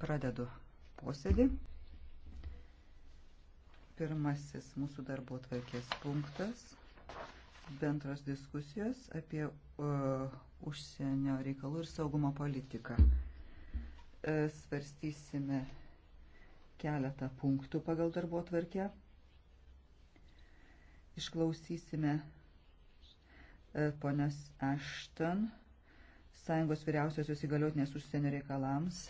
Pradedu posėdį. Pirmasis mūsų darbo tvarkės punktas - bendros diskusijos apie uh, užsienio reikalų ir saugumo politiką. Uh, svarstysime keletą punktų pagal darbo tvarkę. Išklausysime uh, ponios Ashton, Sąjungos vyriausiosios įgaliotinės užsienio reikalams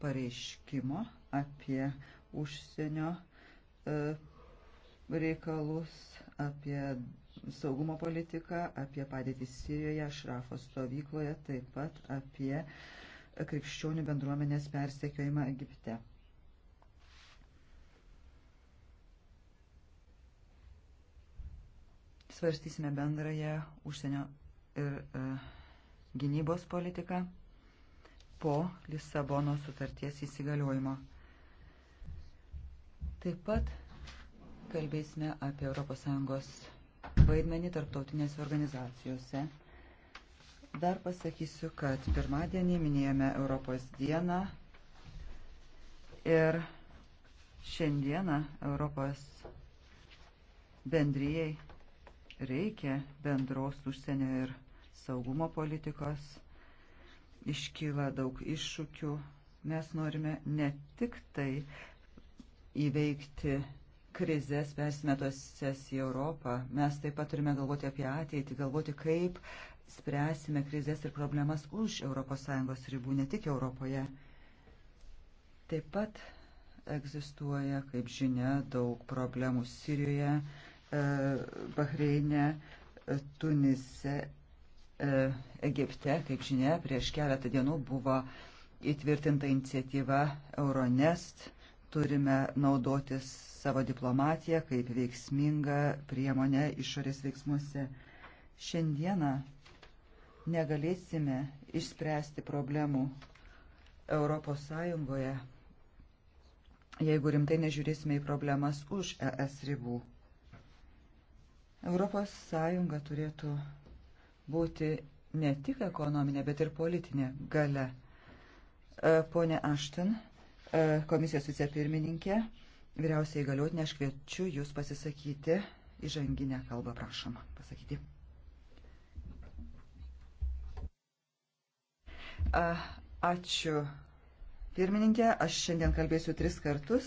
pareiškimo apie užsienio e, reikalus, apie saugumo politiką, apie padėtį Sirijoje, Šrafo stovykloje, taip pat apie krikščionių bendruomenės persekiojimą Egipte. Svarstysime bendrąją užsienio ir e, gynybos politiką po Lisabono sutarties įsigaliojimo. Taip pat kalbėsime apie ES vaidmenį tarptautinėse organizacijose. Dar pasakysiu, kad pirmadienį minėjome Europos dieną ir šiandieną Europos bendryjei reikia bendros užsienio ir saugumo politikos iškyla daug iššūkių. Mes norime ne tik tai įveikti krizės, persime tos į Europą, mes taip pat turime galvoti apie ateitį, galvoti, kaip spręsime krizės ir problemas už ES ribų, ne tik Europoje. Taip pat egzistuoja, kaip žinia, daug problemų Sirijoje, e, Bahreinė, e, Tunise E, Egipte, kaip žinia, prieš keletą dienų buvo įtvirtinta iniciatyva Euronest. Turime naudotis savo diplomatiją kaip veiksmingą priemonę išorės veiksmuose. Šiandieną negalėsime išspręsti problemų Europos Sąjungoje, jeigu rimtai nežiūrėsime į problemas už ES ribų. Europos Sąjunga turėtų būti ne tik ekonominė, bet ir politinė gale. E, Pone Ašten, e, komisijos vicepirmininkė, vyriausiai galiotinė, aš kviečiu Jūs pasisakyti įžanginę kalbą, prašom pasakyti. E, ačiū. Pirmininkė, aš šiandien kalbėsiu tris kartus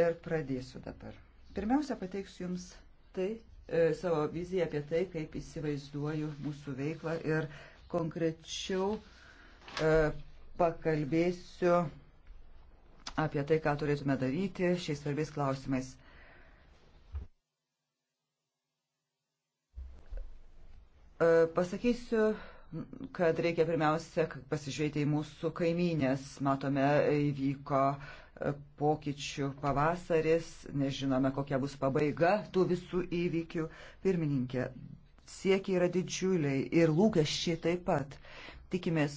ir pradėsiu dabar. Pirmiausia, pateiksiu Jums tai, E, savo viziją apie tai, kaip įsivaizduoju mūsų veiklą ir konkrečiau e, pakalbėsiu apie tai, ką turėtume daryti šiais svarbiais klausimais. E, pasakysiu, kad reikia pirmiausia pasižiūrėti į mūsų kaimynės. Matome, įvyko uh, pokyčių pavasaris, nežinome, kokia bus pabaiga tų visų įvykių. Pirmininkė, siekiai yra didžiuliai ir lūkesčiai taip pat. Tikimės,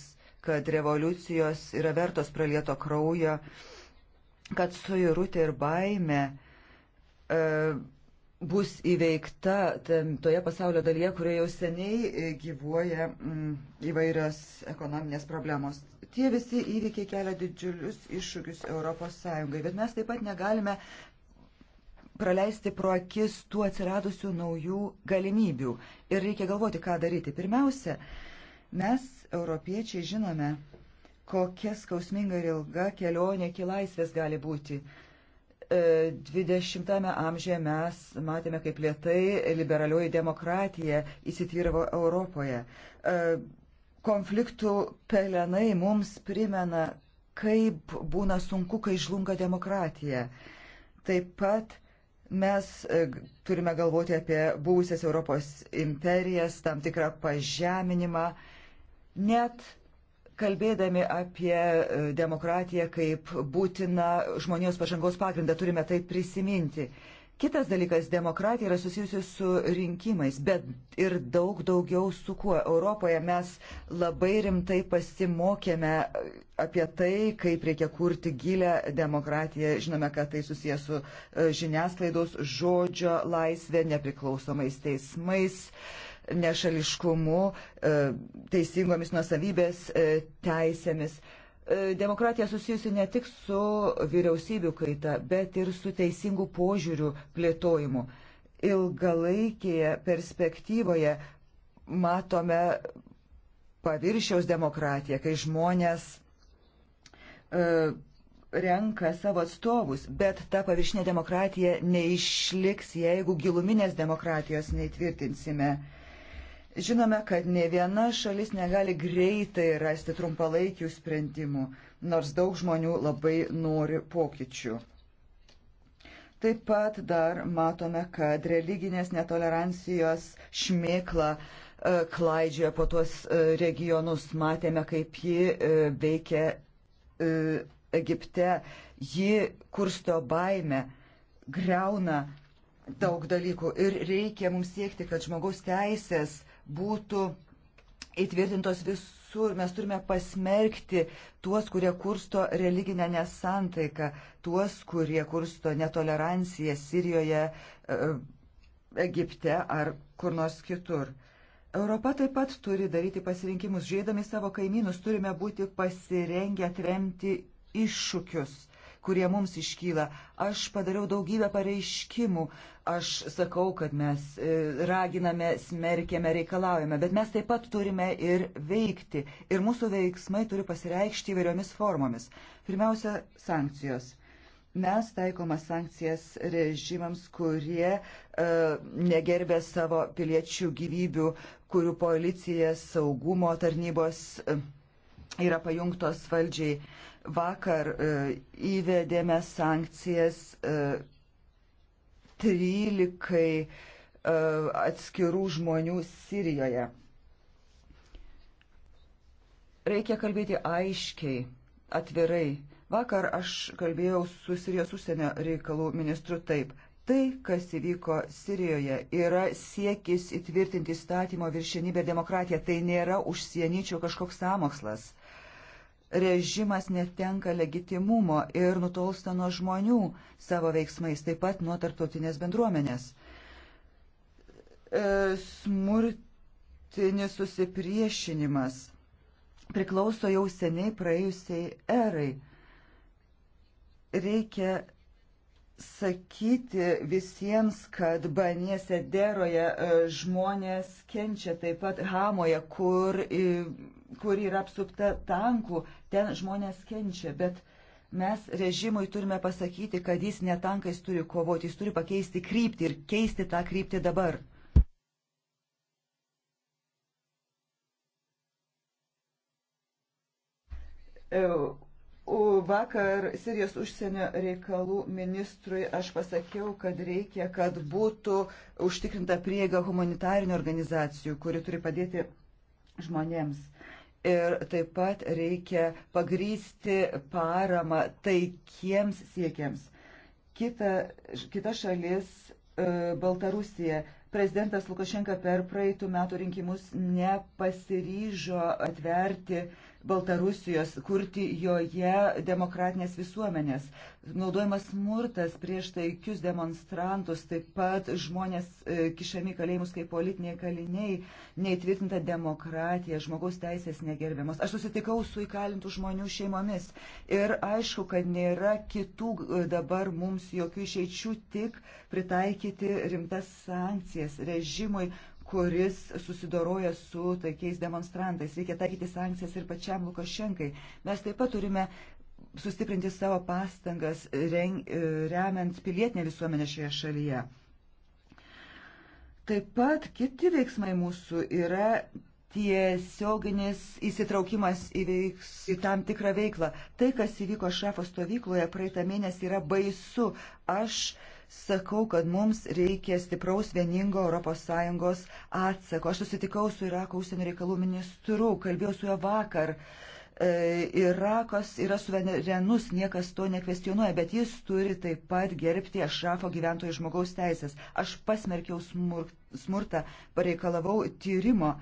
kad revoliucijos yra vertos pralieto kraujo, kad suirutė ir baime. E, bus įveikta toje pasaulio dalyje, kurioje jau seniai e, gyvuoja mm, įvairios ekonominės problemos. Tie visi įvykiai kelia didžiulius iššūkius ES, bet mes taip pat negalime praleisti pro akis tų atsiradusių naujų galimybių. Ir reikia galvoti, ką daryti. Pirmiausia, mes, europiečiai, žinome, kokia skausminga ir ilga kelionė iki laisvės gali būti. 20-ame e, amžiuje mes matėme, kaip lietai liberalioji demokratija įsitviravo Europoje. E, konfliktų pelenai mums primena, kaip būna sunku, kai žlunga demokratija. Taip pat mes e, turime galvoti apie buvusias Europos imperijas, tam tikrą pažeminimą. Net Kalbėdami apie e, demokratiją kaip būtiną žmonijos pažangos pagrindą, turime tai prisiminti. Kitas dalykas - demokratija yra susijusi su rinkimais, bet ir daug daugiau su kuo. Europoje mes labai rimtai pasimokėme apie tai, kaip reikia kurti gilę demokratiją. Žinome, kad tai susijęs su e, žiniasklaidos žodžio laisvė, nepriklausomais teismais, nešališkumu, e, teisingomis nusavybės e, teisėmis. E, demokratija susijusi ne tik su vyriausybių kaita, bet ir su teisingų požiūrių plėtojimu. Ilgalaikėje perspektyvoje matome paviršiaus demokratiją, kai žmonės renka savo atstovus, bet ta paviršinė demokratija neišliks, jeigu giluminės demokratijos neįtvirtinsime. Žinome, kad ne viena šalis negali greitai rasti trumpalaikių sprendimų, nors daug žmonių labai nori pokyčių. Taip pat dar matome, kad religinės netolerancijos šmėkla e, klaidžioja po tuos e, regionus. Matėme, kaip ji e, veikia Egipte. Ji kursto baimę, greuna daug dalykų ir reikia mums siekti, kad žmogaus teisės būtų įtvirtintos visur. Mes turime pasmerkti tuos, kurie kursto religinę nesantaiką, tuos, kurie kursto netoleranciją Sirijoje, e, Egipte ar kur nors kitur. Europa taip pat turi daryti pasirinkimus. Žiūrėdami savo kaimynus turime būti pasirengę atremti iššūkius kurie mums iškyla. Aš padariau daugybę pareiškimų. Aš sakau, kad mes e, raginame, smerkėme, reikalaujame, bet mes taip pat turime ir veikti. Ir mūsų veiksmai turi pasireikšti įvairiomis formomis. Pirmiausia, sankcijos. Mes taikoma sankcijas režimams, kurie e, negerbė savo piliečių gyvybių, kurių policija, saugumo tarnybos. E, yra pajungtos valdžiai. Vakar e, įvedėme sankcijas 13 e, e, atskirų žmonių Sirijoje. Reikia kalbėti aiškiai, atvirai. Vakar aš kalbėjau su Sirijos užsienio reikalų ministru taip. Tai, kas įvyko Sirijoje, yra siekis įtvirtinti įstatymo viršenybę demokratiją. Tai nėra užsienyčių kažkoks samokslas. Uh, režimas netenka legitimumo ir nutolsta nuo žmonių savo veiksmais, taip pat nuo tarptautinės bendruomenės. E, smurtinis susipriešinimas priklauso jau seniai praėjusiai erai. Reikia sakyti visiems, kad Banėse deroje e, žmonės kenčia taip pat Hamoje, kur, kur yra apsupta tankų, ten žmonės kenčia, bet mes režimui turime pasakyti, kad jis ne tankais turi kovoti, jis turi pakeisti kryptį ir keisti tą kryptį dabar. Eu Vakar Sirijos užsienio reikalų ministrui aš pasakiau, kad reikia, kad būtų užtikrinta prieiga humanitarinių organizacijų, kuri turi padėti žmonėms. Ir taip pat reikia pagrysti paramą taikiems siekiams. Kita, kita šalis e, - Baltarusija. Prezidentas Lukašenka per praeitų metų rinkimus nepasiryžo atverti uh, Baltarusijos, kurti joje demokratinės visuomenės. Naudojamas smurtas prieš taikius demonstrantus, taip pat žmonės e, kišami kalėjimus kaip politiniai kaliniai, neįtvirtinta demokratija, žmogaus teisės negerbiamas. Aš susitikau su įkalintų žmonių šeimomis ir aišku, kad nėra kitų e, dabar mums jokių išeičių, tik pritaikyti rimtas sankcijas režimui kuris susidoroja su tokiais demonstrantais. Reikia taikyti sankcijas ir pačiam Lukašenkai. Mes taip pat turime sustiprinti savo pastangas e, remiant pilietinę visuomenę šioje šalyje. Taip pat kiti veiksmai mūsų yra tiesioginis įsitraukimas į, veiks, į tam tikrą veiklą. Tai, kas įvyko šafo stovykloje praeitą mėnesį, yra baisu. Aš uh, sakau, kad mums reikia stipraus vieningo ES atsako. Aš susitikau su Irako užsienio reikalų ministru, kalbėjau su juo vakar. E, Irakas yra suverenus, niekas to nekvestionuoja, bet jis turi taip pat gerbti Ašrafo gyventojų žmogaus teisės. Aš pasmerkiau smur, smurtą, pareikalavau tyrimo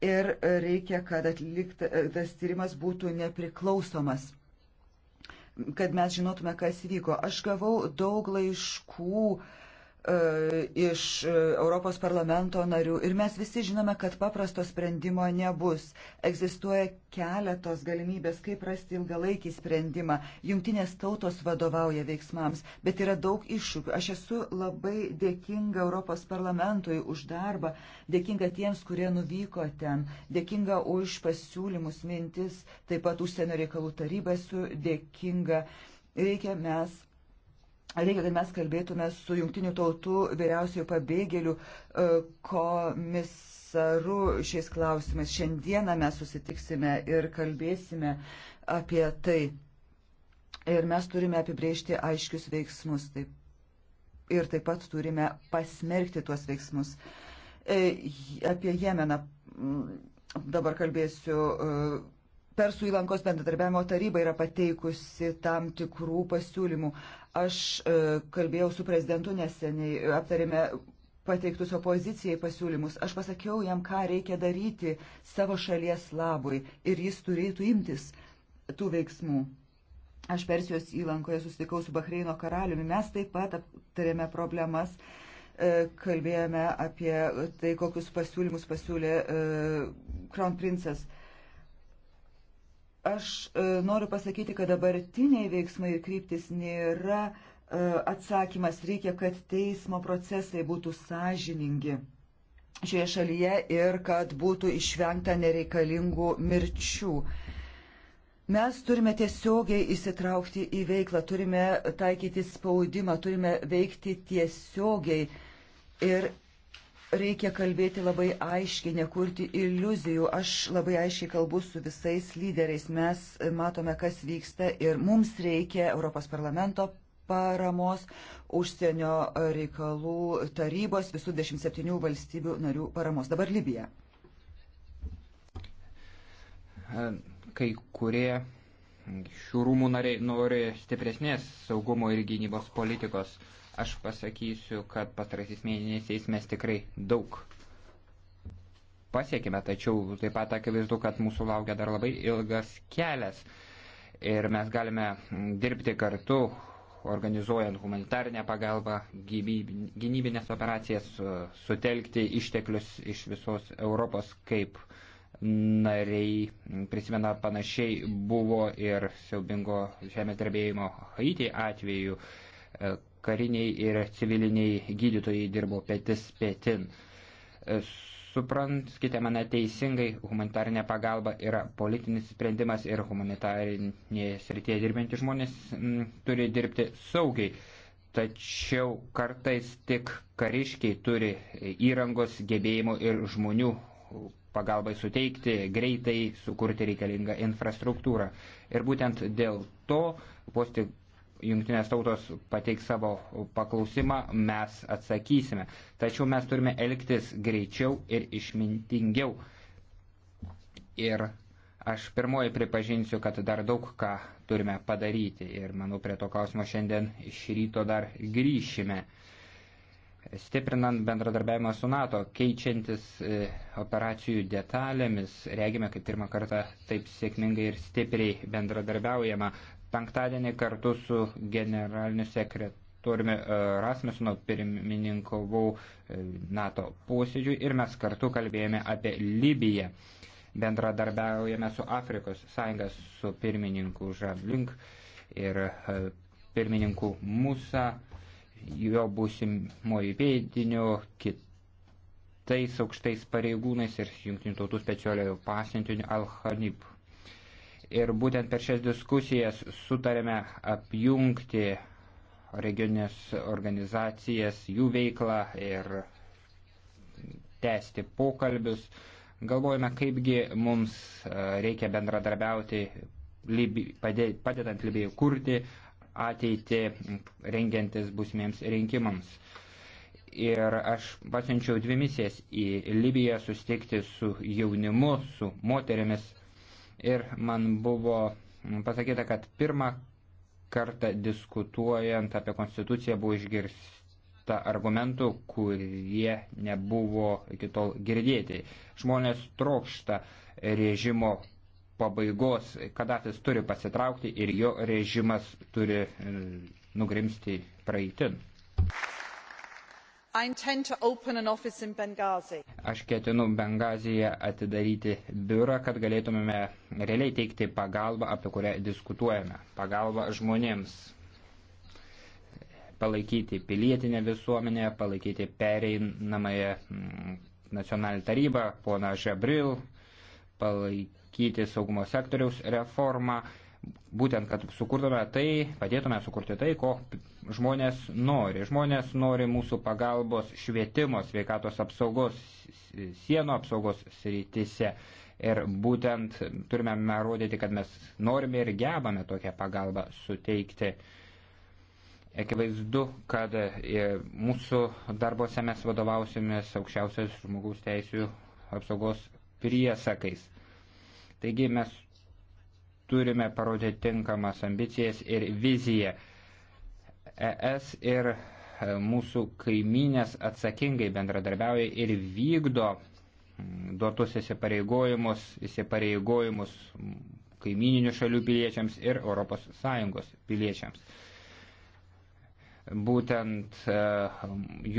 ir reikia, kad atliktas tyrimas būtų nepriklausomas kad mes žinotume, kas vyko. Aš gavau daug laiškų uh, E, iš e, Europos parlamento narių ir mes visi žinome, kad paprasto sprendimo nebus. Egzistuoja keletos galimybės, kaip rasti ilgalaikį sprendimą. Jungtinės tautos vadovauja veiksmams, bet yra daug iššūkių. Aš esu labai dėkinga Europos parlamentui už darbą, dėkinga tiems, kurie nuvyko ten, dėkinga už pasiūlymus, mintis, taip pat užsienio reikalų tarybą esu dėkinga. Reikia mes Reikia, kad mes kalbėtume su jungtinių tautų vyriausiųjų pabėgėlių e, komisaru šiais klausimais. Šiandieną mes susitiksime ir kalbėsime apie tai. Ir mes turime apibrėžti aiškius veiksmus. Taip. Ir taip pat turime pasmerkti tuos veiksmus. E, apie Jemeną dabar kalbėsiu. E, Persų įlankos bendradarbiavimo taryba yra pateikusi tam tikrų pasiūlymų. Aš e, kalbėjau su prezidentu neseniai, aptarėme pateiktus opozicijai pasiūlymus. Aš pasakiau jam, ką reikia daryti savo šalies labui ir jis turėtų imtis tų veiksmų. Aš Persijos įlankoje susitikau su Bahreino karaliumi. Mes taip pat aptarėme problemas, e, kalbėjome apie tai, kokius pasiūlymus pasiūlė e, Crown Princess. Aš e, noriu pasakyti, kad dabartiniai veiksmai ir kryptis nėra e, atsakymas. Reikia, kad teismo procesai būtų sąžiningi šioje šalyje ir kad būtų išvengta nereikalingų mirčių. Mes turime tiesiogiai įsitraukti į veiklą, turime taikyti spaudimą, turime veikti tiesiogiai ir reikia kalbėti labai aiškiai, nekurti iliuzijų. Aš labai aiškiai kalbu su visais lyderiais. Mes matome, kas vyksta ir mums reikia Europos parlamento paramos, užsienio reikalų tarybos, visų 27 valstybių narių paramos. Dabar Libija. Kai kurie šių rūmų nariai nori stipresnės saugumo ir gynybos politikos Aš pasakysiu, kad pastraisiais mėnesiais mes tikrai daug pasiekime, tačiau taip pat akivaizdu, kad mūsų laukia dar labai ilgas kelias. Ir mes galime dirbti kartu, organizuojant humanitarinę pagalbą, gynybinės operacijas, sutelkti išteklius iš visos Europos, kaip nariai, prisimena panašiai buvo ir siaubingo žemės drebėjimo Haiti atveju e, kariniai ir civiliniai gydytojai dirbo petis petin. Suprantkite mane teisingai, humanitarinė pagalba yra politinis sprendimas ir humanitarinėje srityje dirbantys žmonės m, mm, turi dirbti saugiai. Tačiau kartais tik kariškiai turi įrangos, gebėjimų ir žmonių pagalbai suteikti, greitai sukurti reikalingą infrastruktūrą. Ir būtent dėl to posti jungtinės tautos pateiks savo paklausimą, mes atsakysime. Tačiau mes turime elgtis greičiau ir išmintingiau. Ir aš pirmoji pripažinsiu, kad dar daug ką turime padaryti. Ir manau, prie to klausimo šiandien iš ryto dar grįšime. Stiprinant bendradarbiavimą su NATO, keičiantis e, operacijų detalėmis, regime, kaip pirmą kartą taip sėkmingai ir stipriai bendradarbiaujama. Penktadienį kartu su generaliniu sekretoriumi e, Rasmusenu pirmininkavau e, NATO posėdžiui ir mes kartu kalbėjome apie Libiją. Bendradarbiaujame su Afrikos sąjunga, su pirmininku Žablink ir e, pirmininku Musa, jo būsimoji pėdiniu, kitais aukštais pareigūnais ir jungtinių tautų specialiojo pasiuntiniu Al-Hanib ir būtent per šias diskusijas sutarėme apjungti regioninės organizacijas, jų veiklą ir tęsti pokalbius. Galvojame, kaipgi mums e, reikia bendradarbiauti, padedant Libijai kurti ateitį, rengiantis būsimiems rinkimams. Ir aš pasiunčiau dvi misijas į Libiją sustikti su jaunimu, su moterimis ir man buvo pasakyta, kad pirmą kartą diskutuojant apie konstituciją buvo išgirsta argumentų, kurie nebuvo iki tol girdėti. Žmonės trokšta režimo pabaigos, Kadafis turi pasitraukti ir jo režimas turi e, nugrimsti praeitin. Aš ketinu Bengazijoje atidaryti biurą, kad galėtumėme realiai teikti pagalbą, apie kurią diskutuojame. Pagalbą žmonėms. Palaikyti pilietinę visuomenę, palaikyti pereinamąją mm, nacionalinę tarybą, poną Žebril, palaikyti saugumo sektoriaus reformą būtent, kad sukurtume tai, padėtume sukurti tai, ko žmonės nori. Žmonės nori mūsų pagalbos švietimo, sveikatos apsaugos, sienų apsaugos srityse. Ir būtent turime rodyti, kad mes norime ir gebame tokią pagalbą suteikti. Akivaizdu, kad e, mūsų darbose mes vadovausimės aukščiausios žmogaus teisų apsaugos priesakais. Taigi mes turime parodyti tinkamas ambicijas ir viziją. ES ir e, mūsų kaiminės atsakingai bendradarbiauja ir vykdo mm, duotus įsipareigojimus, įsipareigojimus kaimininių šalių piliečiams ir ES piliečiams. Būtent e,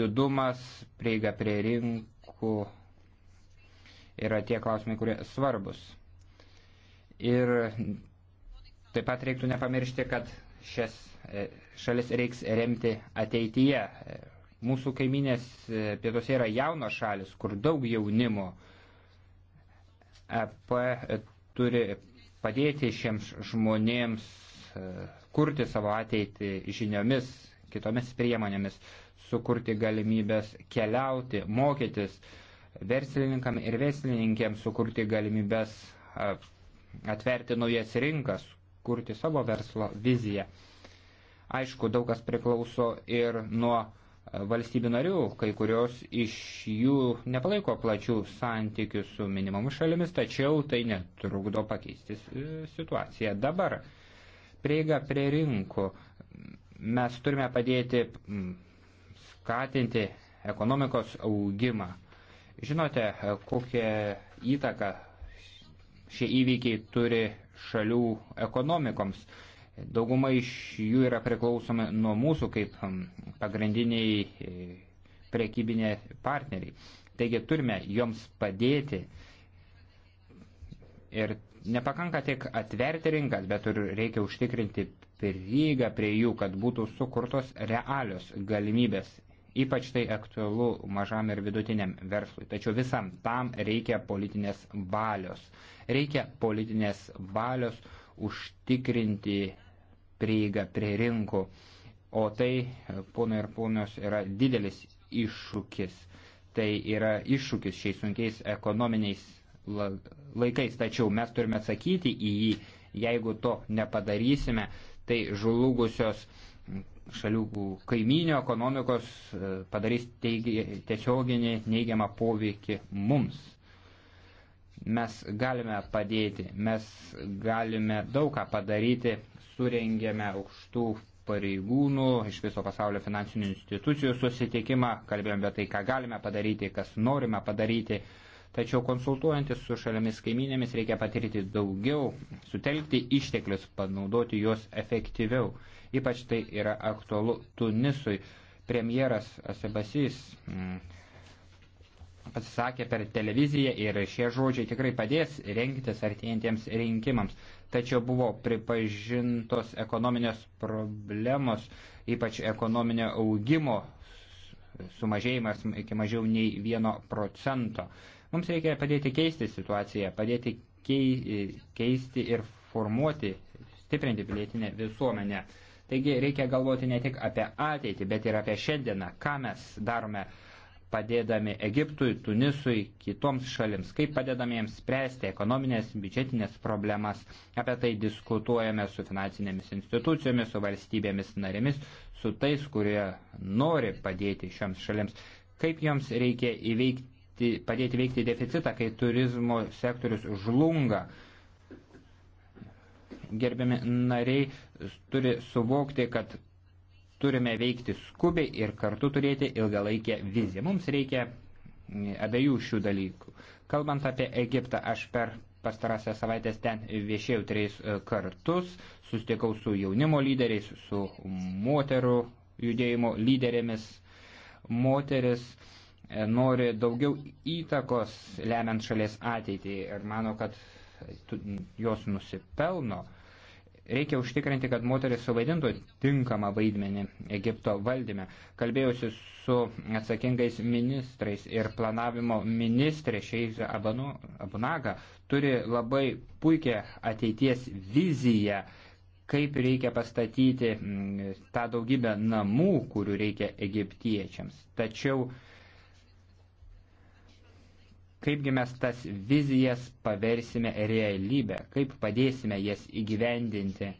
judumas, prieiga prie rinkų yra tie klausimai, kurie svarbus. Ir taip pat reiktų nepamiršti, kad šias e, šalis reiks remti ateityje. E, mūsų kaiminės e, pietose yra jaunos šalis, kur daug jaunimo. EP turi padėti šiems žmonėms kurti savo ateitį žiniomis, kitomis priemonėmis, sukurti galimybės keliauti, mokytis, verslininkam ir verslininkėms sukurti galimybės atverti naujas rinkas, kurti savo verslo viziją. Aišku, daug kas priklauso ir nuo e, valstybių narių, kai kurios iš jų nepalaiko plačių santykių su minimumu šalimis, tačiau tai netrukdo pakeisti e, situaciją. Dabar prieiga prie rinkų. Mes turime padėti skatinti ekonomikos augimą. Žinote, e, kokią įtaką šie įvykiai turi šalių ekonomikoms. Dauguma iš jų yra priklausomi nuo mūsų kaip hm, pagrindiniai e, prekybiniai partneriai. Taigi turime joms padėti ir nepakanka tik atverti rinkas, bet ir reikia užtikrinti prieigą prie jų, kad būtų sukurtos realios galimybės. Ypač tai aktualu mažam ir vidutiniam verslui. Tačiau visam tam reikia politinės valios. Reikia politinės valios užtikrinti prieigą prie rinkų, o tai, pono ir ponios, yra didelis iššūkis. Tai yra iššūkis šiais sunkiais ekonominiais laikais, tačiau mes turime atsakyti į jį, jeigu to nepadarysime, tai žlugusios šalių kaiminio ekonomikos e, padarys teigia, tiesioginį neigiamą poveikį mums. Mes galime padėti, mes galime daug ką padaryti, surengėme aukštų pareigūnų iš viso pasaulio finansinių institucijų susitikimą, kalbėjome apie tai, ką galime padaryti, kas norime padaryti, tačiau konsultuojantis su šalimis kaiminėmis reikia patirti daugiau, sutelkti išteklius, panaudoti juos efektyviau. Ypač tai yra aktualu Tunisui. Premjeras Asebasys mm, pasisakė per televiziją ir šie žodžiai tikrai padės rengtis artėjantiems rinkimams. Tačiau buvo pripažintos ekonominės problemos, ypač ekonominio augimo sumažėjimas iki mažiau nei 1 procento. Mums reikia padėti keisti situaciją, padėti keisti ir formuoti, stiprinti pilietinę visuomenę. Taigi reikia galvoti ne tik apie ateitį, bet ir apie šiandieną, ką mes darome padėdami Egiptui, Tunisui, kitoms šalims, kaip padėdami jiems spręsti ekonominės, biudžetinės problemas. Apie tai diskutuojame su finansinėmis institucijomis, su valstybėmis narėmis, su tais, kurie nori padėti šioms šalims. Kaip joms reikia įveikti, padėti veikti deficitą, kai turizmo sektorius žlunga. Gerbiami nariai turi suvokti, kad turime veikti skubiai ir kartu turėti ilgalaikę viziją. Mums reikia abiejų šių dalykų. Kalbant apie Egiptą, aš per pastarąsią savaitę ten viešėjau trejus e, kartus, sustikau su jaunimo lyderiais, su moterų judėjimo lyderėmis. Moteris e, nori daugiau įtakos lemiant šalies ateitį ir mano, kad jos nusipelno uh, Reikia užtikrinti, kad moteris suvaidintų tinkamą vaidmenį Egipto valdyme. Kalbėjusi su atsakingais ministrais ir planavimo ministrė Šeiza Abanu, Abunaga turi labai puikią ateities viziją, kaip reikia pastatyti mm, tą daugybę namų, kurių reikia egiptiečiams. Tačiau uh, kaipgi mes tas vizijas paversime realybę, kaip padėsime jas įgyvendinti.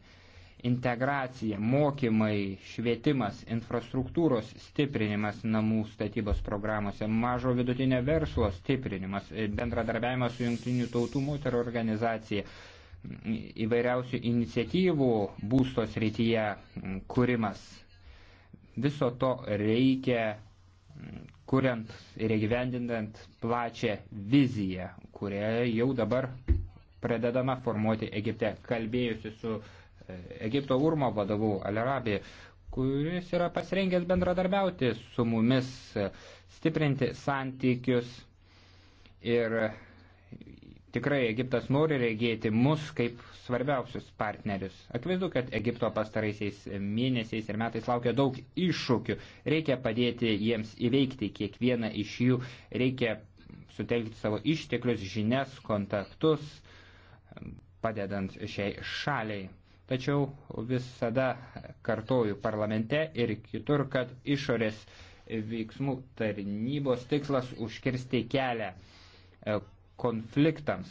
Integracija, mokymai, švietimas, infrastruktūros stiprinimas namų statybos programuose, mažo vidutinio verslo stiprinimas, bendradarbiavimas su Junktinių tautų moterų organizacija, įvairiausių iniciatyvų būstos rytyje kūrimas. Viso to reikia kuriant ir įgyvendinant plačią viziją, kurią jau dabar pradedama formuoti Egipte. Kalbėjusi su e, Egipto urmo vadovu Alerabi, kuris yra pasirengęs bendradarbiauti su mumis, e, stiprinti santykius ir Tikrai Egiptas nori regėti mus kaip svarbiausius partnerius. Akivaizdu, kad Egipto pastaraisiais mėnesiais ir metais laukia daug iššūkių. Reikia padėti jiems įveikti kiekvieną iš jų. Reikia sutelkti savo išteklius, žinias, kontaktus, padedant šiai šaliai. Tačiau visada kartoju parlamente ir kitur, kad išorės veiksmų tarnybos tikslas užkirsti kelią konfliktams.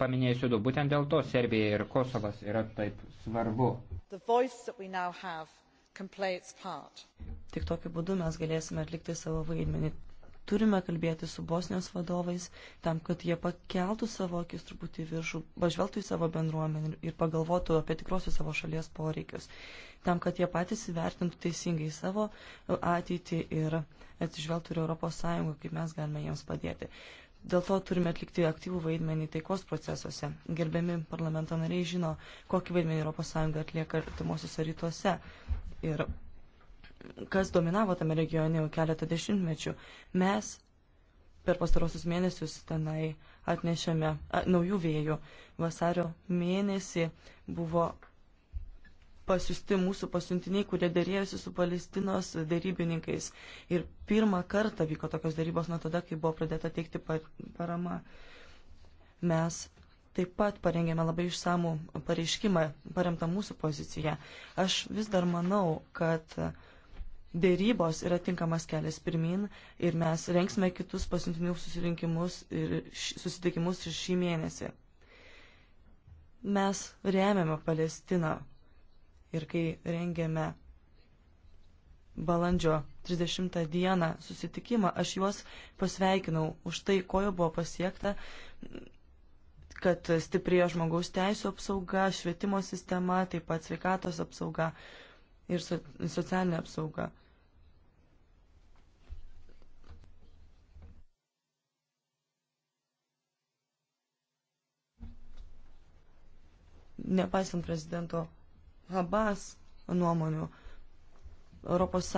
Paminėsiu du, būtent dėl to Serbija ir Kosovas yra taip svarbu. Tik tokiu būdu mes galėsime atlikti savo vaidmenį. Turime kalbėti su Bosnijos vadovais tam, kad jie pakeltų savo akis truputį viršų, pažvelgtų į savo bendruomenį ir pagalvotų apie tikrosius savo šalies poreikius. Tam, kad jie patys įvertintų teisingai savo ateitį ir atsižvelgtų ir Europos Sąjungą, kaip mes galime jiems padėti. Dėl to turime atlikti aktyvų vaidmenį taikos procesuose. Gerbiami parlamento nariai žino, kokį vaidmenį ES atlieka artimuosiuose rytuose. Ir kas dominavo tame regione jau keletą dešimtmečių. Mes per pastarosius mėnesius tenai atnešėme a, naujų vėjų. Vasario mėnesį buvo pasiusti mūsų pasiuntiniai, kurie dėrėjosi su Palestinos dėrybininkais. Ir pirmą kartą vyko tokios dėrybos nuo tada, kai buvo pradėta teikti parama. Mes taip pat parengėme labai išsamų pareiškimą, paremtą mūsų poziciją. Aš vis dar manau, kad dėrybos yra tinkamas kelias pirmin ir mes rengsime kitus pasiuntinių susirinkimus ir susitikimus šį mėnesį. Mes remiame Palestiną ir kai rengėme balandžio 30 dieną susitikimą, aš juos pasveikinau už tai, ko jau buvo pasiekta, kad stiprėjo žmogaus teisų apsauga, švietimo sistema, taip pat sveikatos apsauga ir so, socialinė apsauga. Nepaisant prezidento Habas nuomonių. ES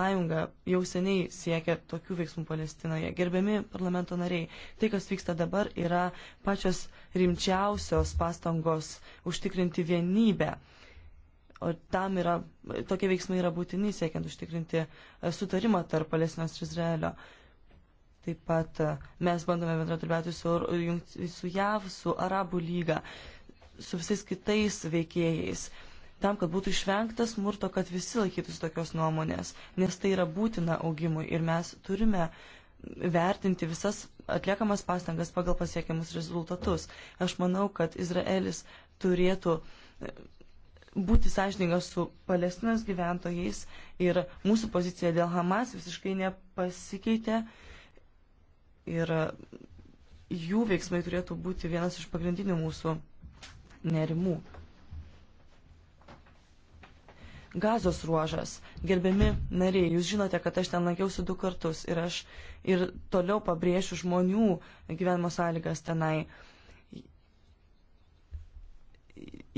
jau seniai siekia tokių veiksmų Palestinoje. Gerbiami parlamento nariai, tai, kas vyksta dabar, yra pačios rimčiausios pastangos užtikrinti vienybę. O tam yra, tokie veiksmai yra būtini siekiant užtikrinti e, sutarimą tarp Palestinos ir Izraelio. Taip pat e, mes bandome bendradarbiauti su, su JAV, su Arabų lyga, su visais kitais veikėjais tam, kad būtų išvengta smurto, kad visi laikytųsi tokios nuomonės, nes tai yra būtina augimui ir mes turime vertinti visas atliekamas pastangas pagal pasiekiamus rezultatus. Aš manau, kad Izraelis turėtų e, būti sąžininkas su palestinos gyventojais ir mūsų pozicija dėl Hamas visiškai nepasikeitė ir jų veiksmai turėtų būti vienas iš pagrindinių mūsų nerimų. Gazos ruožas. Gerbiami nariai, jūs žinote, kad aš ten lankiausi du kartus ir aš ir toliau pabrėšiu žmonių gyvenimo sąlygas tenai.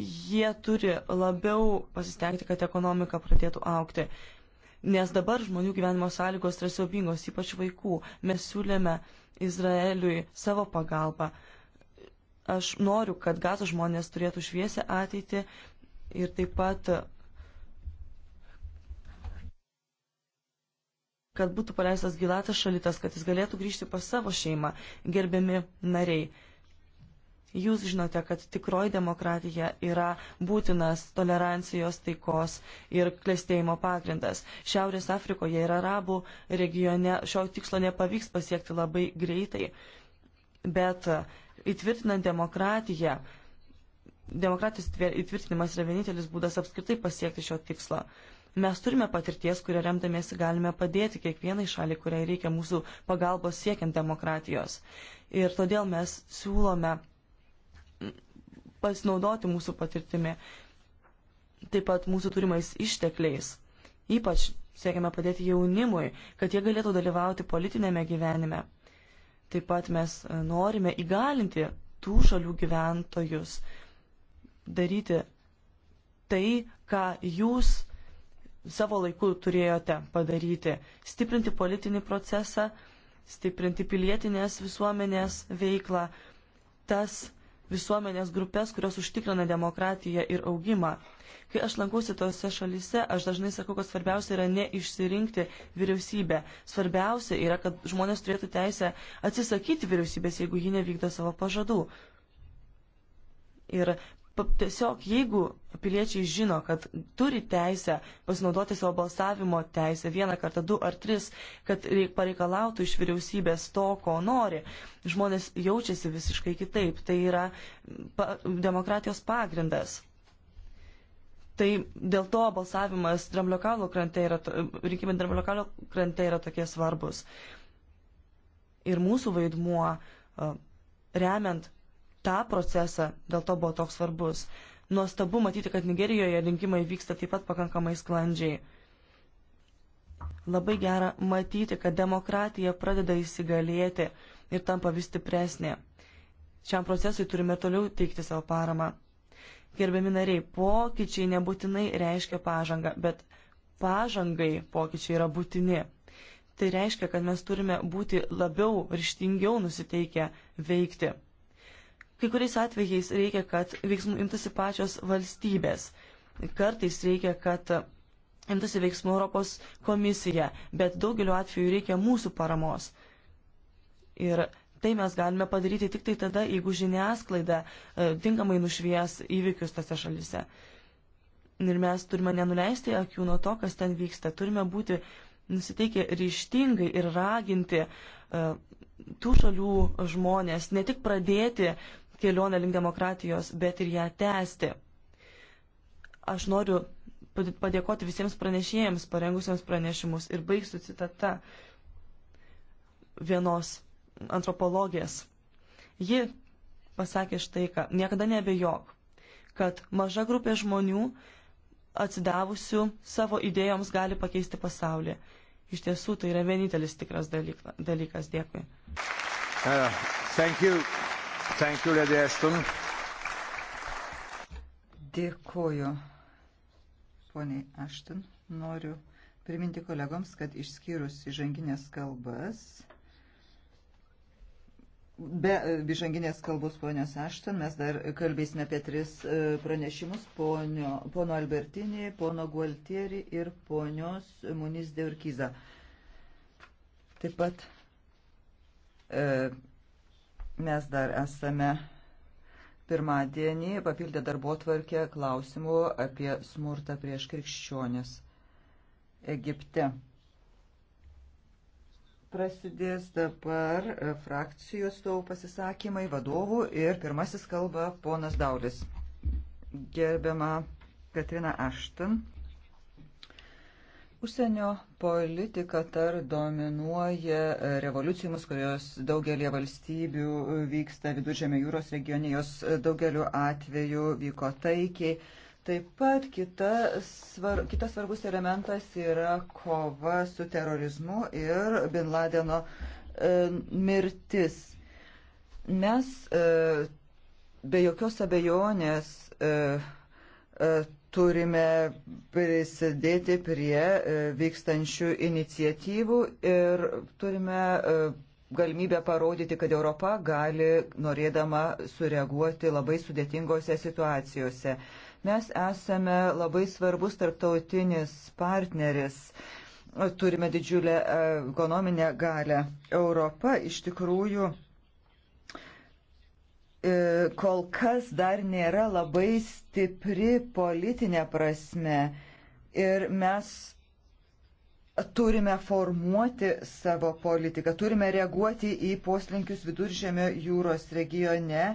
Jie turi labiau pasistengti, kad ekonomika pradėtų aukti. Nes dabar žmonių gyvenimo sąlygos yra siaubingos, ypač vaikų. Mes siūlėme Izraeliui savo pagalbą. Aš noriu, kad gazos žmonės turėtų šviesę ateitį ir taip pat kad būtų paleistas Gilatas Šalitas, kad jis galėtų grįžti pas savo šeimą, gerbiami nariai. Jūs žinote, kad tikroji demokratija yra būtinas tolerancijos, taikos ir klėstėjimo pagrindas. Šiaurės Afrikoje ir Arabų regione šio tikslo nepavyks pasiekti labai greitai, bet įtvirtinant demokratiją, demokratijos įtvirtinimas yra vienintelis būdas apskritai pasiekti šio tikslo. Mes turime patirties, kurią remdamiesi galime padėti kiekvienai šaliai, kuriai reikia mūsų pagalbos siekiant demokratijos. Ir todėl mes siūlome pasinaudoti mūsų patirtimi, taip pat mūsų turimais ištekliais. Ypač siekiame padėti jaunimui, kad jie galėtų dalyvauti politinėme gyvenime. Taip pat mes e, norime įgalinti tų šalių gyventojus daryti tai, ką jūs savo laiku turėjote padaryti - stiprinti politinį procesą, stiprinti pilietinės visuomenės veiklą, tas visuomenės grupės, kurios užtikrina demokratiją ir augimą. Kai aš lankausi tose šalyse, aš dažnai sakau, kad svarbiausia yra ne išsirinkti vyriausybę. Svarbiausia yra, kad žmonės turėtų teisę atsisakyti vyriausybės, jeigu ji nevykdo savo pažadų. Ir Tiesiog jeigu piliečiai žino, kad turi teisę pasinaudoti savo balsavimo teisę vieną kartą, du ar tris, kad pareikalautų iš vyriausybės to, ko nori, žmonės jaučiasi visiškai kitaip. Tai yra pa demokratijos pagrindas. Tai dėl to balsavimas Dramblio kalno krante yra, rinkimai Dramblio kalno krante yra tokie svarbus. Ir mūsų vaidmuo remiant tą procesą dėl to buvo toks svarbus. Nuostabu matyti, kad Nigerijoje rinkimai vyksta taip pat pakankamai sklandžiai. Labai gera matyti, kad demokratija pradeda įsigalėti ir tampa vis stipresnė. Šiam procesui turime toliau teikti savo paramą. Gerbiami nariai, pokyčiai nebūtinai reiškia pažangą, bet pažangai pokyčiai yra būtini. Tai reiškia, kad mes turime būti labiau ryštingiau nusiteikę veikti. Kai kuriais atvejais reikia, kad veiksmų imtųsi pačios valstybės. Kartais reikia, kad imtųsi veiksmų Europos komisija, bet daugeliu atveju reikia mūsų paramos. Ir tai mes galime padaryti tik tai tada, jeigu žiniasklaida e, tinkamai nušvies įvykius tose šalise. Ir mes turime nenuleisti akių nuo to, kas ten vyksta. Turime būti nusiteikę ryštingai ir raginti uh, tų šalių žmonės ne tik pradėti kelionę link demokratijos, bet ir ją tęsti. Aš noriu padėkoti visiems pranešėjams, parengusiems pranešimus ir baigsiu citata vienos antropologės. Ji pasakė štai ką, niekada nebejok, kad maža grupė žmonių atsidavusių savo idėjoms gali pakeisti pasaulį. Iš tiesų, tai yra vienintelis tikras dalykas. Dėkui. Uh, Thank you, Lady Ashton. Dėkoju, poniai Ashton. Noriu priminti kolegoms, kad išskyrus įžanginės kalbas, be įžanginės kalbos ponios Ashton, mes dar kalbėsime apie tris e, pranešimus ponio, pono Albertinį, pono Gualtierį ir ponios Muniz Deurkiza. Taip pat e, Mes dar esame pirmadienį papildę darbo tvarkę klausimų apie smurtą prieš krikščionis Egipte. Prasidės dabar frakcijų stovų pasisakymai vadovų ir pirmasis kalba ponas Daulis. Gerbiama Katrina Ašten. Užsienio politika tar dominuoja e, revoliucijomis, kurios daugelie valstybių e, vyksta viduržėmio jūros regione, jos e, daugeliu atveju vyko taikiai. Taip pat kita svar, kitas svarbus elementas yra kova su terorizmu ir Bin Ladeno e, mirtis. Mes e, be jokios abejonės e, e, turime prisidėti prie e, vykstančių iniciatyvų ir turime e, galimybę parodyti, kad Europa gali norėdama sureaguoti labai sudėtingose situacijose. Mes esame labai svarbus tarptautinis partneris, turime didžiulę e, ekonominę galę. Europa iš tikrųjų E, kol kas dar nėra labai stipri politinė prasme ir mes turime formuoti savo politiką, turime reaguoti į poslinkius viduržėmio jūros regione,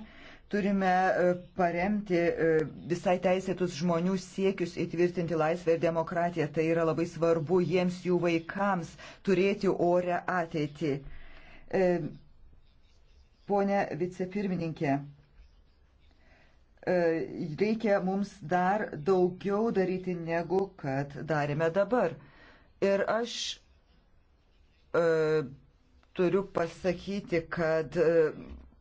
turime e, paremti e, visai teisėtus žmonių siekius įtvirtinti laisvę ir demokratiją. Tai yra labai svarbu jiems, jų vaikams turėti orę ateitį. Pone vicepirmininkė, e, reikia mums dar daugiau daryti, negu kad darėme dabar. Ir aš e, turiu pasakyti, kad e,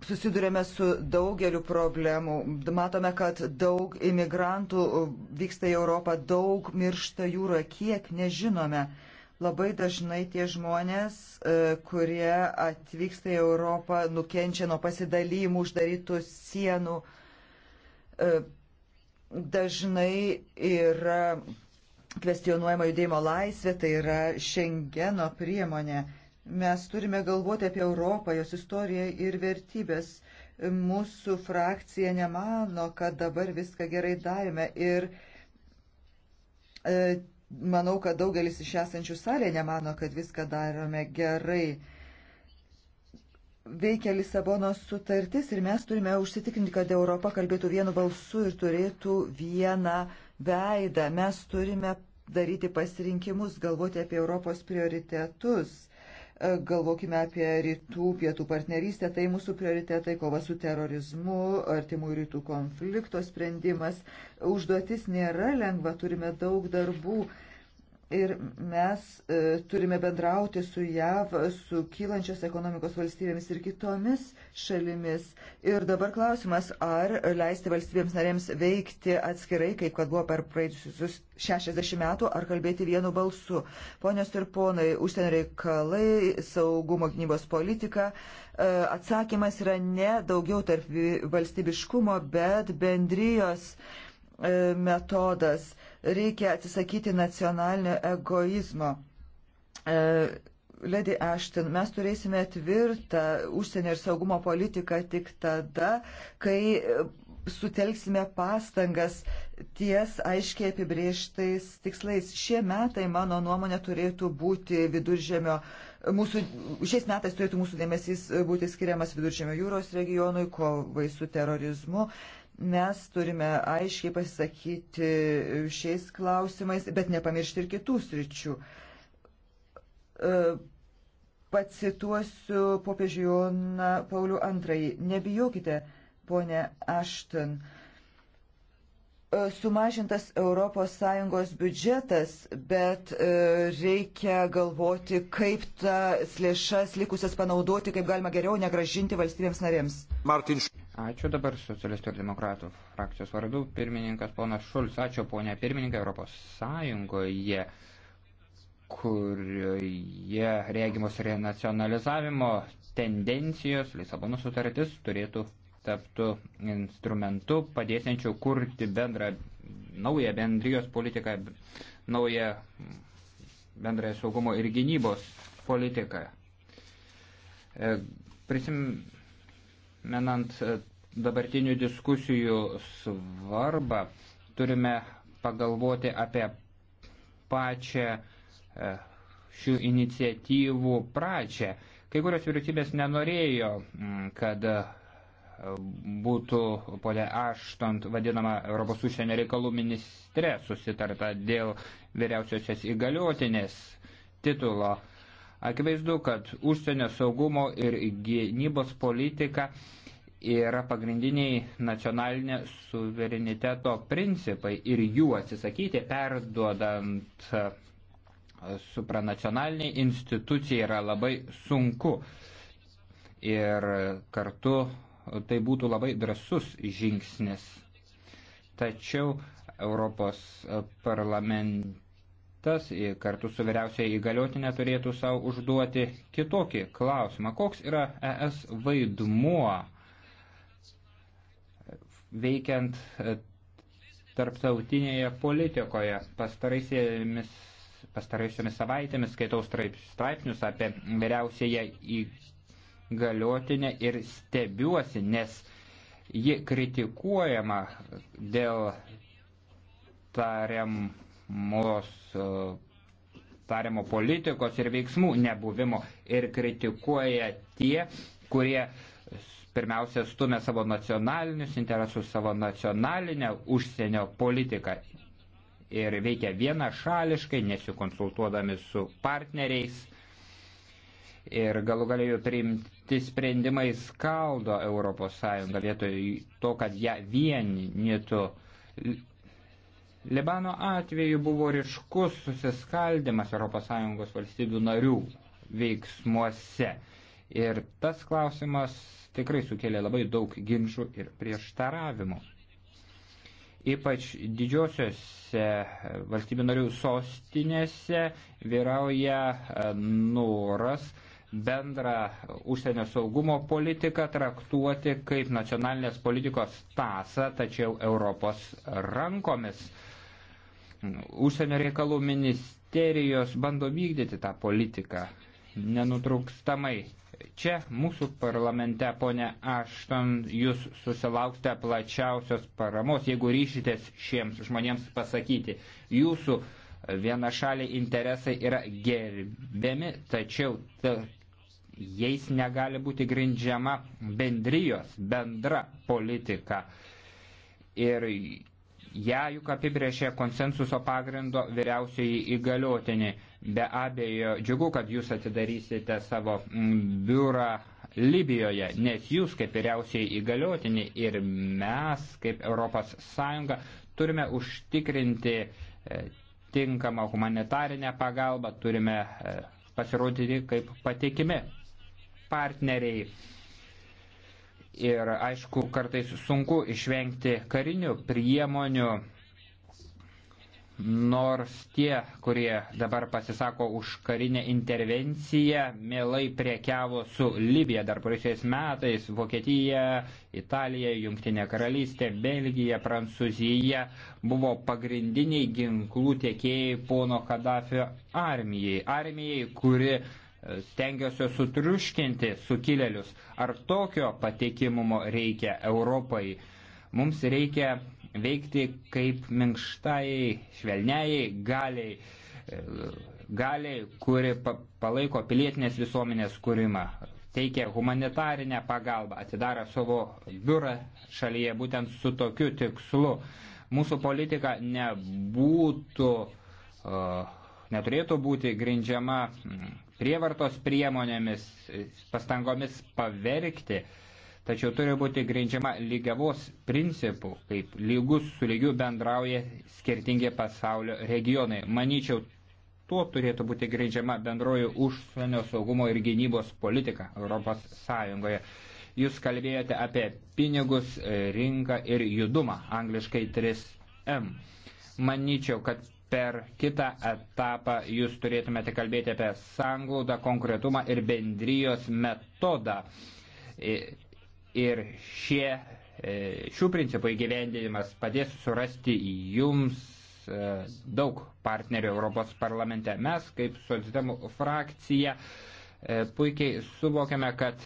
susidurėme su daugeliu problemų. Matome, kad daug imigrantų vyksta į Europą, daug miršta jūroje, kiek nežinome. Labai dažnai tie žmonės, e, kurie atvyksta į Europą, nukenčia nuo pasidalymų, uždarytų sienų. E, dažnai yra kvestionuojama judėjimo laisvė, tai yra Šengeno priemonė. Mes turime galvoti apie Europą, jos istoriją ir vertybės mūsų frakcija nemano, kad dabar viską gerai darėme ir e, manau, kad daugelis iš esančių salė nemano, kad viską darome gerai. Veikia Lisabonos sutartis ir mes turime užsitikrinti, kad Europa kalbėtų vienu balsu ir turėtų vieną veidą. Mes turime daryti pasirinkimus, galvoti apie Europos prioritetus e, galvokime apie rytų, pietų partnerystę, tai mūsų prioritetai, kova su terorizmu, artimų rytų konflikto sprendimas. Užduotis nėra lengva, turime daug darbų, ir mes e, turime bendrauti su JAV, su kylančios ekonomikos valstybėmis ir kitomis šalimis. Ir dabar klausimas, ar leisti valstybėms narėms veikti atskirai, kaip kad buvo per praeitusius 60 metų, ar kalbėti vienu balsu. Ponios ir ponai, užsienio reikalai, saugumo gynybos politika. E, atsakymas yra ne daugiau tarp valstybiškumo, bet bendrijos e, metodas Reikia atsisakyti nacionalinio egoizmo. E, Lady Ashton, mes turėsime tvirtą užsienio ir saugumo politiką tik tada, kai sutelksime pastangas ties aiškiai apibrieštais tikslais. Šie metai, mano nuomonė, turėtų būti viduržėmio, mūsų, šiais metais turėtų mūsų dėmesys būti skiriamas viduržėmio jūros regionui, kovai su terorizmu. Uh, Mes turime aiškiai pasisakyti šiais klausimais, bet nepamiršti ir kitų sričių. E, pacituosiu popiežių Joną Paulių II. Nebijokite, ponė Ašten e, sumažintas ES biudžetas, bet e, reikia galvoti, kaip tas lėšas likusias panaudoti, kaip galima geriau negražinti valstybėms narėms. Martin. Ačiū dabar socialistų ir demokratų frakcijos vardu pirmininkas ponas Šulc. Ačiū ponia pirmininkė Europos Sąjungoje, kurioje regimos renacionalizavimo tendencijos Lisabono sutartis turėtų taptų instrumentu padėsiančiu kurti bendrą, naują bendrijos politiką, naują bendrąją saugumo ir gynybos politiką. E, prisim, menant e, dabartinių diskusijų svarbą, turime pagalvoti apie pačią e, šių iniciatyvų pradžią. Kai kurios vyriausybės nenorėjo, kad e, būtų ponia Ašton vadinama Europos užsienio reikalų ministre susitarta dėl vyriausiosios įgaliotinės titulo. Akivaizdu, kad užsienio saugumo ir gynybos politika yra pagrindiniai nacionalinė suvereniteto principai ir jų atsisakyti perduodant e, supranacionaliniai institucijai yra labai sunku. Ir kartu tai būtų labai drasus žingsnis. Tačiau Europos e, parlamente tas kartu su vyriausiai įgaliotinė turėtų savo užduoti kitokį klausimą. Koks yra ES vaidmuo veikiant e, tarptautinėje politikoje pastaraisiamis pastaraisiamis savaitėmis skaitau straipsnius apie vyriausiąją įgaliotinę ir stebiuosi, nes ji kritikuojama dėl tariam mūs e, tariamo politikos ir veiksmų nebuvimo ir kritikuoja tie, kurie pirmiausia stumia savo nacionalinius interesus, savo nacionalinę užsienio politiką ir veikia vienašališkai, nesikonsultuodami su partneriais ir galų galėjo priimti sprendimai skaldo Europos Sąjungą vietoj to, kad ją vienytų Libano atveju buvo ryškus susiskaldimas ES valstybių narių veiksmuose. Ir tas klausimas tikrai sukėlė labai daug ginčių ir prieštaravimų. Ypač didžiosiuose valstybių narių sostinėse vyrauja e, noras bendrą užsienio saugumo politiką traktuoti kaip nacionalinės politikos tasą, tačiau Europos rankomis Užsienio reikalų ministerijos bando vykdyti tą politiką nenutrūkstamai. Čia mūsų parlamente, ponė Ašton, jūs susilauksite plačiausios paramos, jeigu ryšitės šiems žmonėms pasakyti. Jūsų vienašaliai interesai yra gerbiami, tačiau ta, jais negali būti grindžiama bendrijos, bendra politika. Ir Ja juk apibrėžė konsensuso pagrindo vyriausiai įgaliotinį. Be abejo, džiugu, kad jūs atidarysite savo mm, biurą Libijoje, nes jūs kaip vyriausiai įgaliotinį ir mes kaip ES turime užtikrinti e, tinkamą humanitarinę pagalbą, turime e, pasirodyti kaip patikimi partneriai. Ir aišku, kartais sunku išvengti karinių priemonių, nors tie, kurie dabar pasisako už karinę intervenciją, mielai priekiavo su Libija dar praėjusiais metais - Vokietija, Italija, Junktinė karalystė, Belgija, Prancūzija buvo pagrindiniai ginklų tiekėjai pono Kadafio armijai. Armijai, kuri stengiosios sutriuškinti sukilėlius. Ar tokio patikimumo reikia Europai? Mums reikia veikti kaip minkštai, švelniai galiai, galiai kuri palaiko pilietinės visuomenės kūrimą, teikia humanitarinę pagalbą, atidara savo biurą šalyje būtent su tokiu tikslu. Mūsų politika nebūtų, uh, neturėtų būti grindžiama mm, prievartos priemonėmis, pastangomis pavergti, tačiau turi būti grindžiama lygiavos principų, kaip lygus su lygiu bendrauja skirtingi pasaulio regionai. Manyčiau, tuo turėtų būti grindžiama bendroji užsienio saugumo ir gynybos politika Europos Sąjungoje. Jūs kalbėjote apie pinigus, e, rinką ir judumą, angliškai 3M. Manyčiau, kad per kitą etapą jūs turėtumėte kalbėti apie sanglaudą, konkretumą ir bendrijos metodą. Ir šie, e, šių principų įgyvendinimas padės surasti jums e, daug partnerių Europos parlamente. Mes kaip Socialdemų frakcija E, puikiai suvokiame, kad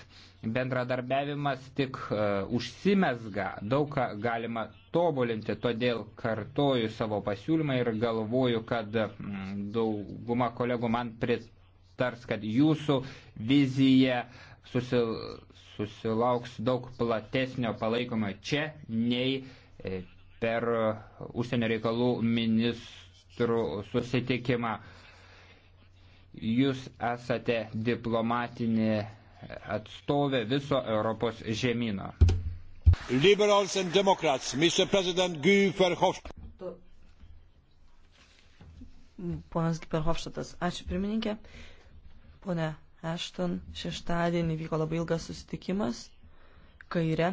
bendradarbiavimas tik e, užsimesga, daug ką galima tobulinti, todėl kartoju savo pasiūlymą ir galvoju, kad mm, dauguma kolegų man pritars, kad jūsų vizija susil, susilauks daug platesnio palaikomio čia nei e, per užsienio reikalų ministrų susitikimą. Jūs esate diplomatinė atstovė viso Europos žemyno. Liberals and Democrats, Mr. President Guy Verhofstadt. Ponas Giperhofštatas, ačiū pirmininkė. Pone Ešton, šeštadienį vyko labai ilgas susitikimas kaire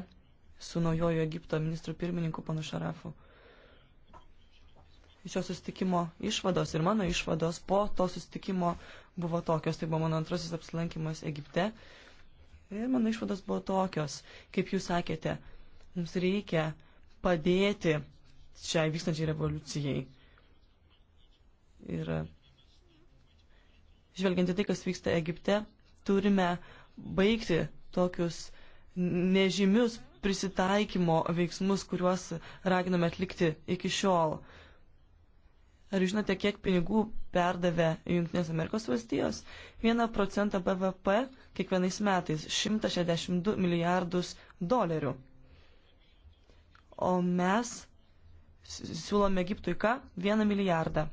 su naujojo Egipto ministru pirmininku panu Šarafu šio susitikimo išvados ir mano išvados po to susitikimo buvo tokios. Tai buvo mano antrasis apsilankimas Egipte. Ir mano išvados buvo tokios. Kaip jūs sakėte, mums reikia padėti šiai vykstančiai revoliucijai. Ir žvelgiant į tai, kas vyksta Egipte, turime baigti tokius nežymius prisitaikymo veiksmus, kuriuos raginame atlikti iki šiol. Uh, Ar žinote, kiek pinigų perdavė Junktinės Amerikos valstijos? 1 procentą BVP kiekvienais metais - 162 milijardus dolerių. O mes siūlome Egiptui ką? 1 milijardą.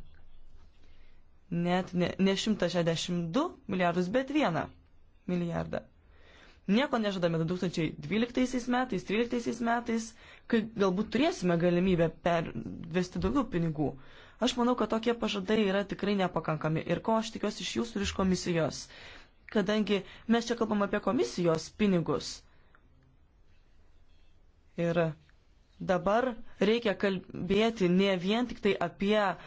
Net ne, ne 162 milijardus, bet 1 milijardą. Nieko nežadame 2012 metais, 2013 metais, kai galbūt turėsime galimybę pervesti daugiau pinigų. Aš manau, kad tokie pažadai yra tikrai nepakankami ir ko aš tikiuosi iš jūsų ir iš komisijos, kadangi mes čia kalbam apie komisijos pinigus. Ir dabar reikia kalbėti ne vien tik tai apie uh,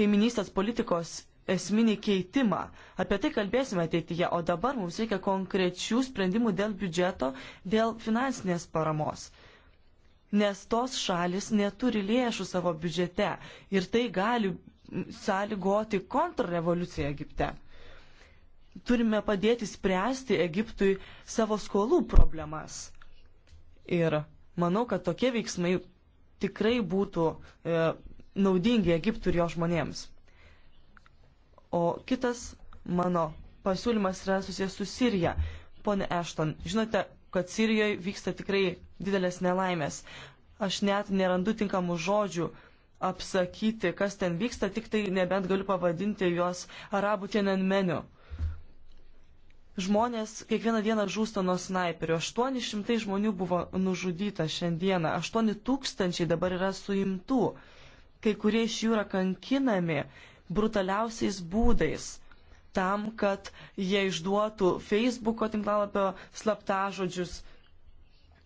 kaiminystės politikos esminį keitimą. Apie tai kalbėsime ateityje, o dabar mums reikia konkrečių sprendimų dėl biudžeto, dėl finansinės paramos nes tos šalis neturi lėšų savo biudžete ir tai gali sąlygoti kontrrevoliuciją Egipte. Turime padėti spręsti Egiptui savo skolų problemas. Ir manau, kad tokie veiksmai tikrai būtų e, naudingi Egiptui ir jo žmonėms. O kitas mano pasiūlymas yra susijęs su Sirija. Pone Ešton, žinote, kad Sirijoje vyksta tikrai didelės nelaimės. Aš net nerandu tinkamų žodžių apsakyti, kas ten vyksta, tik tai nebent galiu pavadinti juos arabų tienenmeniu. Žmonės kiekvieną dieną žūsta nuo snaiperio. 800 žmonių buvo nužudyta šiandieną, 8000 dabar yra suimtų. Kai kurie iš jų yra kankinami brutaliausiais būdais tam, kad jie išduotų Facebook'o tinklalapio slaptažodžius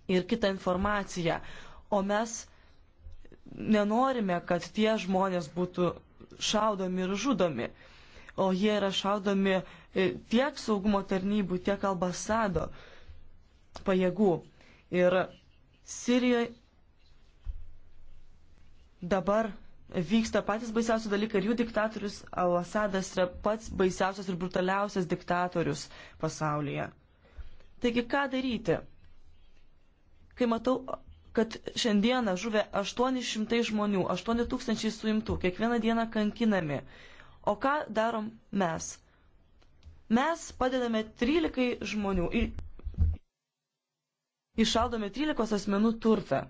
ir kitą informaciją. O mes nenorime, kad tie žmonės būtų šaudomi ir žudomi. O jie yra šaudomi e, tiek saugumo tarnybų, tiek ambasado pajėgų. Ir Sirijoje dabar vyksta patys baisiausi dalykai ir jų diktatorius Al-Asadas yra pats baisiausias ir brutaliausias diktatorius pasaulyje. Taigi ką daryti? kai matau, kad šiandieną žuvę 800 žmonių, 8000 suimtų, kiekvieną dieną kankinami. O ką darom mes? Mes padedame 13 žmonių ir išaudome 13 asmenų turtą.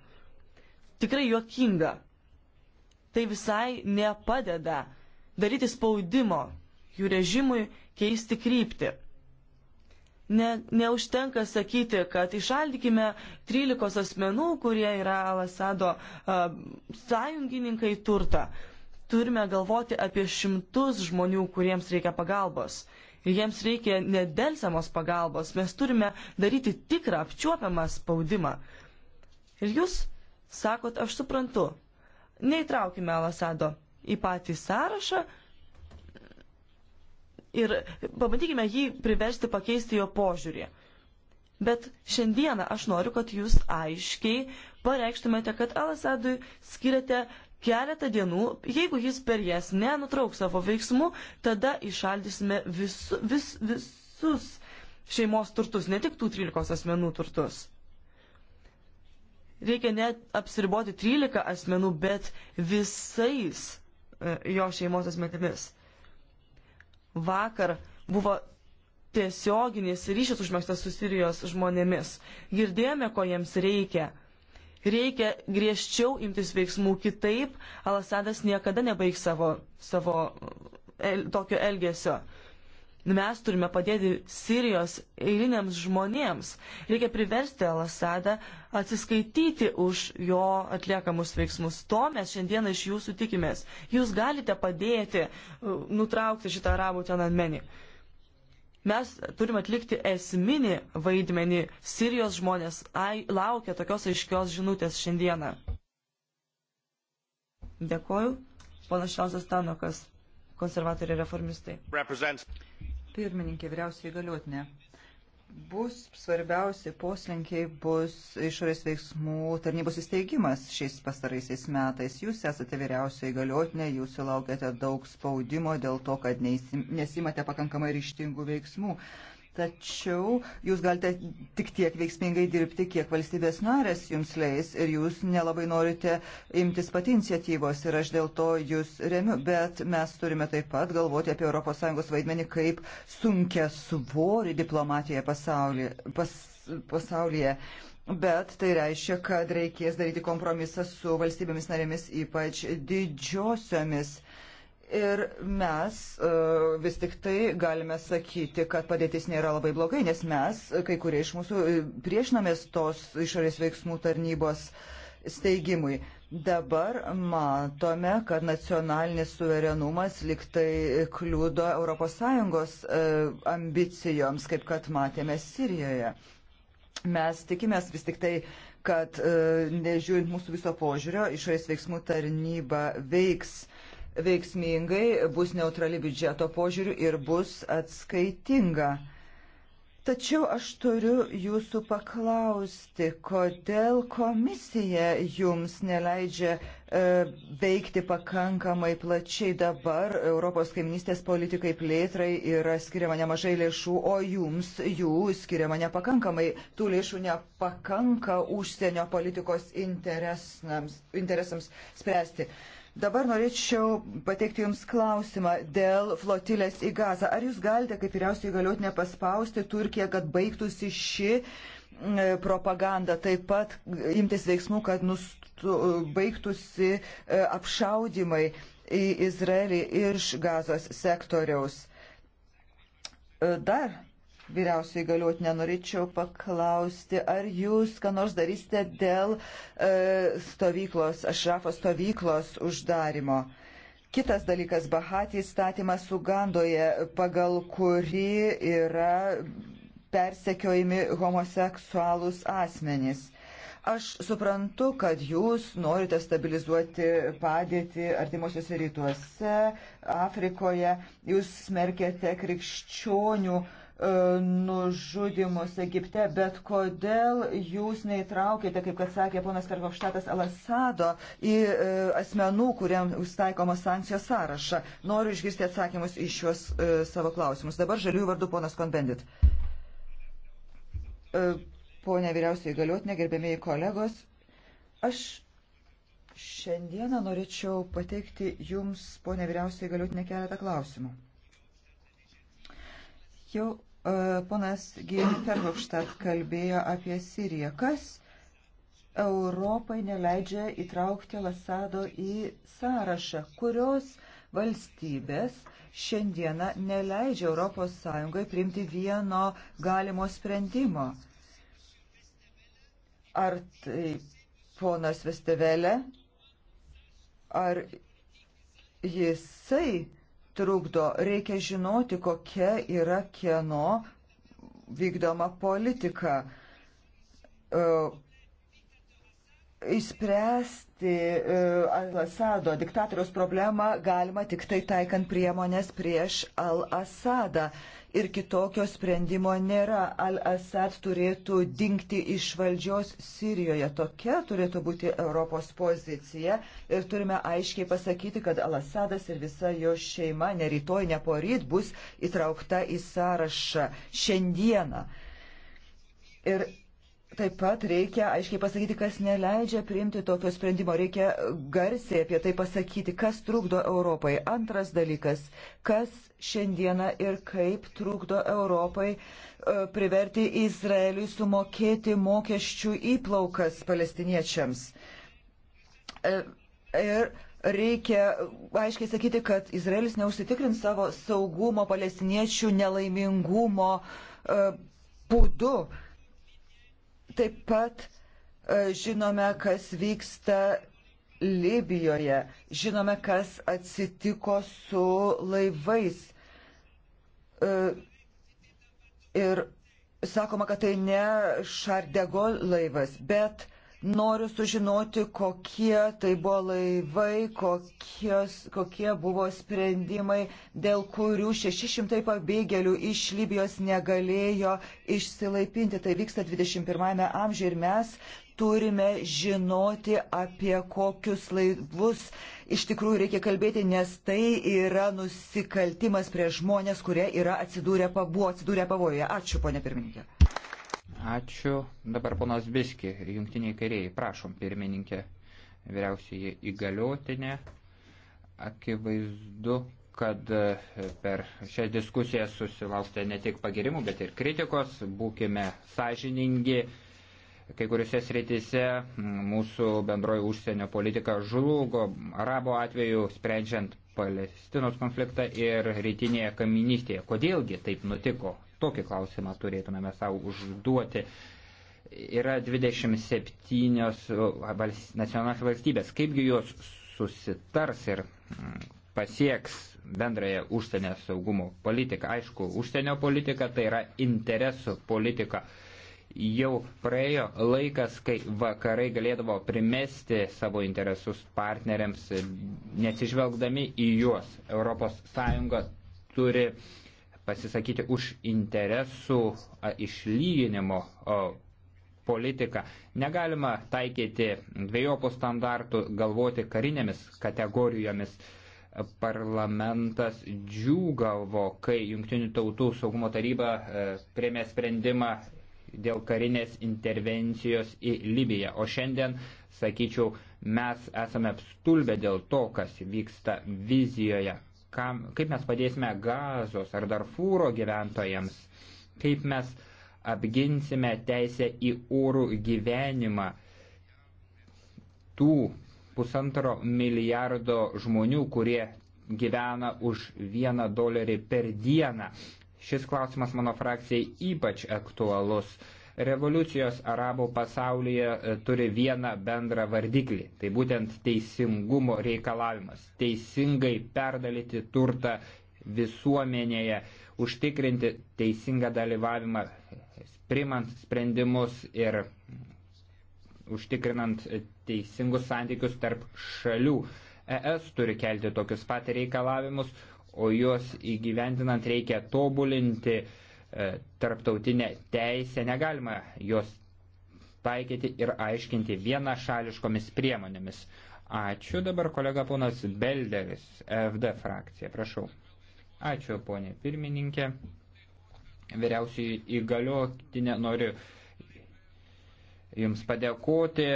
Tikrai juokinga. Tai visai nepadeda daryti spaudimo jų režimui keisti kryptį. Ne, neužtenka sakyti, kad išaldykime 13 asmenų, kurie yra Alasado uh, sąjungininkai turtą. Turime galvoti apie šimtus žmonių, kuriems reikia pagalbos. Ir jiems reikia nedelsiamos pagalbos. Mes turime daryti tikrą apčiuopiamą spaudimą. Ir jūs sakot, aš suprantu, neįtraukime Alasado į patį sąrašą, ir pabandykime jį priversti pakeisti jo požiūrį. Bet šiandieną aš noriu, kad jūs aiškiai pareikštumėte, kad Alasadui skiriate keletą dienų, jeigu jis per jas nenutrauks savo veiksmų, tada išaldysime visu, vis, visus šeimos turtus, ne tik tų 13 asmenų turtus. Reikia net apsiriboti 13 asmenų, bet visais e, jo šeimos asmenimis vakar buvo tiesioginis ryšys užmėgstas su Sirijos žmonėmis. Girdėjome, ko jiems reikia. Reikia griežčiau imtis veiksmų, kitaip Alasadas niekada nebaigs savo, savo el, tokio elgesio. Mes turime padėti Sirijos eiliniams žmonėms. Reikia priversti Alasadą atsiskaityti už jo atliekamus veiksmus. To mes šiandieną iš jūsų tikimės. Jūs galite padėti uh, nutraukti šitą arabų tenanmenį. Mes turime atlikti esminį vaidmenį. Sirijos žmonės ai, laukia tokios aiškios žinutės šiandieną. Dėkoju. Panašiausias Tanokas, konservatoriai reformistai. Represent pirmininkė, vyriausiai galiotinė. Bus svarbiausi poslinkiai bus išorės veiksmų tarnybos įsteigimas šiais pastaraisiais metais. Jūs esate vyriausiai galiotinė, jūs laukiate daug spaudimo dėl to, kad nesimate pakankamai ryštingų veiksmų. Tačiau jūs galite tik tiek veiksmingai dirbti, kiek valstybės narės jums leis ir jūs nelabai norite imtis pati iniciatyvos ir aš dėl to jūs remiu. Bet mes turime taip pat galvoti apie ES vaidmenį kaip sunkia svorį diplomatijoje pasaulyje. Pas, pasaulyje. Bet tai reiškia, kad reikės daryti kompromisą su valstybėmis narėmis, ypač didžiosiomis Ir mes e, vis tik tai galime sakyti, kad padėtis nėra labai blogai, nes mes, kai kurie iš mūsų, e, priešinamės tos išorės veiksmų tarnybos steigimui. Dabar matome, kad nacionalinis suverenumas liktai kliūdo ES e, ambicijoms, kaip kad matėme Sirijoje. Mes tikimės vis tik tai, kad nežiūrint mūsų viso požiūrio, išorės veiksmų tarnyba veiks veiksmingai, bus neutrali biudžeto požiūrių ir bus atskaitinga. Tačiau aš turiu jūsų paklausti, kodėl komisija jums neleidžia e, veikti pakankamai plačiai dabar Europos kaiminystės politikai plėtrai yra skiriama nemažai lėšų, o jums jų skiriama nepakankamai. Tų lėšų nepakanka užsienio politikos interesams, interesams spręsti. E, Dabar norėčiau pateikti Jums klausimą dėl flotilės į Gazą. Ar Jūs galite, kaip vyriausiai galiotinė, paspausti Turkiją, kad baigtųsi ši propaganda, taip pat imtis veiksmų, kad nustu, baigtųsi e, apšaudimai į Izraelį iš Gazos sektoriaus? E, dar vyriausiai galiuot nenorėčiau paklausti, ar jūs ką nors darysite dėl e, stovyklos, ašrafo stovyklos uždarimo. Kitas dalykas - Bahati įstatymas Ugandoje, pagal kurį yra persekiojami homoseksualūs asmenys. Aš suprantu, kad jūs norite stabilizuoti padėtį artimuosiuose rytuose, Afrikoje, jūs smerkėte krikščionių uh, E, nužudimus Egipte, bet kodėl jūs neįtraukėte, kaip kad sakė ponas Pergokštatas Alasado, į e, asmenų, kuriam užtaikomos sankcijos sąrašą? Noriu išgirsti atsakymus iš šios e, savo klausimus. Dabar žaliųjų vardu ponas Konbendit. E, Pone vyriausiai galiotinė, gerbėmėjai kolegos, aš šiandieną norėčiau pateikti jums, ponė vyriausiai galiotinė, keletą klausimų. Jau E, ponas Gimperhofštat kalbėjo apie Siriją. Kas Europai neleidžia įtraukti Lasado į sąrašą? Kurios valstybės šiandieną neleidžia ES priimti vieno galimo sprendimo? Ar tai ponas Vestevelė, ar jisai trukdo. Reikia žinoti, kokia yra kieno vykdoma politika. E, Įspręsti e, Al-Asado diktatoriaus problemą galima tik tai taikant priemonės prieš Al-Asadą ir kitokio sprendimo nėra. Al-Assad turėtų dinkti iš valdžios Sirijoje. Tokia turėtų būti Europos pozicija ir turime aiškiai pasakyti, kad Al-Assadas ir visa jo šeima ne rytoj, ne poryt bus įtraukta į sąrašą šiandieną. Ir Taip pat reikia aiškiai pasakyti, kas neleidžia priimti tokio sprendimo. Reikia garsiai apie tai pasakyti, kas trukdo Europai. Antras dalykas, kas šiandieną ir kaip trukdo Europai e, priverti Izraeliui sumokėti mokesčių įplaukas palestiniečiams. E, ir reikia aiškiai sakyti, kad Izraelis neužsitikrins savo saugumo palestiniečių nelaimingumo e, būdu. Uh, Taip pat e, žinome, kas vyksta Libijoje, žinome, kas atsitiko su laivais. E, ir sakoma, kad tai ne Šardego laivas, bet Noriu sužinoti, kokie tai buvo laivai, kokios, kokie buvo sprendimai, dėl kurių 600 pabėgėlių iš Libijos negalėjo išsilaipinti. Tai vyksta 21-ame amžiuje ir mes turime žinoti, apie kokius laivus iš tikrųjų reikia kalbėti, nes tai yra nusikaltimas prieš žmonės, kurie yra atsidūrę, buvo atsidūrę pavojoje. Ačiū, ponė pirmininkė. Ačiū. Dabar ponas Biski, jungtiniai kairiai. Prašom, pirmininkė, vyriausiai įgaliotinė. Akivaizdu, kad e, per šią diskusiją susilauksite ne tik pagirimų, bet ir kritikos. Būkime sąžiningi. Kai kuriuose sritise mūsų bendroji užsienio politika žlugo, arabo atveju sprendžiant Palestinos konfliktą ir rytinėje kaiminystėje. Kodėlgi taip nutiko? Tokį klausimą turėtumėme savo užduoti. Yra 27 nacionalinės valstybės. Kaipgi jos susitars ir mm, pasieks bendrąją užsienio saugumo politiką. Aišku, užsienio politika tai yra interesų politika. Jau praėjo laikas, kai vakarai galėdavo primesti savo interesus partneriams, nesižvelgdami į juos. ES turi pasisakyti už interesų išlyginimo politiką. Negalima taikyti dviejopų standartų, galvoti karinėmis kategorijomis. Parlamentas džiūgavo, kai Junktinių tautų saugumo taryba e, priemė sprendimą dėl karinės intervencijos į Libiją. O šiandien, sakyčiau, mes esame apstulbę dėl to, kas vyksta vizijoje kam, kaip mes padėsime gazos ar darfūro gyventojams, kaip mes apginsime teisę į orų gyvenimą tų pusantro milijardo žmonių, kurie gyvena už vieną dolerį per dieną. Šis klausimas mano frakcijai ypač aktualus. Revoliucijos arabų pasaulyje e, turi vieną bendrą vardiklį - tai būtent teisingumo reikalavimas. Teisingai perdalyti turtą visuomenėje, užtikrinti teisingą dalyvavimą, primant sprendimus ir užtikrinant teisingus santykius tarp šalių. ES turi kelti tokius pat reikalavimus, o juos įgyvendinant reikia tobulinti uh, E, tarptautinę teisę, negalima jos taikyti ir aiškinti vienašališkomis priemonėmis. Ačiū dabar kolega ponas Belderis, FD frakcija, prašau. Ačiū ponė pirmininkė. Vyriausiai įgaliotinė noriu Jums padėkoti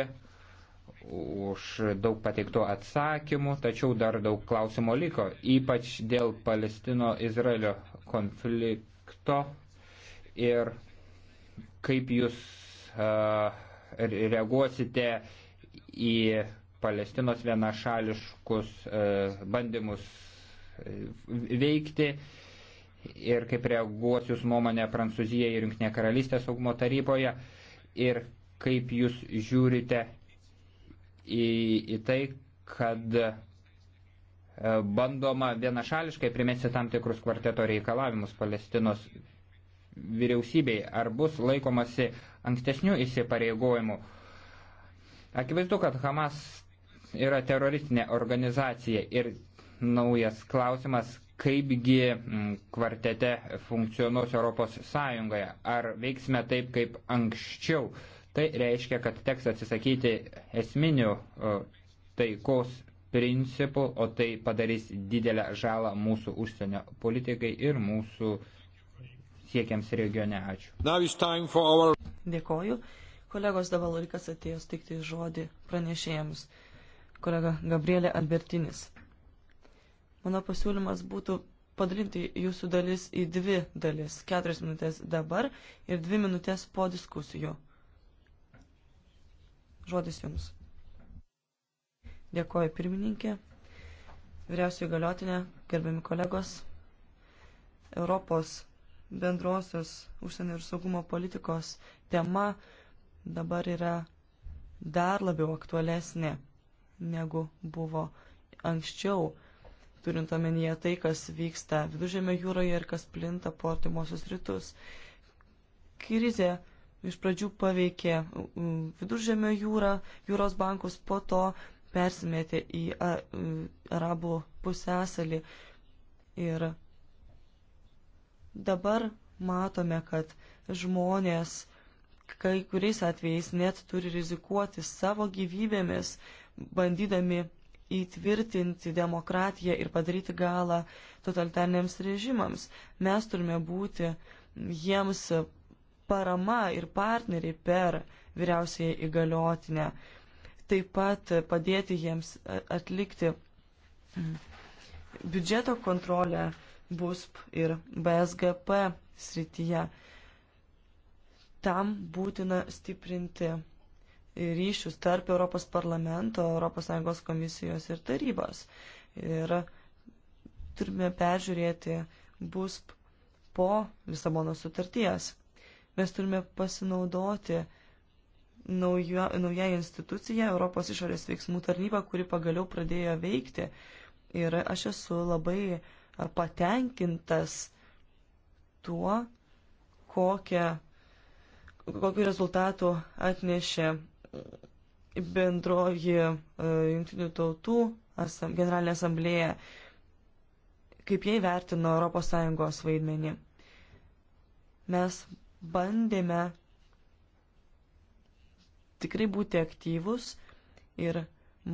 už daug pateiktų atsakymų, tačiau dar daug klausimų liko, ypač dėl Palestino-Izraelio konflikto ir kaip jūs uh, reaguosite į Palestinos vienašališkus uh, bandymus veikti ir kaip reaguos jūs nuomonė Prancūzija ir Junktinė karalystė saugumo taryboje ir kaip jūs žiūrite į, į tai, kad bandoma vienašališkai primesti tam tikrus kvarteto reikalavimus Palestinos vyriausybei, ar bus laikomasi ankstesnių įsipareigojimų. Akivaizdu, kad Hamas yra teroristinė organizacija ir naujas klausimas, kaipgi mm, kvartete funkcionuos Europos Sąjungoje, ar veiksime taip kaip anksčiau. Tai reiškia, kad teks atsisakyti esminių taikos principų, o tai padarys didelę žalą mūsų užsienio politikai ir mūsų uh, siekiams regione. Ačiū. Our... Dėkoju. Kolegos dabar laikas atėjo stikti žodį pranešėjams. Kolega Gabrielė Albertinis. Mano pasiūlymas būtų padalinti jūsų dalis į dvi dalis - keturias minutės dabar ir dvi minutės po diskusijų. Žodis jums. Dėkoju pirmininkė, vyriausiųjų galiotinė, gerbiami kolegos. Europos bendrosios užsienio ir saugumo politikos tema dabar yra dar labiau aktualesnė negu buvo anksčiau, turint omenyje tai, kas vyksta Vidužėme jūroje ir kas plinta po artimuosius rytus. Krizė iš pradžių paveikė Vidužėme jūrą, jūros bankus, po to persimėtė į Arabų pusęsalį ir Dabar matome, kad žmonės kai kuriais atvejais net turi rizikuoti savo gyvybėmis, bandydami įtvirtinti demokratiją ir padaryti galą totalitariniams režimams. Mes turime būti jiems parama ir partneriai per vyriausiai įgaliotinę. Taip pat padėti jiems atlikti biudžeto kontrolę BUSP ir BSGP srityje. Tam būtina stiprinti ryšius tarp Europos parlamento, ES komisijos ir tarybos. Ir turime peržiūrėti BUSP po Lisabono sutarties. Mes turime pasinaudoti nauja, nauja institucija, Europos išorės veiksmų tarnyba, kuri pagaliau pradėjo veikti. Ir aš esu labai uh, ar patenkintas tuo, kokią, kokiu rezultatu atnešė bendroji e, Junktinių tautų asam, generalinė asamblėja, kaip jie įvertino ES vaidmenį. Mes bandėme tikrai būti aktyvus ir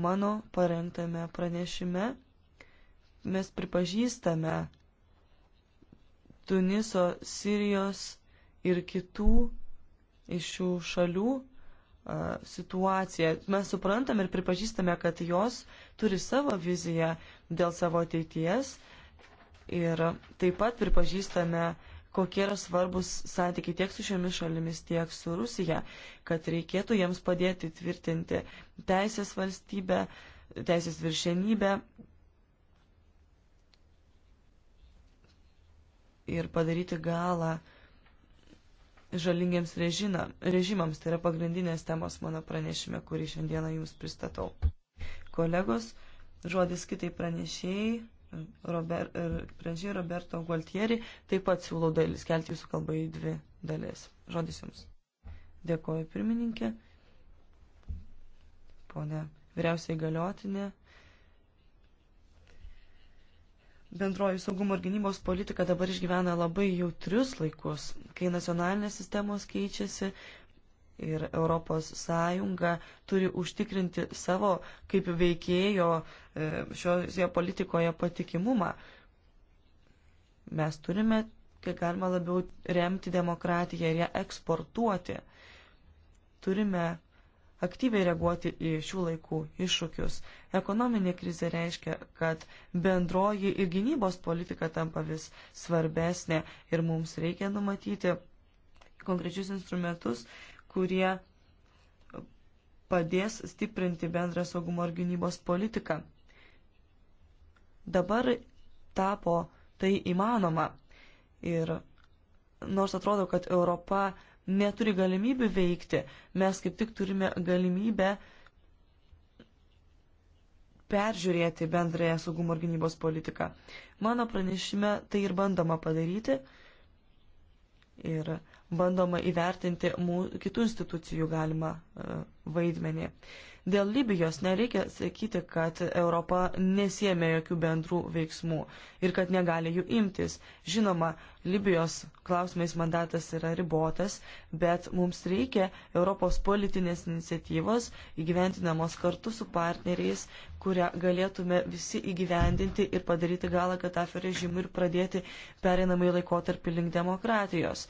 mano parengtame pranešime mes pripažįstame Tuniso, Sirijos ir kitų iš šių šalių situaciją. Mes suprantam ir pripažįstame, kad jos turi savo viziją dėl savo ateities ir taip pat pripažįstame, kokie yra svarbus santykiai tiek su šiomis šalimis, tiek su Rusija, kad reikėtų jiems padėti tvirtinti teisės valstybę, teisės viršenybę ir padaryti galą žalingiems režina, režimams. Tai yra pagrindinės temos mano pranešime, kurį šiandieną jums pristatau. Kolegos, žodis kitai pranešėjai, Robert, er, pranešėjai Roberto Gualtieri, taip pat siūlau dalis, kelti jūsų kalbą į dvi dalis. Žodis jums. Dėkoju pirmininkė, ponė vyriausiai galiotinė, Bendroji saugumo ir gynybos politika dabar išgyvena labai jautrius laikus, kai nacionalinės sistemos keičiasi ir Europos Sąjunga turi užtikrinti savo kaip veikėjo e, šioje politikoje patikimumą. Mes turime, kai galima labiau remti demokratiją ir ją eksportuoti. Turime aktyviai reaguoti į šių laikų iššūkius. Ekonominė krizė reiškia, kad bendroji ir gynybos politika tampa vis svarbesnė ir mums reikia numatyti konkrečius instrumentus, kurie padės stiprinti bendrą saugumo ir gynybos politiką. Dabar tapo tai įmanoma ir nors atrodo, kad Europa neturi galimybių veikti. Mes kaip tik turime galimybę peržiūrėti bendrąją saugumo ir gynybos politiką. Mano pranešime tai ir bandoma padaryti ir bandoma įvertinti kitų institucijų galimą e, vaidmenį. Dėl Libijos nereikia sakyti, kad Europa nesėmė jokių bendrų veiksmų ir kad negali jų imtis. Žinoma, Libijos klausimais mandatas yra ribotas, bet mums reikia Europos politinės iniciatyvos įgyventinamos kartu su partneriais, kurią galėtume visi įgyvendinti ir padaryti galą Katafio režimui ir pradėti perinamai laikotarpį link demokratijos.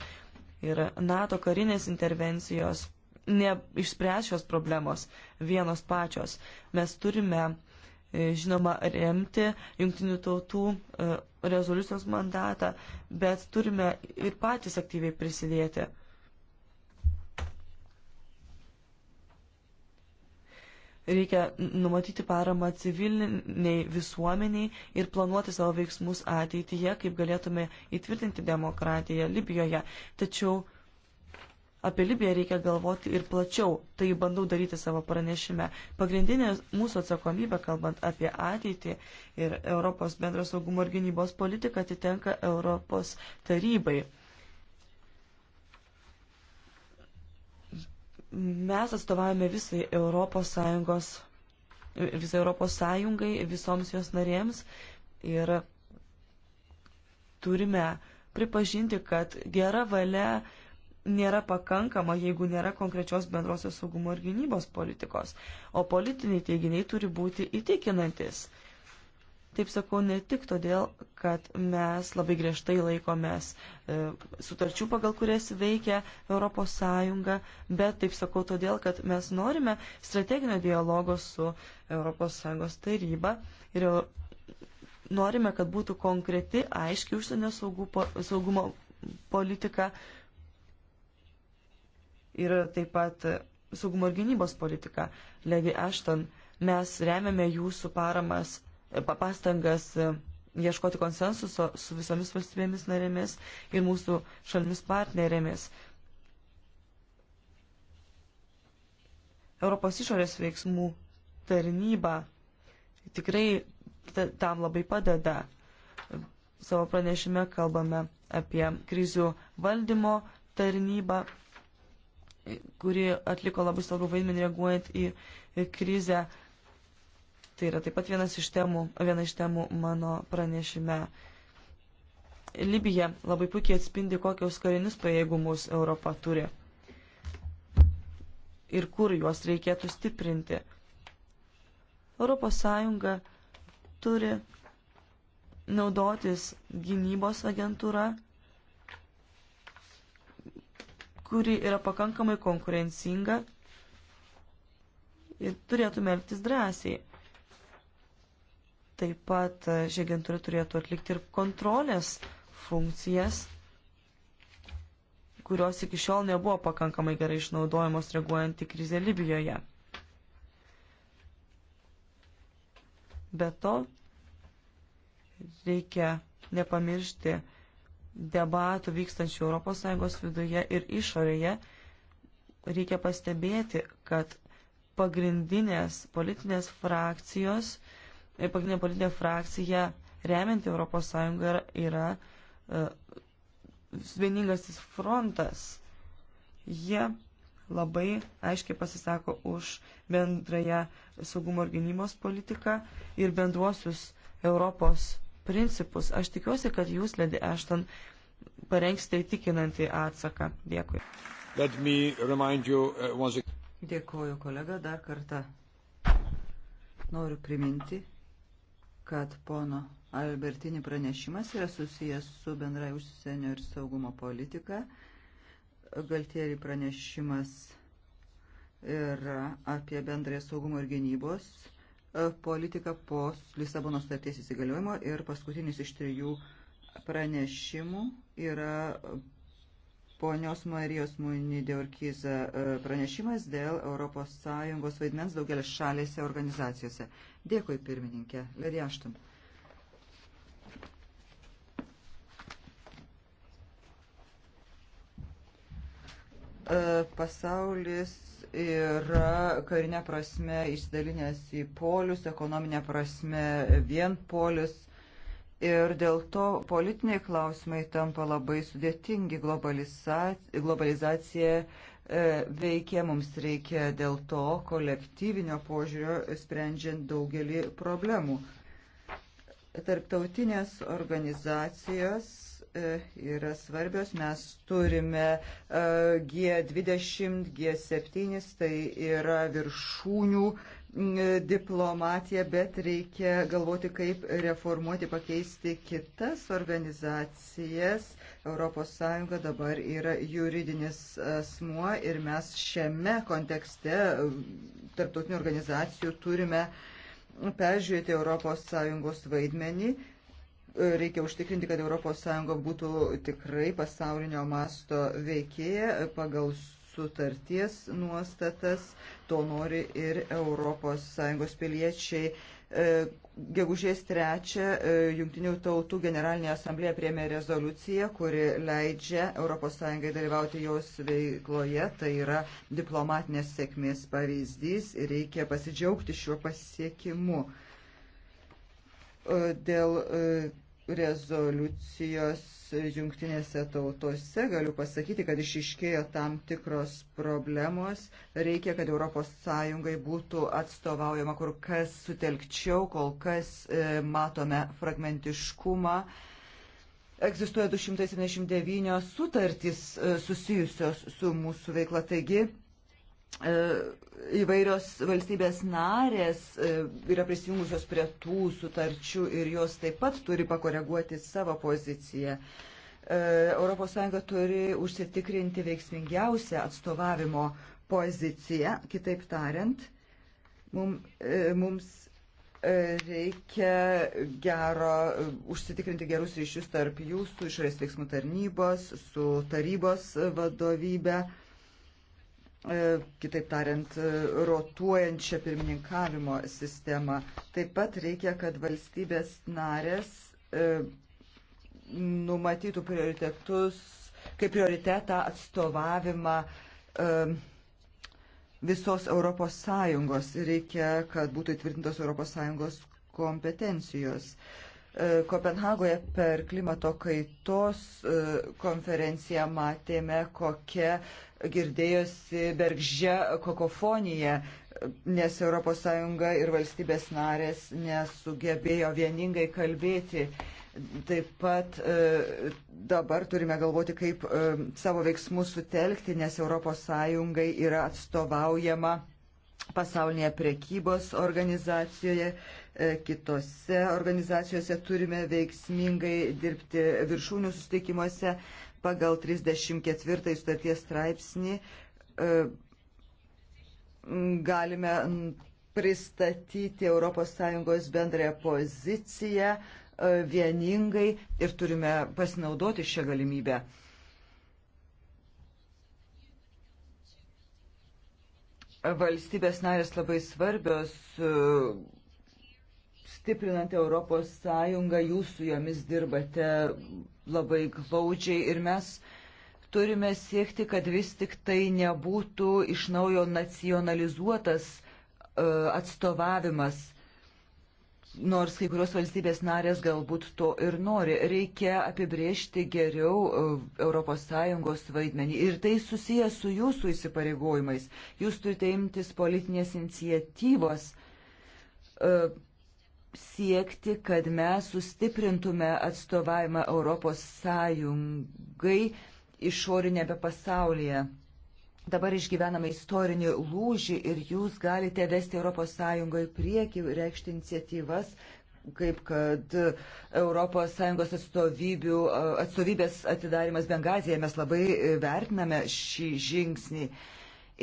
Ir NATO karinės intervencijos neišspręs šios problemos vienos pačios. Mes turime, e, žinoma, remti jungtinių tautų e, rezoliucijos mandatą, bet turime ir patys aktyviai prisidėti. Reikia numatyti paramą civiliniai visuomeniai ir planuoti savo veiksmus ateityje, kaip galėtume įtvirtinti demokratiją Libijoje. Tačiau apie Libiją reikia galvoti ir plačiau. Tai bandau daryti savo pranešime. Pagrindinė mūsų atsakomybė, kalbant apie ateitį ir Europos bendros saugumo ir gynybos politiką, atitenka Europos tarybai. Mes atstovavome visai Europos Sąjungos, visai Europos Sąjungai, visoms jos narėms ir turime pripažinti, kad gera valia nėra pakankama, jeigu nėra konkrečios bendrosios saugumo ir gynybos politikos, o politiniai teiginiai turi būti įtikinantis. Taip sakau ne tik todėl, kad mes labai griežtai laikomės e, sutarčių, pagal kurias veikia ES, bet taip sakau todėl, kad mes norime strateginio dialogo su ES taryba ir norime, kad būtų konkreti, aiški užsienio saugumo politika ir taip pat saugumo ir gynybos politika. Levi Ashton, mes remiame jūsų paramas, pastangas e, ieškoti konsensuso su visomis valstybėmis narėmis ir mūsų šalimis partnerėmis. Europos išorės veiksmų tarnyba tikrai tam labai padeda. Savo pranešime kalbame apie krizių valdymo tarnybą, kuri atliko labai svarbu vaidmenį reaguojant į krizę. Tai yra taip pat vienas iš temų, viena iš temų mano pranešime. Libija labai puikiai atspindi, kokius karinius pajėgumus Europa turi ir kur juos reikėtų stiprinti. ES turi naudotis gynybos agentūra kuri yra pakankamai konkurencinga ir turėtume elgtis drąsiai. Taip pat e, ši agentūra turėtų atlikti ir kontrolės funkcijas, kurios iki šiol nebuvo pakankamai gerai išnaudojamos reaguojant į krizę Libijoje. Be to, reikia nepamiršti debatų vykstančių ES viduje ir išorėje, reikia pastebėti, kad pagrindinės politinės frakcijos, e, pagrindinė politinė frakcija remianti ES yra, yra uh, vieningasis frontas. Jie labai aiškiai pasisako už bendrąją saugumo ir gynybos politiką ir bendruosius Europos principus. Aš tikiuosi, kad jūs, Ledi Ešton, parengsite įtikinantį atsaką. Dėkui. You, uh, once... Dėkuoju, kolega, dar kartą. Noriu priminti, kad pono Albertini pranešimas yra susijęs su bendrai užsienio ir saugumo politika. Galtieri pranešimas yra apie bendrąją saugumo ir gynybos politiką po Lisabono starties įsigaliojimo ir paskutinis iš trijų pranešimų yra ponios Marijos Munideurkiza e, pranešimas dėl ES vaidmens daugelis šalėse organizacijose. Dėkui, pirmininkė. Lady Ashton. E, pasaulis yra karinė prasme išsidalinęs į polius, ekonominė prasme vien polius. Ir dėl to politiniai klausimai tampa labai sudėtingi. Globalizacija, globalizacija e, veikia, mums reikia dėl to kolektyvinio požiūrio sprendžiant daugelį problemų. Tarptautinės organizacijos yra svarbios. Mes turime G20, e, G7, tai yra viršūnių diplomatija, bet reikia galvoti, kaip reformuoti, pakeisti kitas organizacijas. ES dabar yra juridinis asmuo ir mes šiame kontekste tarptautinių organizacijų turime peržiūrėti ES vaidmenį Reikia užtikrinti, kad ES būtų tikrai pasaulinio masto veikėja pagal sutarties nuostatas. To nori ir ES piliečiai. E, gegužės 3 e, Junktinių tautų generalinė asamblėje priemė rezoliuciją, kuri leidžia ES dalyvauti jos veikloje. Tai yra diplomatinės sėkmės pavyzdys ir reikia pasidžiaugti šiuo pasiekimu. E, dėl rezoliucijos jungtinėse tautose galiu pasakyti, kad išiškėjo tam tikros problemos. Reikia, kad ES būtų atstovaujama kur kas sutelkčiau, kol kas e, matome fragmentiškumą. Egzistuoja 279 sutartys e, susijusios su mūsų veikla, taigi E, įvairios valstybės narės e, yra prisijungusios prie tų sutarčių ir jos taip pat turi pakoreguoti savo poziciją. ES turi užsitikrinti veiksmingiausią atstovavimo poziciją, kitaip tariant, mum, e, mums reikia gero, užsitikrinti gerus ryšius tarp jūsų, išorės veiksmų tarnybos, su tarybos vadovybė E, kitaip tariant, e, rotuojančią pirmininkavimo sistemą. Taip pat reikia, kad valstybės narės e, numatytų prioritetus, kaip prioritetą atstovavimą visos Europos Sąjungos. Reikia, kad būtų įtvirtintos Europos Sąjungos kompetencijos. Uh, E, Kopenhagoje per klimato kaitos e, konferenciją matėme, kokia girdėjosi bergžė kokofonija, nes ES ir valstybės narės nesugebėjo vieningai kalbėti. Taip pat e, dabar turime galvoti, kaip savo veiksmus sutelkti, nes ES yra atstovaujama pasaulinėje prekybos organizacijoje, e, kitose organizacijose turime veiksmingai dirbti viršūnių susitikimuose pagal 34 sutarties straipsnį. E, galime pristatyti ES bendrąją poziciją e, vieningai ir turime pasinaudoti šią galimybę. valstybės narės labai svarbios, e, stiprinant Europos Sąjungą, jūs su jomis dirbate labai glaudžiai ir mes turime siekti, kad vis tik tai nebūtų iš naujo nacionalizuotas e, atstovavimas Nors kai kurios valstybės narės galbūt to ir nori, reikia apibriežti geriau ES vaidmenį. Ir tai susijęs su jūsų įsipareigojimais. Jūs turite imtis politinės iniciatyvos e, siekti, kad mes sustiprintume atstovavimą ES išorinėme pasaulyje dabar išgyvename istorinį lūžį ir jūs galite vesti ES į priekį, reikšti iniciatyvas, kaip kad ES atstovybės atidarimas Bengazėje. Mes labai vertiname šį žingsnį.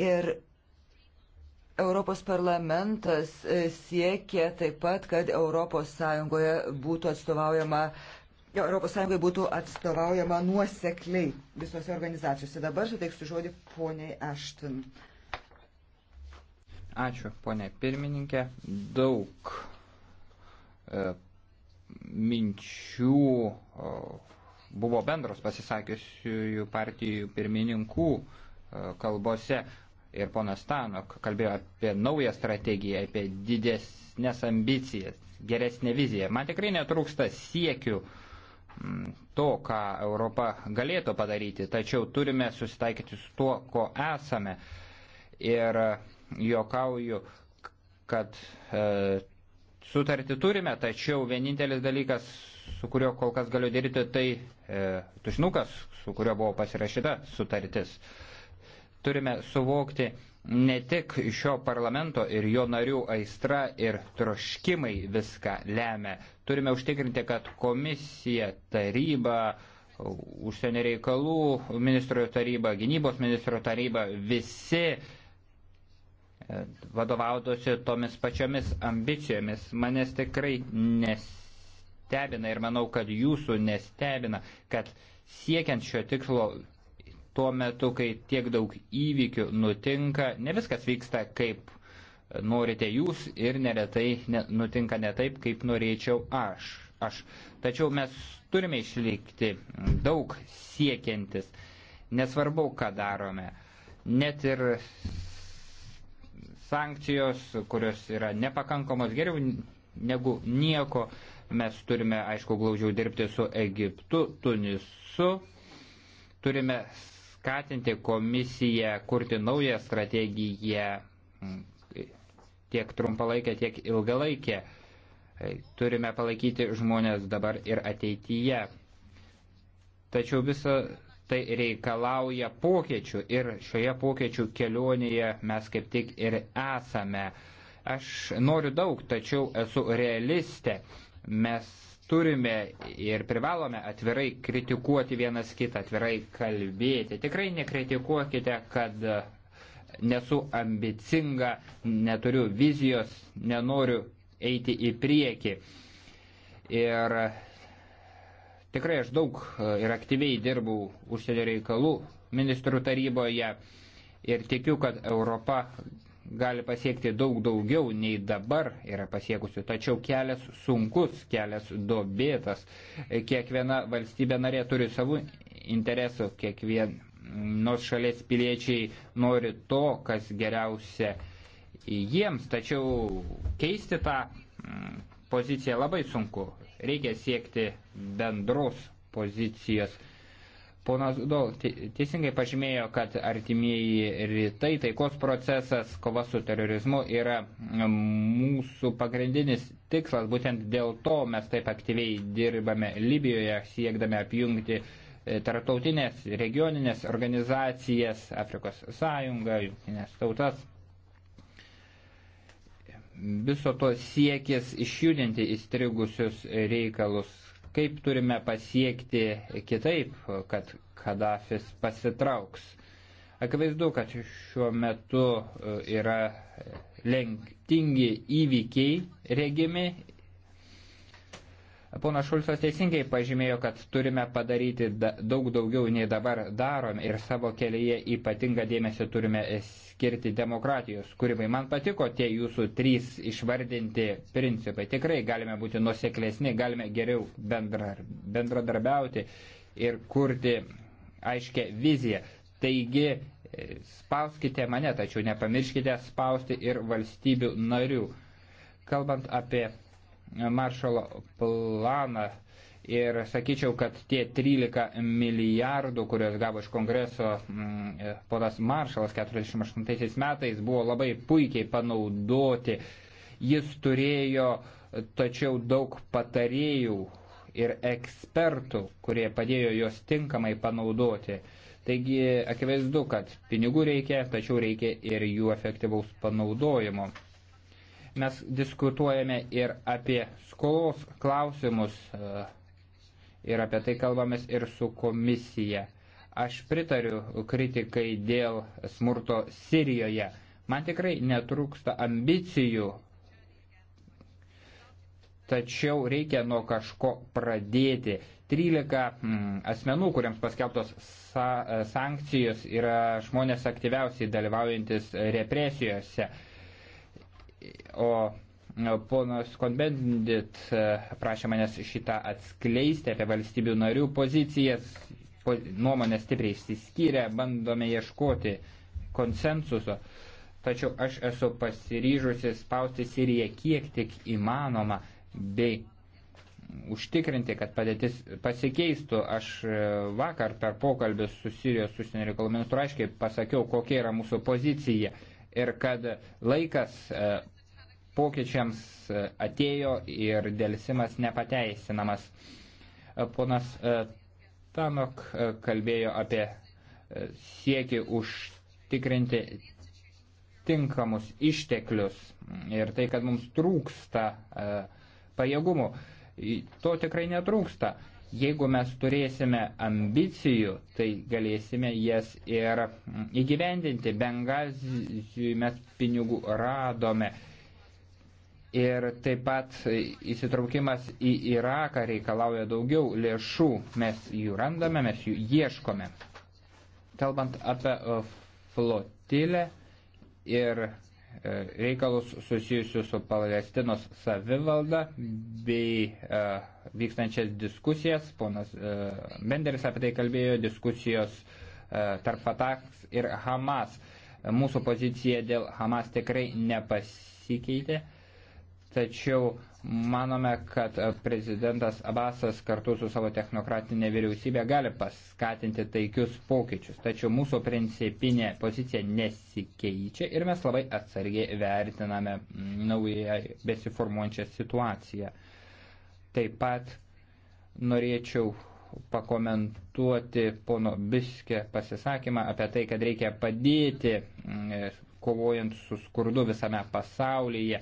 Ir Europos parlamentas siekia taip pat, kad ES būtų atstovaujama ES būtų atstovaujama nuosekliai visose organizacijose. Dabar suteiksiu žodį poniai Ashton. Ačiū, ponė pirmininkė. Daug e, minčių o, buvo bendros pasisakiusiųjų partijų pirmininkų e, kalbose. Ir ponas Stanok kalbėjo apie naują strategiją, apie didesnės ambicijas, geresnę viziją. Man tikrai netrūksta siekių e, to, ką Europa galėtų padaryti, tačiau turime susitaikyti su tuo, ko esame. Ir juokauju, kad e, sutartį turime, tačiau vienintelis dalykas, su kuriuo kol kas galiu dirbti, tai e, tušnukas, su kuriuo buvo pasirašyta sutartis. Turime suvokti ne tik šio parlamento ir jo narių aistra ir troškimai viską lemia. Turime užtikrinti, kad komisija, taryba, užsienio reikalų ministro taryba, gynybos ministro taryba, visi e, vadovaudosi tomis pačiomis ambicijomis. Manęs tikrai nestebina ir manau, kad jūsų nestebina, kad siekiant šio tikslo tuo metu, kai tiek daug įvykių nutinka, ne viskas vyksta kaip norite jūs ir neretai ne, nutinka ne taip, kaip norėčiau aš. aš. Tačiau mes turime išlikti daug siekiantis, nesvarbu, ką darome. Net ir sankcijos, kurios yra nepakankamos geriau negu nieko, mes turime, aišku, glaudžiau dirbti su Egiptu, Tunisu, turime skatinti komisiją kurti naują strategiją tiek trumpalaikė, tiek ilgalaikė. E, turime palaikyti žmonės dabar ir ateityje. Tačiau visa tai reikalauja pokyčių ir šioje pokyčių kelionėje mes kaip tik ir esame. Aš noriu daug, tačiau esu realistė. Mes turime ir privalome atvirai kritikuoti vienas kitą, atvirai kalbėti. Tikrai nekritikuokite, kad nesu ambicinga, neturiu vizijos, nenoriu eiti į priekį. Ir tikrai aš daug e, ir aktyviai dirbau užsienio reikalų ministrų taryboje ir tikiu, kad Europa gali pasiekti daug daugiau nei dabar yra pasiekusi. Tačiau kelias sunkus, kelias dobėtas. Kiekviena valstybė narė turi savų interesų, kiekvien, nors šalies piliečiai nori to, kas geriausia jiems, tačiau keisti tą mm, poziciją labai sunku. Reikia siekti bendros pozicijos. Ponas Dol teisingai pažymėjo, kad artimieji rytai, taikos procesas, kova su terorizmu yra mm, mūsų pagrindinis tikslas. Būtent dėl to mes taip aktyviai dirbame Libijoje, siekdame apjungti uh, tarptautinės regioninės organizacijas, Afrikos sąjungą, jungtinės tautas. Viso to siekis išjudinti įstrigusius reikalus, kaip turime pasiekti kitaip, kad Kadafis pasitrauks. Akivaizdu, kad šiuo metu e, yra e, lenktingi įvykiai regimi Pona Šulcas teisingai pažymėjo, kad turime padaryti daug daugiau nei dabar darom ir savo kelyje ypatingą dėmesį turime skirti demokratijos kūrimai. Man patiko tie jūsų trys išvardinti principai. Tikrai galime būti nuseklesni, galime geriau bendra, bendradarbiauti ir kurti aiškę viziją. Taigi e, spauskite mane, tačiau nepamirškite spausti ir valstybių narių. Kalbant apie maršalo planą. Ir sakyčiau, kad tie 13 milijardų, kuriuos gavo iš kongreso mm, e, ponas Maršalas 48 metais, buvo labai puikiai panaudoti. Jis turėjo tačiau daug patarėjų ir ekspertų, kurie padėjo juos tinkamai panaudoti. Taigi akivaizdu, kad pinigų reikia, tačiau reikia ir jų efektyvaus panaudojimo. Mes diskutuojame ir apie skolos klausimus e, ir apie tai kalbamės ir su komisija. Aš pritariu kritikai dėl smurto Sirijoje. Man tikrai netrūksta ambicijų, tačiau reikia nuo kažko pradėti. 13 mm, asmenų, kuriems paskelbtos sa sankcijos, yra žmonės aktyviausiai dalyvaujantis represijose. O ponas Konbendit e, prašė manęs šitą atskleisti apie valstybių narių pozicijas, nuomonės stipriai išsiskyrė, bandome ieškoti konsensuso. Tačiau aš esu pasiryžusi spausti Siriją kiek tik įmanoma bei užtikrinti, kad padėtis pasikeistų. Aš e, vakar per pokalbį su Sirijos užsienio reikalų ministru aiškiai pasakiau, kokia yra mūsų pozicija ir kad laikas e, pokyčiams e, atėjo ir dėlsimas nepateisinamas. E, ponas e, Tanok kalbėjo apie siekį užtikrinti tinkamus išteklius ir tai, kad mums trūksta pajėgumų. To tikrai netrūksta. Jeigu mes turėsime ambicijų, tai galėsime jas ir įgyvendinti. Bengazijui mes pinigų radome Ir taip pat įsitraukimas į Iraką reikalauja daugiau lėšų. Mes jų randame, mes jų ieškome. Kalbant apie e, flotilę ir e, reikalus susijusius su Palestinos savivalda bei e, vykstančias diskusijas, ponas Benderis apie tai kalbėjo, diskusijos tarp Fatah ir Hamas. Mūsų pozicija dėl Hamas tikrai nepasikeitė tačiau manome, kad prezidentas Abasas kartu su savo technokratinė vyriausybė gali paskatinti taikius pokyčius. Tačiau mūsų principinė pozicija nesikeičia ir mes labai atsargiai vertiname naują besiformuojančią situaciją. Taip pat norėčiau pakomentuoti pono Biskė pasisakymą apie tai, kad reikia padėti mm, kovojant su skurdu visame pasaulyje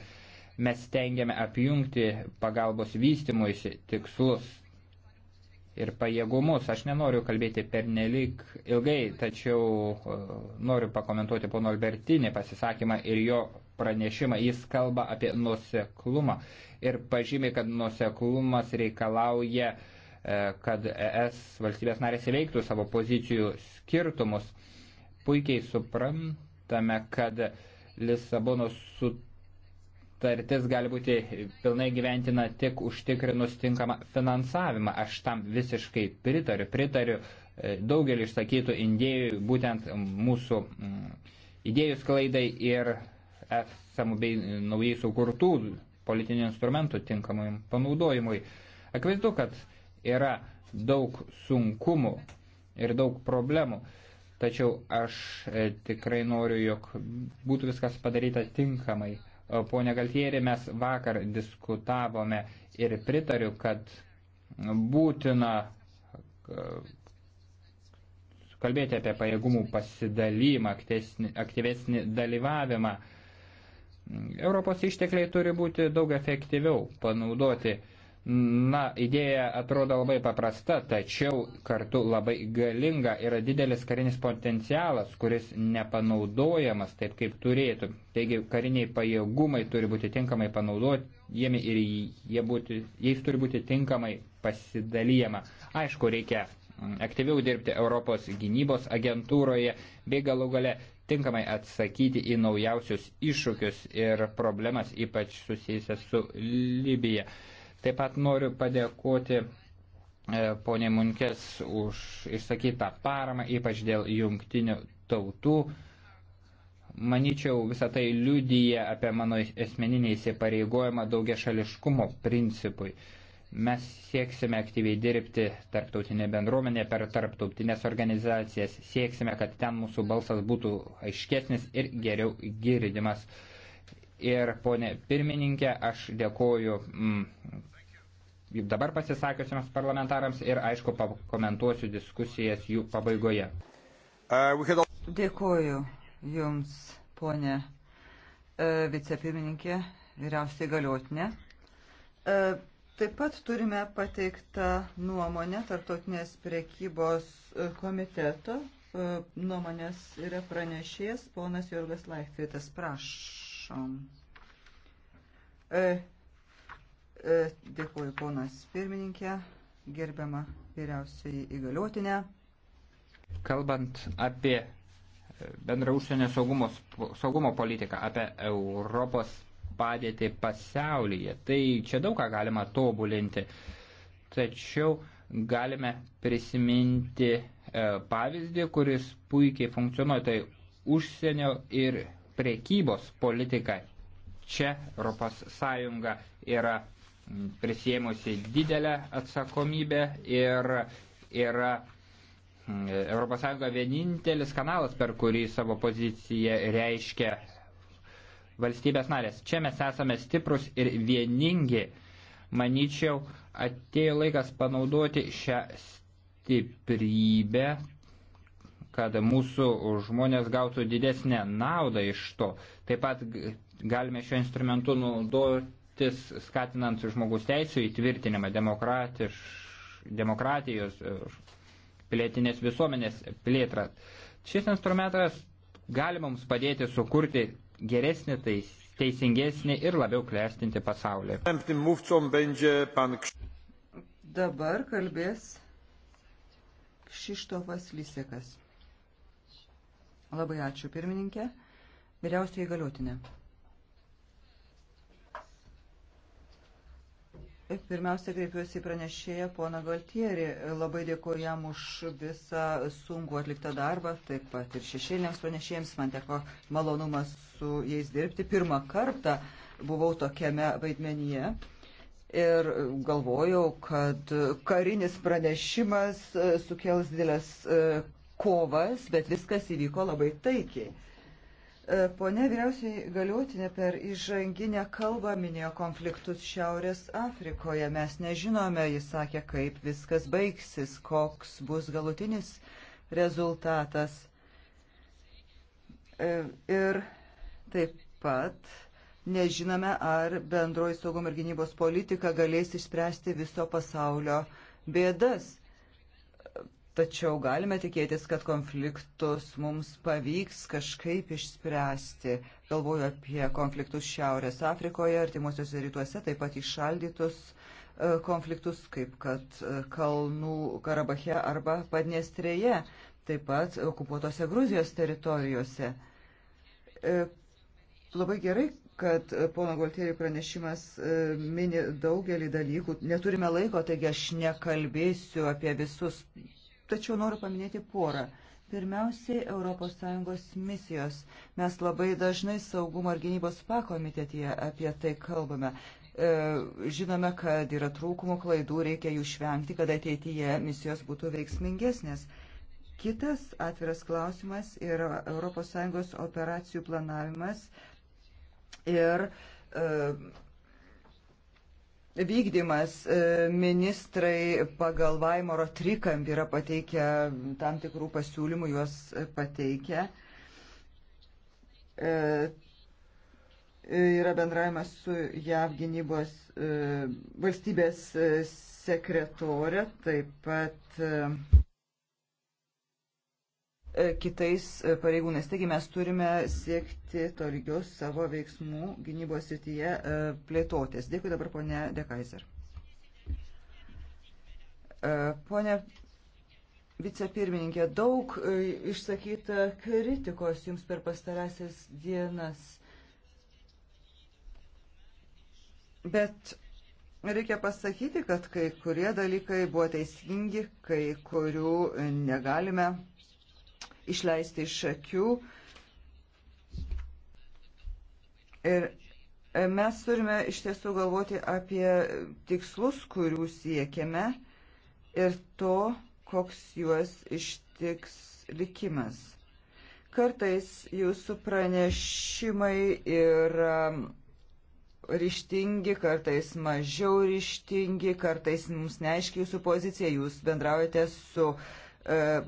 mes tengiame apjungti pagalbos vystimuisi tikslus ir pajėgumus. Aš nenoriu kalbėti pernelyg ilgai, tačiau e, noriu pakomentuoti pono Albertinį pasisakymą ir jo pranešimą. Jis kalba apie nuseklumą ir pažymė, kad nuseklumas reikalauja, e, kad ES valstybės narės įveiktų savo pozicijų skirtumus. Puikiai suprantame, kad Lisabonos sutartis sutartis gali būti pilnai gyventina tik užtikrinus tinkamą finansavimą. Aš tam visiškai pritariu, pritariu e, daugelį išsakytų idėjų, būtent mūsų mm, idėjų sklaidai ir esamų bei naujai sukurtų politinių instrumentų tinkamui panaudojimui. Akivaizdu, kad yra daug sunkumų ir daug problemų. Tačiau aš e, tikrai noriu, jog būtų viskas padaryta tinkamai. Pone Galtieri, mes vakar diskutavome ir pritariu, kad būtina e, kalbėti apie pajėgumų pasidalymą, aktyvesnį dalyvavimą. Europos ištekliai turi būti daug efektyviau panaudoti. Na, idėja atrodo labai paprasta, tačiau kartu labai galinga yra didelis karinis potencialas, kuris nepanaudojamas taip, kaip turėtų. Taigi kariniai pajėgumai turi būti tinkamai panaudojami ir jie būti, jais turi būti tinkamai pasidalyjama. Aišku, reikia mm, aktyviau dirbti Europos gynybos agentūroje bei galų gale tinkamai atsakyti į naujausius iššūkius ir problemas, ypač susijusias su Libija. Taip pat noriu padėkoti e, ponė Munkės už išsakytą paramą, ypač dėl jungtinių tautų. Maničiau, visą tai liudyja apie mano esmeninį įsipareigojimą daugia šališkumo principui. Mes sieksime aktyviai dirbti tarptautinė bendruomenė per tarptautinės organizacijas, sieksime, kad ten mūsų balsas būtų aiškesnis ir geriau girdimas. Ir ponė pirmininkė, aš dėkoju mm, dabar pasisakiusiams parlamentarams ir, aišku, pakomentuosiu diskusijas jų pabaigoje. Uh, Dėkuoju Jums, ponė uh, vicepirmininkė, vyriausiai galiotinė. Uh, taip pat turime pateiktą nuomonę Tartotinės priekybos komiteto. Nuomonės yra pranešėjas ponas Jurgas Laichtvitas. Prašom. E, dėkuoju ponas pirmininkė, gerbiama vyriausiai įgaliotinė. Kalbant apie e, bendra užsienio saugumo, saugumo politiką, apie Europos padėtį pasaulyje, tai čia daug ką galima tobulinti. Tačiau galime prisiminti e, pavyzdį, kuris puikiai funkcionuoja, tai užsienio ir priekybos politika. Čia ES yra prisėmusi didelę atsakomybę ir yra mm, ES vienintelis kanalas, per kurį savo poziciją reiškia valstybės narės. Čia mes esame stiprus ir vieningi. Manyčiau, atėjo laikas panaudoti šią stiprybę, kad mūsų žmonės gautų didesnę naudą iš to. Taip pat galime šiuo instrumentu naudoti tis skatinant žmogus teisų įtvirtinimą demokratijos e, pilietinės visuomenės plėtrą. Šis instrumentas gali mums padėti sukurti geresnį, teisingesnį ir labiau klestinti pasaulį. Dabar kalbės Kšištofas Lysekas. Labai ačiū pirmininkė, vyriausiai galiotinė. Pirmiausia, kreipiuosi į pranešėją poną Galtierį. Labai dėkuoju jam už visą sunku atliktą darbą, taip pat ir šešėliniams pranešėjams. Man teko malonumas su jais dirbti. Pirmą kartą buvau tokiame vaidmenyje. Ir galvojau, kad karinis pranešimas sukels didelės e, kovas, bet viskas įvyko labai taikiai. E, Pone vyriausiai galiotinė per įžanginę kalbą minėjo konfliktus Šiaurės Afrikoje. Mes nežinome, jis sakė, kaip viskas baigsis, koks bus galutinis rezultatas. E, ir taip pat nežinome, ar bendroji saugumo ir gynybos politika galės išspręsti viso pasaulio bėdas. Tačiau galime tikėtis, kad konfliktus mums pavyks kažkaip išspręsti. Galvoju apie konfliktus Šiaurės Afrikoje, artimuosiuose rytuose, taip pat išaldytus e, konfliktus, kaip kad e, Kalnų Karabache arba Padniestrėje, taip pat okupuotose Gruzijos teritorijose. E, labai gerai, kad pono Goltieriai pranešimas mini daugelį dalykų. Neturime laiko, taigi aš nekalbėsiu apie visus tačiau noriu paminėti porą. Pirmiausiai, ES misijos. Mes labai dažnai saugumo ir gynybos pakomitetyje apie tai kalbame. E, žinome, kad yra trūkumų, klaidų, reikia jų švengti, kad ateityje misijos būtų veiksmingesnės. Kitas atviras klausimas yra ES operacijų planavimas ir e, vykdymas. E, ministrai pagal Vaimoro trikampį yra pateikę tam tikrų pasiūlymų, juos pateikę. E, yra bendravimas su JAV gynybos e, valstybės sekretorė, taip pat E, kitais e, pareigūnais. Taigi mes turime siekti tolygios savo veiksmų gynybos srityje e, plėtotės. Dėkui dabar ponė Dekaiser. Pone vicepirmininkė, daug išsakyta kritikos jums per pastarąsias dienas. Bet reikia pasakyti, kad kai kurie dalykai buvo teisingi, kai kurių negalime išleisti iš akių. Ir e, mes turime iš tiesų galvoti apie tikslus, kurių siekiame ir to, koks juos ištiks likimas. Kartais jūsų pranešimai yra ryštingi, kartais mažiau ryštingi, kartais mums neaiški jūsų pozicija, jūs bendraujate su e,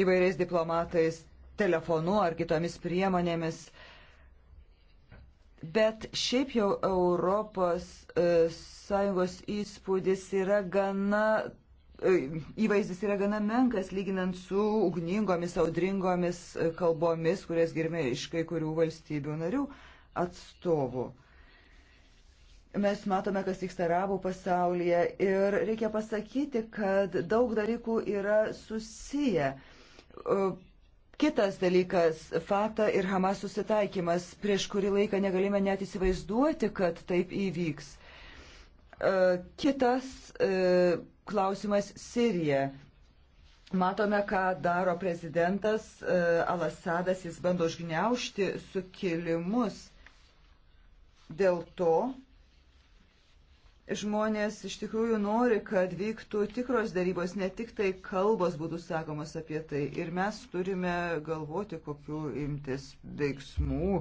įvairiais diplomatais telefonu ar kitomis priemonėmis. Bet šiaip jau Europos e, Sąjungos įspūdis yra gana, e, įvaizdis yra gana menkas lyginant su ugningomis, audringomis e, kalbomis, kurias girmė iš kai kurių valstybių narių atstovų. Mes matome, kas vyksta arabų pasaulyje ir reikia pasakyti, kad daug dalykų yra susiję. Uh, E, kitas dalykas - Fata ir Hamas susitaikymas. Prieš kurį laiką negalime net įsivaizduoti, kad taip įvyks. E, kitas e, klausimas - Sirija. Matome, ką daro prezidentas Alasadas, jis bando užgneušti sukilimus. Dėl to žmonės iš tikrųjų nori, kad vyktų tikros darybos, ne tik tai kalbos būtų sakomas apie tai. Ir mes turime galvoti, kokiu imtis veiksmų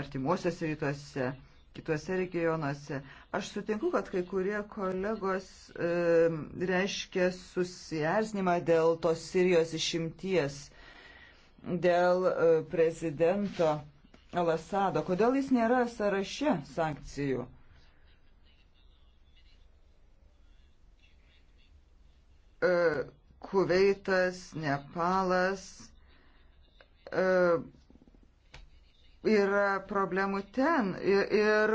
artimuosiuose rytuose, kituose regionuose. Aš sutinku, kad kai kurie kolegos e, reiškia susierzinimą dėl tos Sirijos išimties, dėl e, prezidento Alasado. Kodėl jis nėra sąraše sankcijų? E, Kuveitas, Nepalas e, yra problemų ten. Ir, ir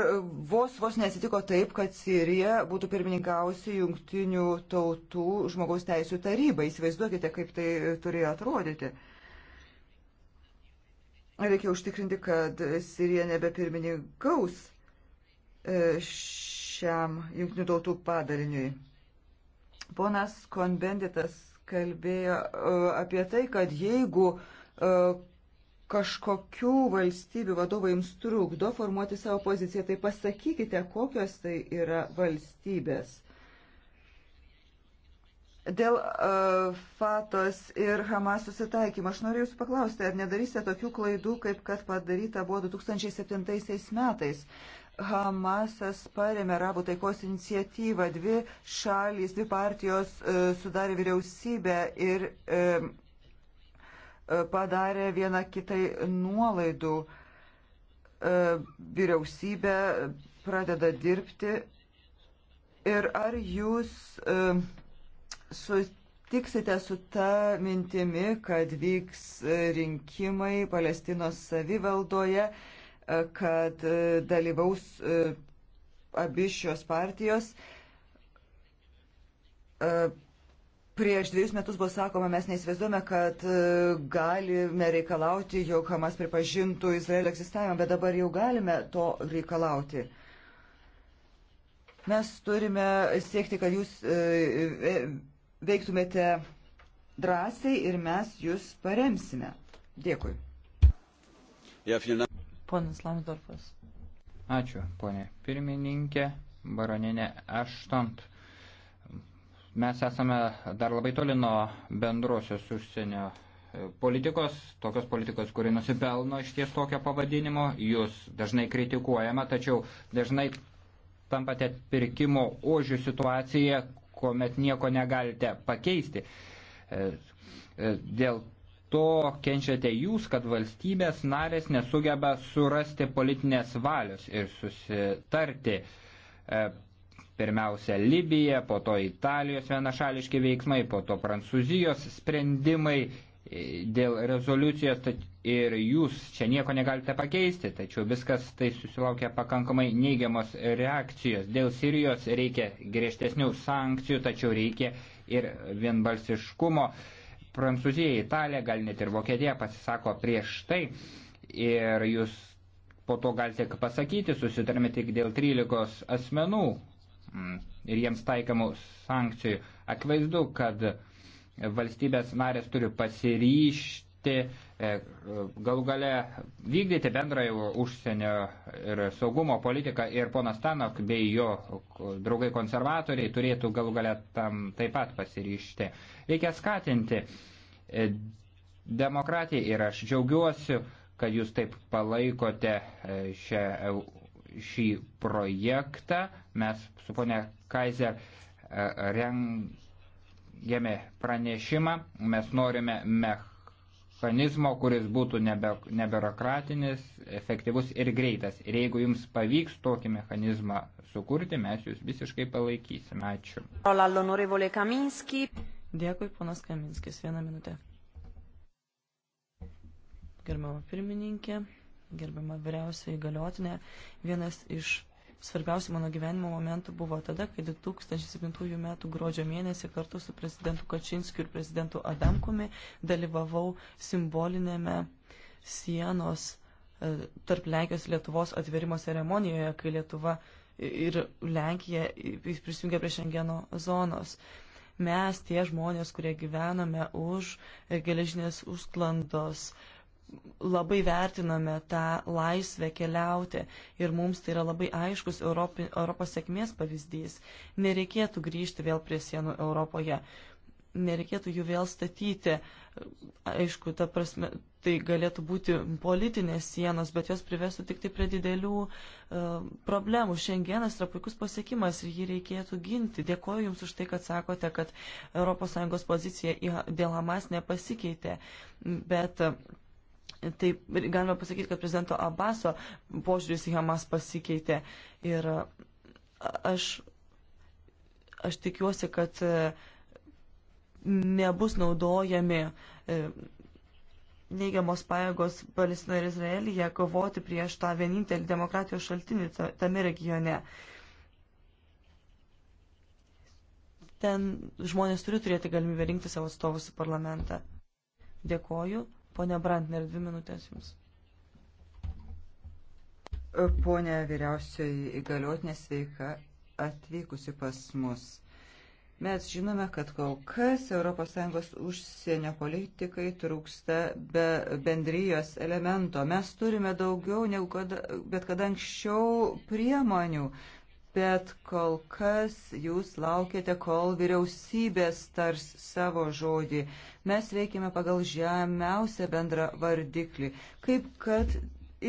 vos vos nesitiko taip, kad Sirija būtų pirmininkausi jungtinių tautų žmogaus teisų taryba. Įsivaizduokite, kaip tai turėjo atrodyti. Reikia užtikrinti, kad Sirija nebepirmininkaus e, šiam jungtinių tautų padaliniui. Ponas Konbenditas kalbėjo e, apie tai, kad jeigu e, kažkokių valstybių vadovai jums trukdo formuoti savo poziciją, tai pasakykite, kokios tai yra valstybės. Dėl uh, Fatos ir Hamas susitaikymo aš noriu Jūsų paklausti, ar nedarysite tokių klaidų, kaip kad padaryta buvo 2007 metais. Hamasas paremė arabų taikos iniciatyvą. Dvi šalys, dvi partijos e, sudarė vyriausybę ir e, e, padarė vieną kitai nuolaidų. Vyriausybė pradeda dirbti. Ir ar jūs sutiksite su ta mintimi, kad vyks rinkimai Palestinos savivaldoje? kad e, dalyvaus e, abi šios partijos. E, prieš dviejus metus buvo sakoma, mes neįsivaizduome, kad galime reikalauti, jog Hamas pripažintų Izraelio egzistavimą, bet dabar jau galime to reikalauti. Mes turime siekti, kad jūs veiktumėte drąsiai ir mes jūs paremsime. Dėkui. Ja, Ponas Lamsdorfas. Ačiū, ponė pirmininkė, baroninė Aštont. Mes esame dar labai toli nuo bendrosios užsienio e, politikos, tokios politikos, kuri nusipelno iš ties tokio pavadinimo. Jūs dažnai kritikuojama, tačiau dažnai tampate pirkimo ožių situaciją, kuomet nieko negalite pakeisti. E, e, dėl to kenčiate jūs, kad valstybės narės nesugeba surasti politinės valios ir susitarti. E, pirmiausia Libija, po to Italijos vienašališki veiksmai, po to Prancūzijos sprendimai e, dėl rezoliucijos ir jūs čia nieko negalite pakeisti, tačiau viskas tai susilaukia pakankamai neigiamos reakcijos. Dėl Sirijos reikia griežtesnių sankcijų, tačiau reikia ir vienbalsiškumo. Uh, Prancūzija, Italija, gal net ir Vokietija pasisako prieš tai ir jūs po to galite pasakyti, susitarime tik dėl 13 asmenų mm, ir jiems taikamų sankcijų. Akvaizdu, kad valstybės narės turi pasiryšti E, galų gale vykdyti bendrąją užsienio ir saugumo politiką ir ponas Tanok bei jo draugai konservatoriai turėtų galų gale tam taip pat pasiryšti. Reikia skatinti e, demokratiją ir aš džiaugiuosi, kad jūs taip palaikote e, šią, šį projektą. Mes su ponia Kaiser rengėme pranešimą, mes norime mechanizmą mechanizmo, kuris būtų nebe, nebiurokratinis, efektyvus ir greitas. Ir jeigu jums pavyks tokį mechanizmą sukurti, mes jūs visiškai palaikysime. Ačiū. Dėkui, ponas Kaminskis. Vieną minutę. Gerbama pirmininkė, gerbama vyriausiai galiotinė, vienas iš Svarbiausia mano gyvenimo momentų buvo tada, kai 2007 m. gruodžio mėnesį kartu su prezidentu Kačinskiu ir prezidentu Adamkumi dalyvavau simbolinėme sienos e, tarp Lenkijos ir Lietuvos atverimo ceremonijoje, kai Lietuva ir Lenkija prisijungė prie Šengeno zonos. Mes, tie žmonės, kurie gyvename už e, geležinės užklandos, uh, labai vertiname tą laisvę keliauti ir mums tai yra labai aiškus Europi, Europos sėkmės pavyzdys. Nereikėtų grįžti vėl prie sienų Europoje, nereikėtų jų vėl statyti. Aišku, ta prasme, tai galėtų būti politinės sienos, bet jos privestų tik tai prie didelių uh, problemų. Šengenas yra puikus pasiekimas ir jį reikėtų ginti. Dėkoju Jums už tai, kad sakote, kad ES pozicija dėl Hamas nepasikeitė, bet uh, Taip, galime pasakyti, kad prezidento Abaso požiūris į Hamas pasikeitė. Ir aš, aš tikiuosi, kad e, nebus naudojami e, neigiamos pajėgos Palestinoje ir Izraelyje kovoti prieš tą vienintelį demokratijos šaltinį tame regione. Ten žmonės turi turėti galimybę rinkti savo atstovus į parlamentą. Dėkoju. Pone Brantner, dvi minutės jums. Pone vyriausioji įgaliotinė sveika atvykusi pas mus. Mes žinome, kad kol kas ES užsienio politikai trūksta be bendrijos elemento. Mes turime daugiau negu kada, bet kada anksčiau priemonių bet kol kas jūs laukiate, kol vyriausybės tars savo žodį. Mes veikime pagal žemiausią bendrą vardiklį. Kaip kad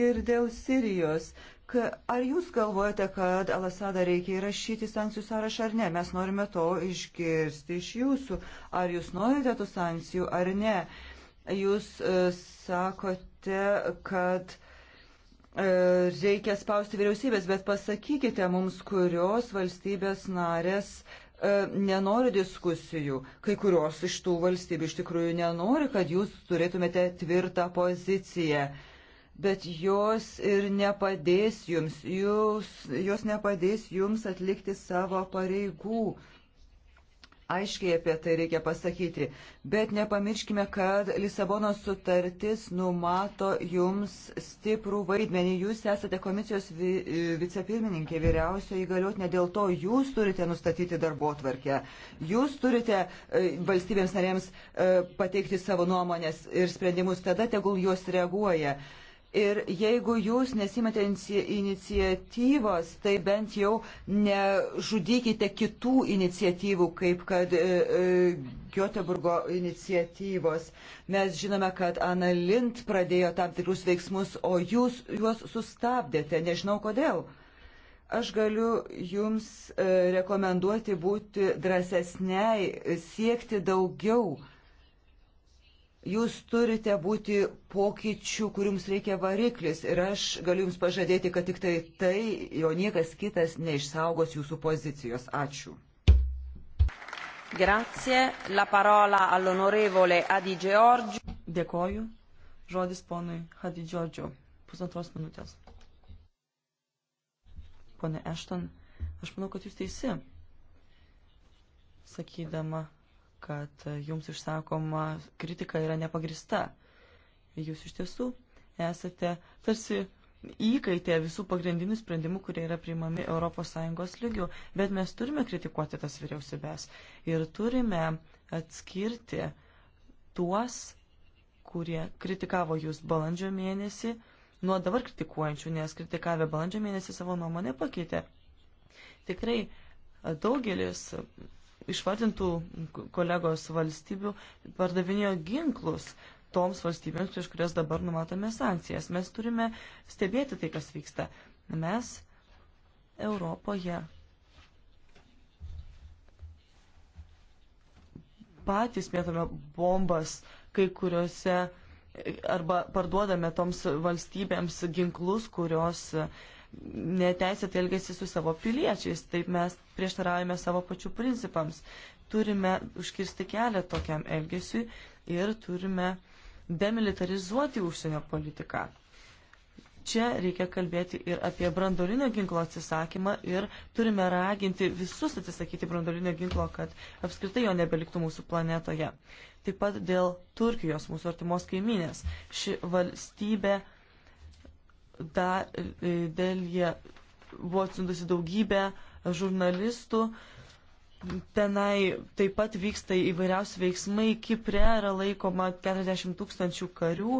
ir dėl Sirijos. Ar jūs galvojate, kad Alasadą reikia įrašyti sankcijų sąrašą ar ne? Mes norime to išgirsti iš jūsų. Ar jūs norite tų sankcijų ar ne? Jūs uh, sakote, kad uh, E, reikia spausti vyriausybės, bet pasakykite mums, kurios valstybės narės e, nenori diskusijų. Kai kurios iš tų valstybių iš tikrųjų nenori, kad jūs turėtumėte tvirtą poziciją. Bet jos ir nepadės jums, jūs, jos nepadės jums atlikti savo pareigų. Uh, Aiškiai apie tai reikia pasakyti. Bet nepamirškime, kad Lisabonos sutartis numato jums stiprų vaidmenį. Jūs esate komisijos vi, e, vicepirmininkė vyriausioji įgaliotinė, dėl to jūs turite nustatyti darbo tvarkę. Jūs turite e, valstybėms narėms e, pateikti savo nuomonės ir sprendimus, tada tegul juos reaguoja. E, Ir jeigu jūs nesimate iniciatyvos, tai bent jau nežudykite kitų iniciatyvų, kaip kad e, e, Göteborgo iniciatyvos. Mes žinome, kad Ana Lind pradėjo tam tikrus veiksmus, o jūs juos sustabdėte. Nežinau kodėl. Aš galiu jums e, rekomenduoti būti drąsesniai, siekti daugiau Jūs turite būti pokyčių, kur jums reikia variklis ir aš galiu jums pažadėti, kad tik tai tai, jo niekas kitas neišsaugos jūsų pozicijos. Ačiū. Grazie. La parola all'onorevole Adi Georgiou. Dėkoju. Žodis ponui Hadi Georgiou. Pusantros minutės. Pone Ešton, aš manau, kad jūs teisi, sakydama, kad jums išsakoma kritika yra nepagrista. Jūs iš tiesų esate tarsi įkaitė visų pagrindinių sprendimų, kurie yra priimami ES lygių, bet mes turime kritikuoti tas vyriausybės ir turime atskirti tuos, kurie kritikavo jūs balandžio mėnesį, nuo dabar kritikuojančių, nes kritikavę balandžio mėnesį savo nuomonę pakeitė. Tikrai daugelis išvardintų kolegos valstybių pardavinėjo ginklus toms valstybėms, prieš kurias dabar numatome sankcijas. Mes turime stebėti tai, kas vyksta. Mes Europoje patys mėtame bombas kai kuriuose arba parduodame toms valstybėms ginklus, kurios uh, neteisėtai elgesi su savo piliečiais, taip mes prieštaraujame savo pačių principams. Turime užkirsti kelią tokiam elgesiui ir turime demilitarizuoti užsienio politiką. Čia reikia kalbėti ir apie brandolinio ginklo atsisakymą ir turime raginti visus atsisakyti brandolinio ginklo, kad apskritai jo nebeliktų mūsų planetoje. Taip pat dėl Turkijos, mūsų artimos kaiminės. Ši valstybė uh, dar dėl jie buvo atsindusi daugybė žurnalistų. Tenai taip pat vyksta įvairiausi veiksmai. Kipre yra laikoma 40 tūkstančių karių.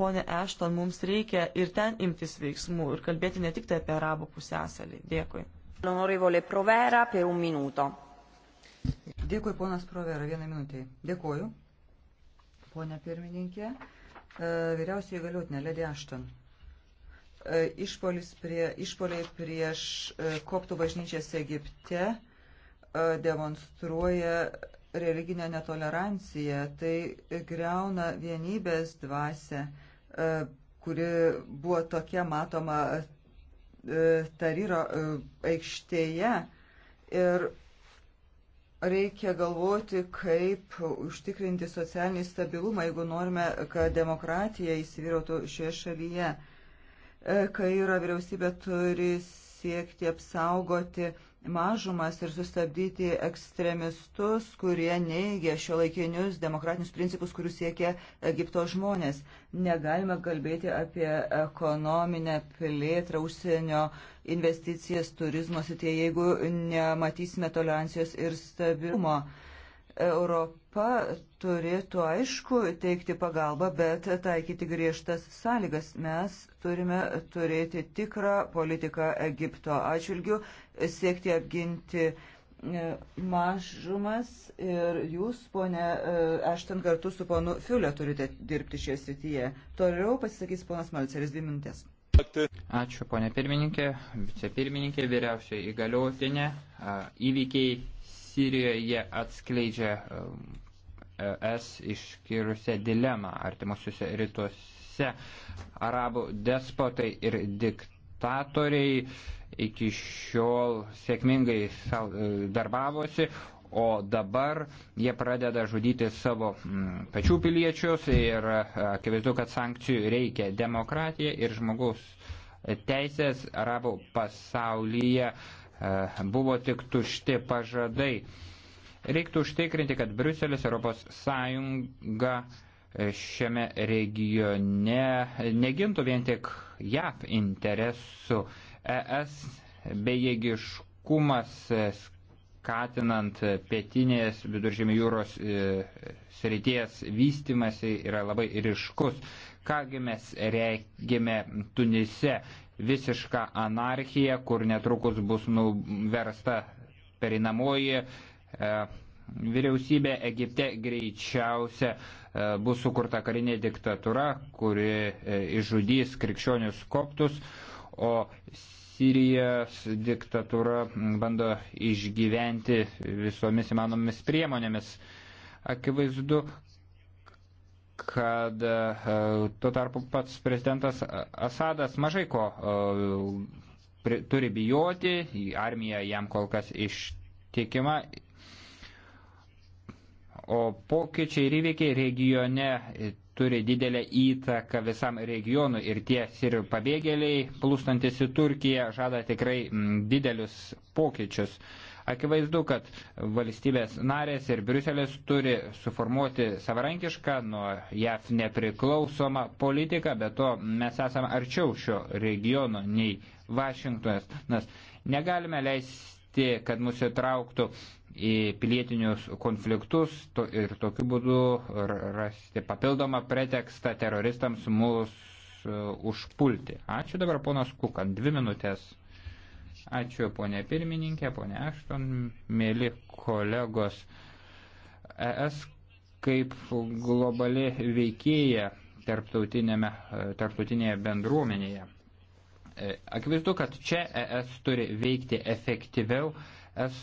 Pone Ešton, mums reikia ir ten imtis veiksmų ir kalbėti ne tik tai apie arabų pusęsalį. Dėkui. Dėkui, ponas Provera, vieną minutę. Dėkuoju, ponė pirmininkė. E, vyriausiai galiotinė, Ledė Ešton. E, prie, išpoliai prieš e, koptų bažnyčias Egipte e, demonstruoja religinę netoleranciją. Tai greuna vienybės dvasę, kuri buvo tokia matoma Taryro aikštėje. Ir reikia galvoti, kaip užtikrinti socialinį stabilumą, jeigu norime, kad demokratija įsivyrautų šioje šalyje. E, Kairo vyriausybė turi siekti apsaugoti mažumas ir sustabdyti ekstremistus, kurie neigia šio laikinius demokratinius principus, kurių siekia Egipto žmonės. Negalime kalbėti apie ekonominę plėtrą, užsienio investicijas, turizmo sitie, jeigu nematysime tolerancijos ir stabilumo. Europa turėtų aišku teikti pagalbą, bet taikyti griežtas sąlygas. Mes turime turėti tikrą politiką Egipto atžvilgių, siekti apginti e, mažumas ir jūs, ponė Ešten, kartu su ponu Fiulė turite dirbti šioje srityje. Toliau pasisakys ponas Malceris dvi minutės. Ačiū, ponė pirmininkė, vicepirmininkė, vyriausiai įgaliotinė. Įvykiai Sirijoje atskleidžia um, ES iškirusią dilemą artimuosiuose rytuose. Arabų despotai ir diktatoriai iki šiol sėkmingai e, darbavosi, o dabar jie pradeda žudyti savo mm, pačių piliečius ir e, akivaizdu, kad sankcijų reikia. Demokratija ir žmogaus teisės arabų pasaulyje uh, E, buvo tik tušti pažadai. Reiktų užtikrinti, kad Briuselis Europos Sąjunga e, šiame regione negintų vien tik JAV interesų. ES bejėgiškumas e, skatinant pietinės viduržėmio jūros srities vystimasi yra labai ryškus. Kągi mes reikime Tunise, visišką anarchiją, kur netrukus bus nuversta perinamoji e, vyriausybė Egipte greičiausia e, bus sukurta karinė diktatūra, kuri e, išžudys krikščionius koptus, o Sirijos diktatūra bando išgyventi visomis įmanomis priemonėmis. Akivaizdu, kad e, tuo tarpu pats prezidentas Asadas mažai ko e, turi bijoti, armija jam kol kas ištikima, o pokyčiai ir įveikiai regione turi didelę įtaką visam regionui ir tie sirijų pabėgėliai, plūstantis į Turkiją, žada tikrai didelius pokyčius. Akivaizdu, kad valstybės narės ir Briuselis turi suformuoti savarankišką, nuo JAF nepriklausomą politiką, bet to mes esame arčiau šio regiono nei Vašingtonas, nes negalime leisti, kad mūsų įtrauktų į pilietinius konfliktus to, ir tokiu būdu rasti papildomą pretekstą teroristams mūsų e, užpulti. Ačiū dabar ponas Kukan, dvi minutės. Ačiū ponė pirmininkė, ponė Ašton, mėly kolegos. ES kaip globali veikėja tarptautinėje bendruomenėje. E, akivaizdu, kad čia ES turi veikti efektyviau, es,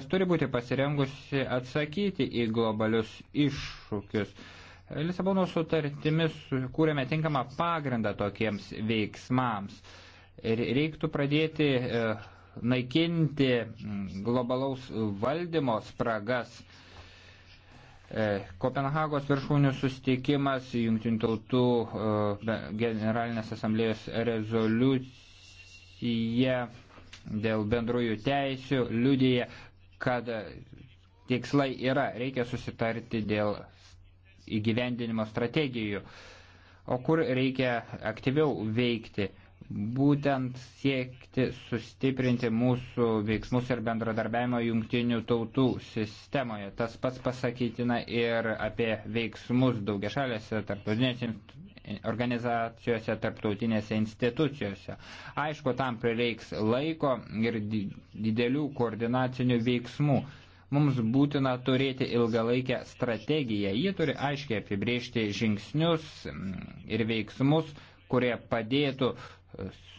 es turi būti pasirengusi atsakyti į globalius iššūkius. Lisabono sutartimis kūrėme tinkamą pagrindą tokiems veiksmams reiktų pradėti e, naikinti globalaus valdymo spragas. E, Kopenhagos viršūnių sustikimas, Junktinių tautų e, generalinės asamblėjos rezoliucija dėl bendrųjų teisių liudyje, kad tikslai yra, reikia susitarti dėl įgyvendinimo strategijų, o kur reikia aktyviau veikti būtent siekti sustiprinti mūsų veiksmus ir bendradarbiavimą jungtinių tautų sistemoje. Tas pats pasakytina ir apie veiksmus daugiašalėse tarptautinėse organizacijose, tarptautinėse institucijose. Aišku, tam prireiks laiko ir didelių koordinacinių veiksmų. Mums būtina turėti ilgalaikę strategiją. Ji turi aiškiai apibriežti žingsnius mm, ir veiksmus, kurie padėtų uh,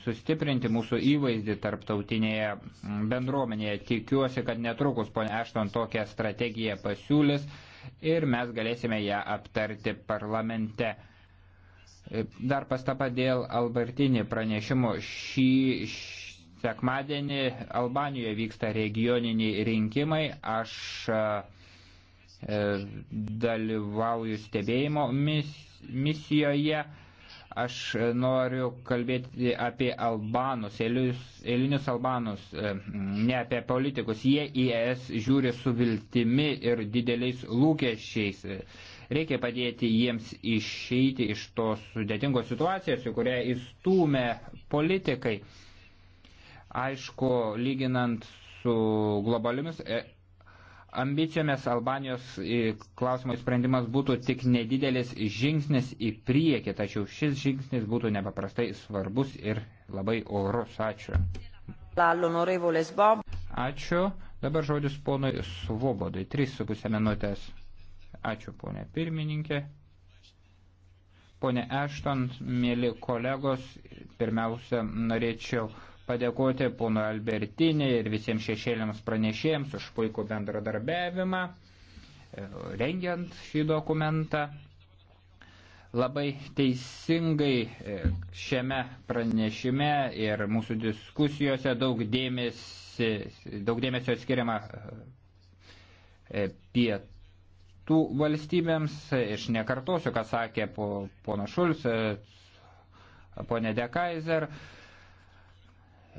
sustiprinti mūsų įvaizdį tarptautinėje bendruomenėje. Tikiuosi, kad netrukus ponia Ešton tokią strategiją pasiūlis ir mes galėsime ją aptarti parlamente. Dar pastaba dėl Albertinį pranešimo. Šį, šį sekmadienį Albanijoje vyksta regioniniai rinkimai. Aš e, e dalyvauju stebėjimo mis, misijoje. Aš noriu kalbėti apie albanus, eilius, eilinius albanus, e, ne apie politikus. Jie į ES žiūri su viltimi ir dideliais lūkesčiais. Reikia padėti jiems išeiti iš tos sudėtingos situacijos, į kurią įstūmė politikai. Aišku, lyginant su globaliomis e, ambicijomis Albanijos e, klausimo sprendimas būtų tik nedidelis žingsnis į priekį, tačiau šis žingsnis būtų nepaprastai svarbus ir labai orus. Ačiū. Ačiū. Dabar žodis ponui Svobodui. 3,5 minutės. Ačiū, ponė pirmininkė. Pone Ešton, mėly kolegos, pirmiausia, norėčiau padėkoti pono Albertinį ir visiems šešėliams pranešėjams už puikų bendradarbiavimą, e, rengiant šį dokumentą. Labai teisingai e, šiame pranešime ir mūsų diskusijose daug, dėmesį, daug dėmesio skiriama e, pietų tų valstybėms, aš nekartosiu, ką sakė pono Šulc, ponė Dekaiser,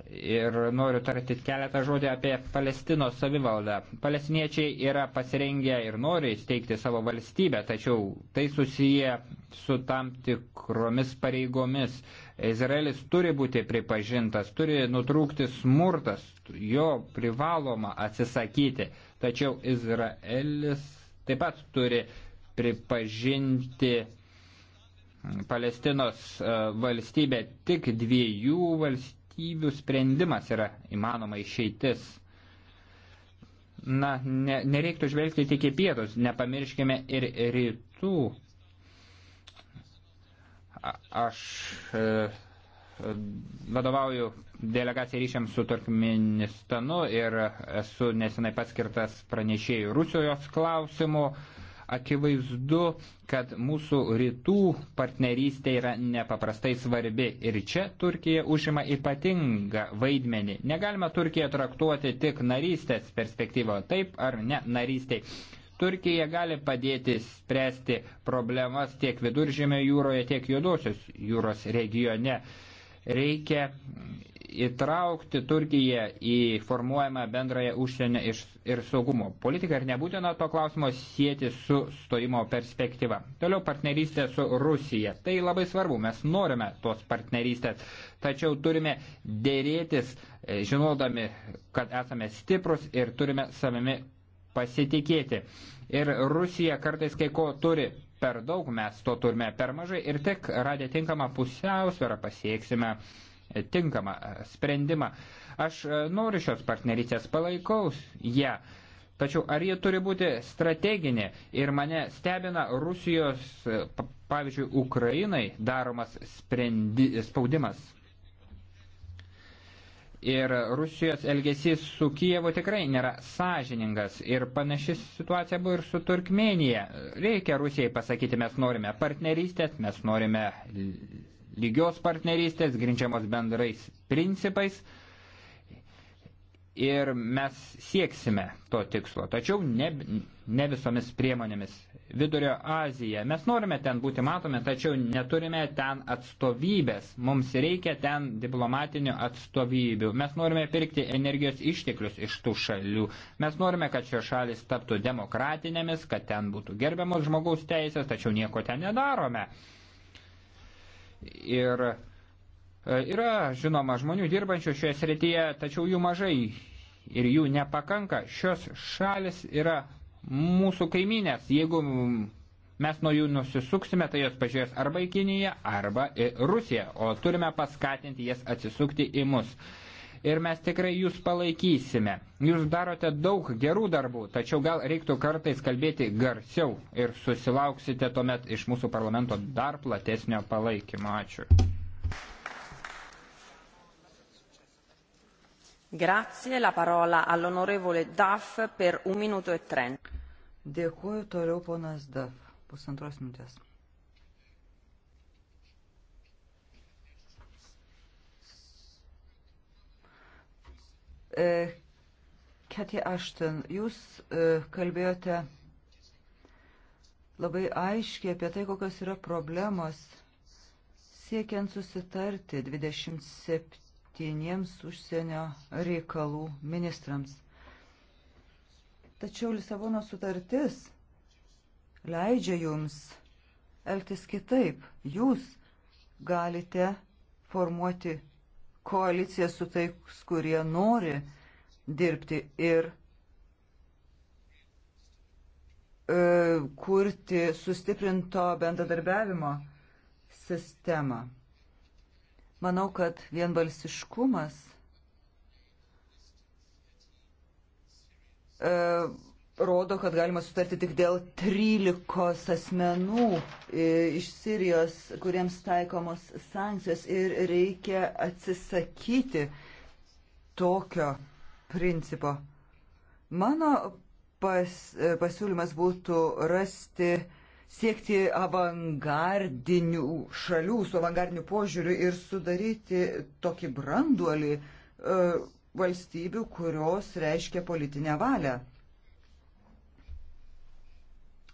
ir noriu tarti keletą žodį apie Palestinos savivaldą. Palestiniečiai yra pasirengę ir nori įsteigti savo valstybę, tačiau tai susiję su tam tikromis pareigomis. Izraelis turi būti pripažintas, turi nutrūkti smurtas, jo privaloma atsisakyti, tačiau Izraelis taip pat turi pripažinti Palestinos e, valstybę tik dviejų valstybių aplinkybių sprendimas yra įmanoma išeitis. Na, ne, nereiktų žvelgti tik į pietus, nepamirškime ir rytų. A, aš e, vadovauju delegacijai ryšiams su Turkmenistanu ir esu nesenai paskirtas pranešėjų Rusijos klausimų. E, Akivaizdu, kad mūsų rytų partnerystė yra nepaprastai svarbi ir čia Turkija užima ypatingą vaidmenį. Negalima Turkiją traktuoti tik narystės perspektyvoje, taip ar ne narystėje. Turkija gali padėti spręsti problemas tiek viduržėmio jūroje, tiek juodosios jūros regione. Reikia įtraukti Turkiją į formuojamą bendrąją užsienio ir saugumo politiką ir nebūtina to klausimo sieti su stojimo perspektyva. Toliau partnerystė su Rusija. Tai labai svarbu, mes norime tos partnerystės, tačiau turime dėrėtis, e, žinodami, kad esame stiprus ir turime savimi pasitikėti. Ir Rusija kartais kai ko turi per daug, mes to turime per mažai ir tik radę tinkamą pusiausvyrą pasieksime tinkamą e, sprendimą. Aš e, noriu šios partnerystės palaikaus ją. Ja. Tačiau ar jie turi būti strateginė ir mane stebina Rusijos, e, pavyzdžiui, Ukrainai daromas sprendi, spaudimas. Ir Rusijos elgesys su Kijevu tikrai nėra sąžiningas. Ir panaši situacija buvo ir su Turkmenija. Reikia Rusijai pasakyti, mes norime partnerystės, mes norime lygios partnerystės, grinčiamos bendrais principais. Ir mes sieksime to tikslo, tačiau ne, ne visomis priemonėmis. Vidurio Azija, mes norime ten būti matomi, tačiau neturime ten atstovybės. Mums reikia ten diplomatinių atstovybių. Mes norime pirkti energijos išteklius iš tų šalių. Mes norime, kad šios šalis taptų demokratinėmis, kad ten būtų gerbiamos žmogaus teisės, tačiau nieko ten nedarome. Ir e, yra, žinoma, žmonių dirbančių šioje srityje, tačiau jų mažai ir jų nepakanka. Šios šalis yra mūsų kaiminės. Jeigu mes nuo jų nusisuksime, tai jos pažiūrės arba į Kiniją, arba į Rusiją, o turime paskatinti jas atsisukti į mus ir mes tikrai jūs palaikysime. Jūs darote daug gerų darbų, tačiau gal reiktų kartais kalbėti garsiau ir susilauksite tuomet iš mūsų parlamento dar platesnio palaikymo. Ačiū. Grazie, la parola all'onorevole Duff per un minuto e trenta. Dėkuoju toliau ponas Duff, pusantros minutės. E, Keti Ašten, jūs e, kalbėjote labai aiškiai apie tai, kokios yra problemos siekiant susitarti 27 užsienio reikalų ministrams. Tačiau Lisabono sutartis leidžia jums elgtis kitaip. Jūs galite formuoti koaliciją su tais, kurie nori dirbti ir e, kurti sustiprinto bendradarbiavimo sistemą. Manau, kad vienbalsiškumas e, rodo, kad galima sutarti tik dėl 13 asmenų e, iš Sirijos, kuriems taikomos sankcijos ir reikia atsisakyti tokio principo. Mano pas, e, pasiūlymas būtų rasti, siekti avangardinių šalių su avangardiniu požiūriu ir sudaryti tokį branduolį e, valstybių, kurios reiškia politinę valią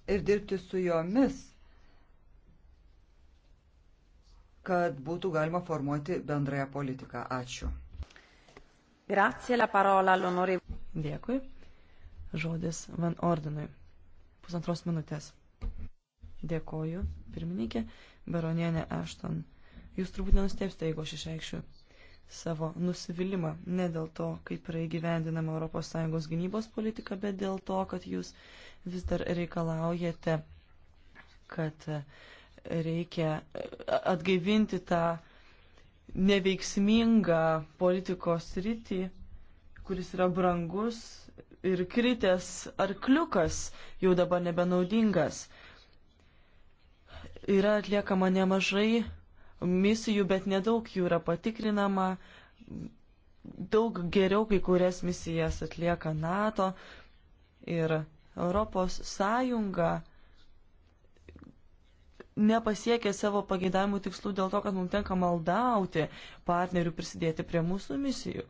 ir dirbti su jomis, kad būtų galima formuoti bendrąją politiką. Ačiū. Grazie la parola all'onore. Dėkui. Žodis Van Ordenui. Pusantros minutės. Dėkoju, pirmininkė Baronienė Ashton. Jūs turbūt nenustepsite, jeigu aš išreikšiu savo nusivylimą ne dėl to, kaip yra įgyvendinama ES gynybos politika, bet dėl to, kad jūs vis dar reikalaujate, kad reikia atgaivinti tą neveiksmingą politikos rytį, kuris yra brangus ir kritęs arkliukas, jau dabar nebenaudingas. Yra atliekama nemažai misijų, bet nedaug jų yra patikrinama. Daug geriau kai kurias misijas atlieka NATO ir Europos Sąjunga nepasiekė savo pageidavimų tikslų dėl to, kad mums tenka maldauti partnerių prisidėti prie mūsų misijų.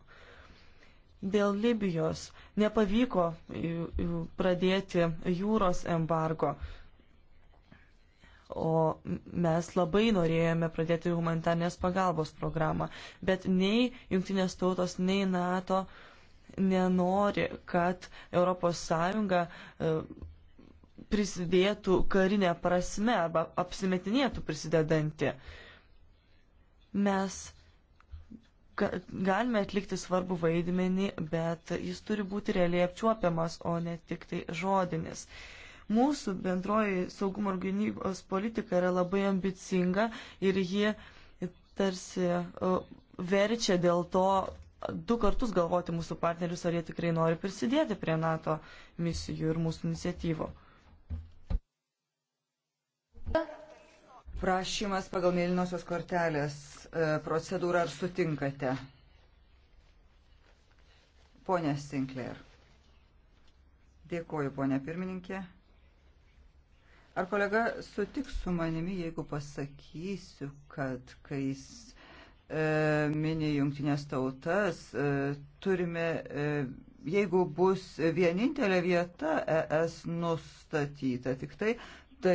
Dėl Libijos nepavyko pradėti jūros embargo o mes labai norėjome pradėti humanitarnės pagalbos programą, bet nei Junktinės tautos, nei NATO nenori, kad ES e, prisidėtų karinę prasme arba apsimetinėtų prisidedanti. Mes galime atlikti svarbų vaidmenį, bet jis turi būti realiai apčiuopiamas, o ne tik tai žodinis. Uh, Mūsų bendroji saugumo ir gynybos politika yra labai ambicinga ir ji tarsi verčia dėl to du kartus galvoti mūsų partnerius, ar jie tikrai nori prisidėti prie NATO misijų ir mūsų iniciatyvų. Prašymas pagal mėlynosios kortelės e, procedūrą ar sutinkate? Pone Sinclair. Dėkoju, ponė pirmininkė. Ar kolega sutiks su manimi, jeigu pasakysiu, kad kai jis e, mini jungtinės tautas, e, turime, e, jeigu bus vienintelė vieta ES nustatyta, tik tai tai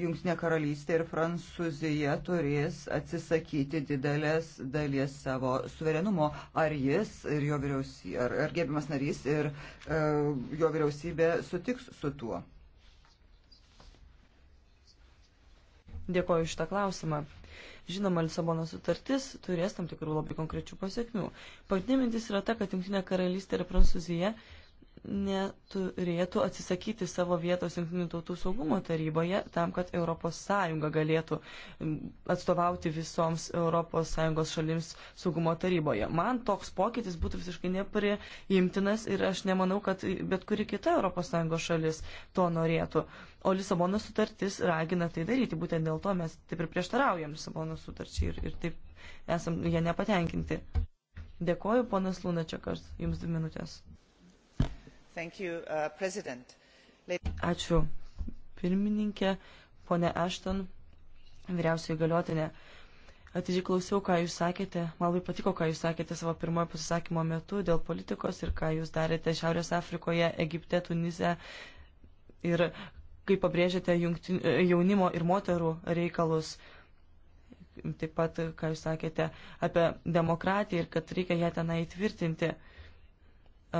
Junktinė karalystė ir Prancūzija turės atsisakyti didelės dalies savo suverenumo. Ar jis ir jo vyriausybė, ar, ar gerbiamas narys ir uh, jo vyriausybė sutiks su tuo? Dėkoju šitą klausimą. Žinoma, Lisabono sutartis turės tam tikrų labai konkrečių pasiekmių. Pagrindinė mintis yra ta, kad Junktinė karalystė ir Prancūzija neturėtų atsisakyti savo vietos Junktinių tautų saugumo taryboje tam, kad ES galėtų atstovauti visoms ES šalims saugumo taryboje. Man toks pokytis būtų visiškai nepriimtinas ir aš nemanau, kad bet kuri kita ES šalis to norėtų. O Lisabono sutartis ragina tai daryti. Būtent dėl to mes taip ir prieštaraujam Lisabono sutarčiai ir, ir taip esam ją nepatenkinti. Dėkoju, ponas Lunačiakas, jums dvi minutės. You, uh, Ačiū pirmininkė, ponė Ashton, vyriausioji galiotinė. Atidžiai klausiau, ką jūs sakėte. Man labai patiko, ką jūs sakėte savo pirmojo pasisakymo metu dėl politikos ir ką jūs darėte Šiaurės Afrikoje, Egipte, Tunise ir kaip pabrėžėte jungtin, jaunimo ir moterų reikalus. Taip pat, ką jūs sakėte apie demokratiją ir kad reikia ją tenai įtvirtinti.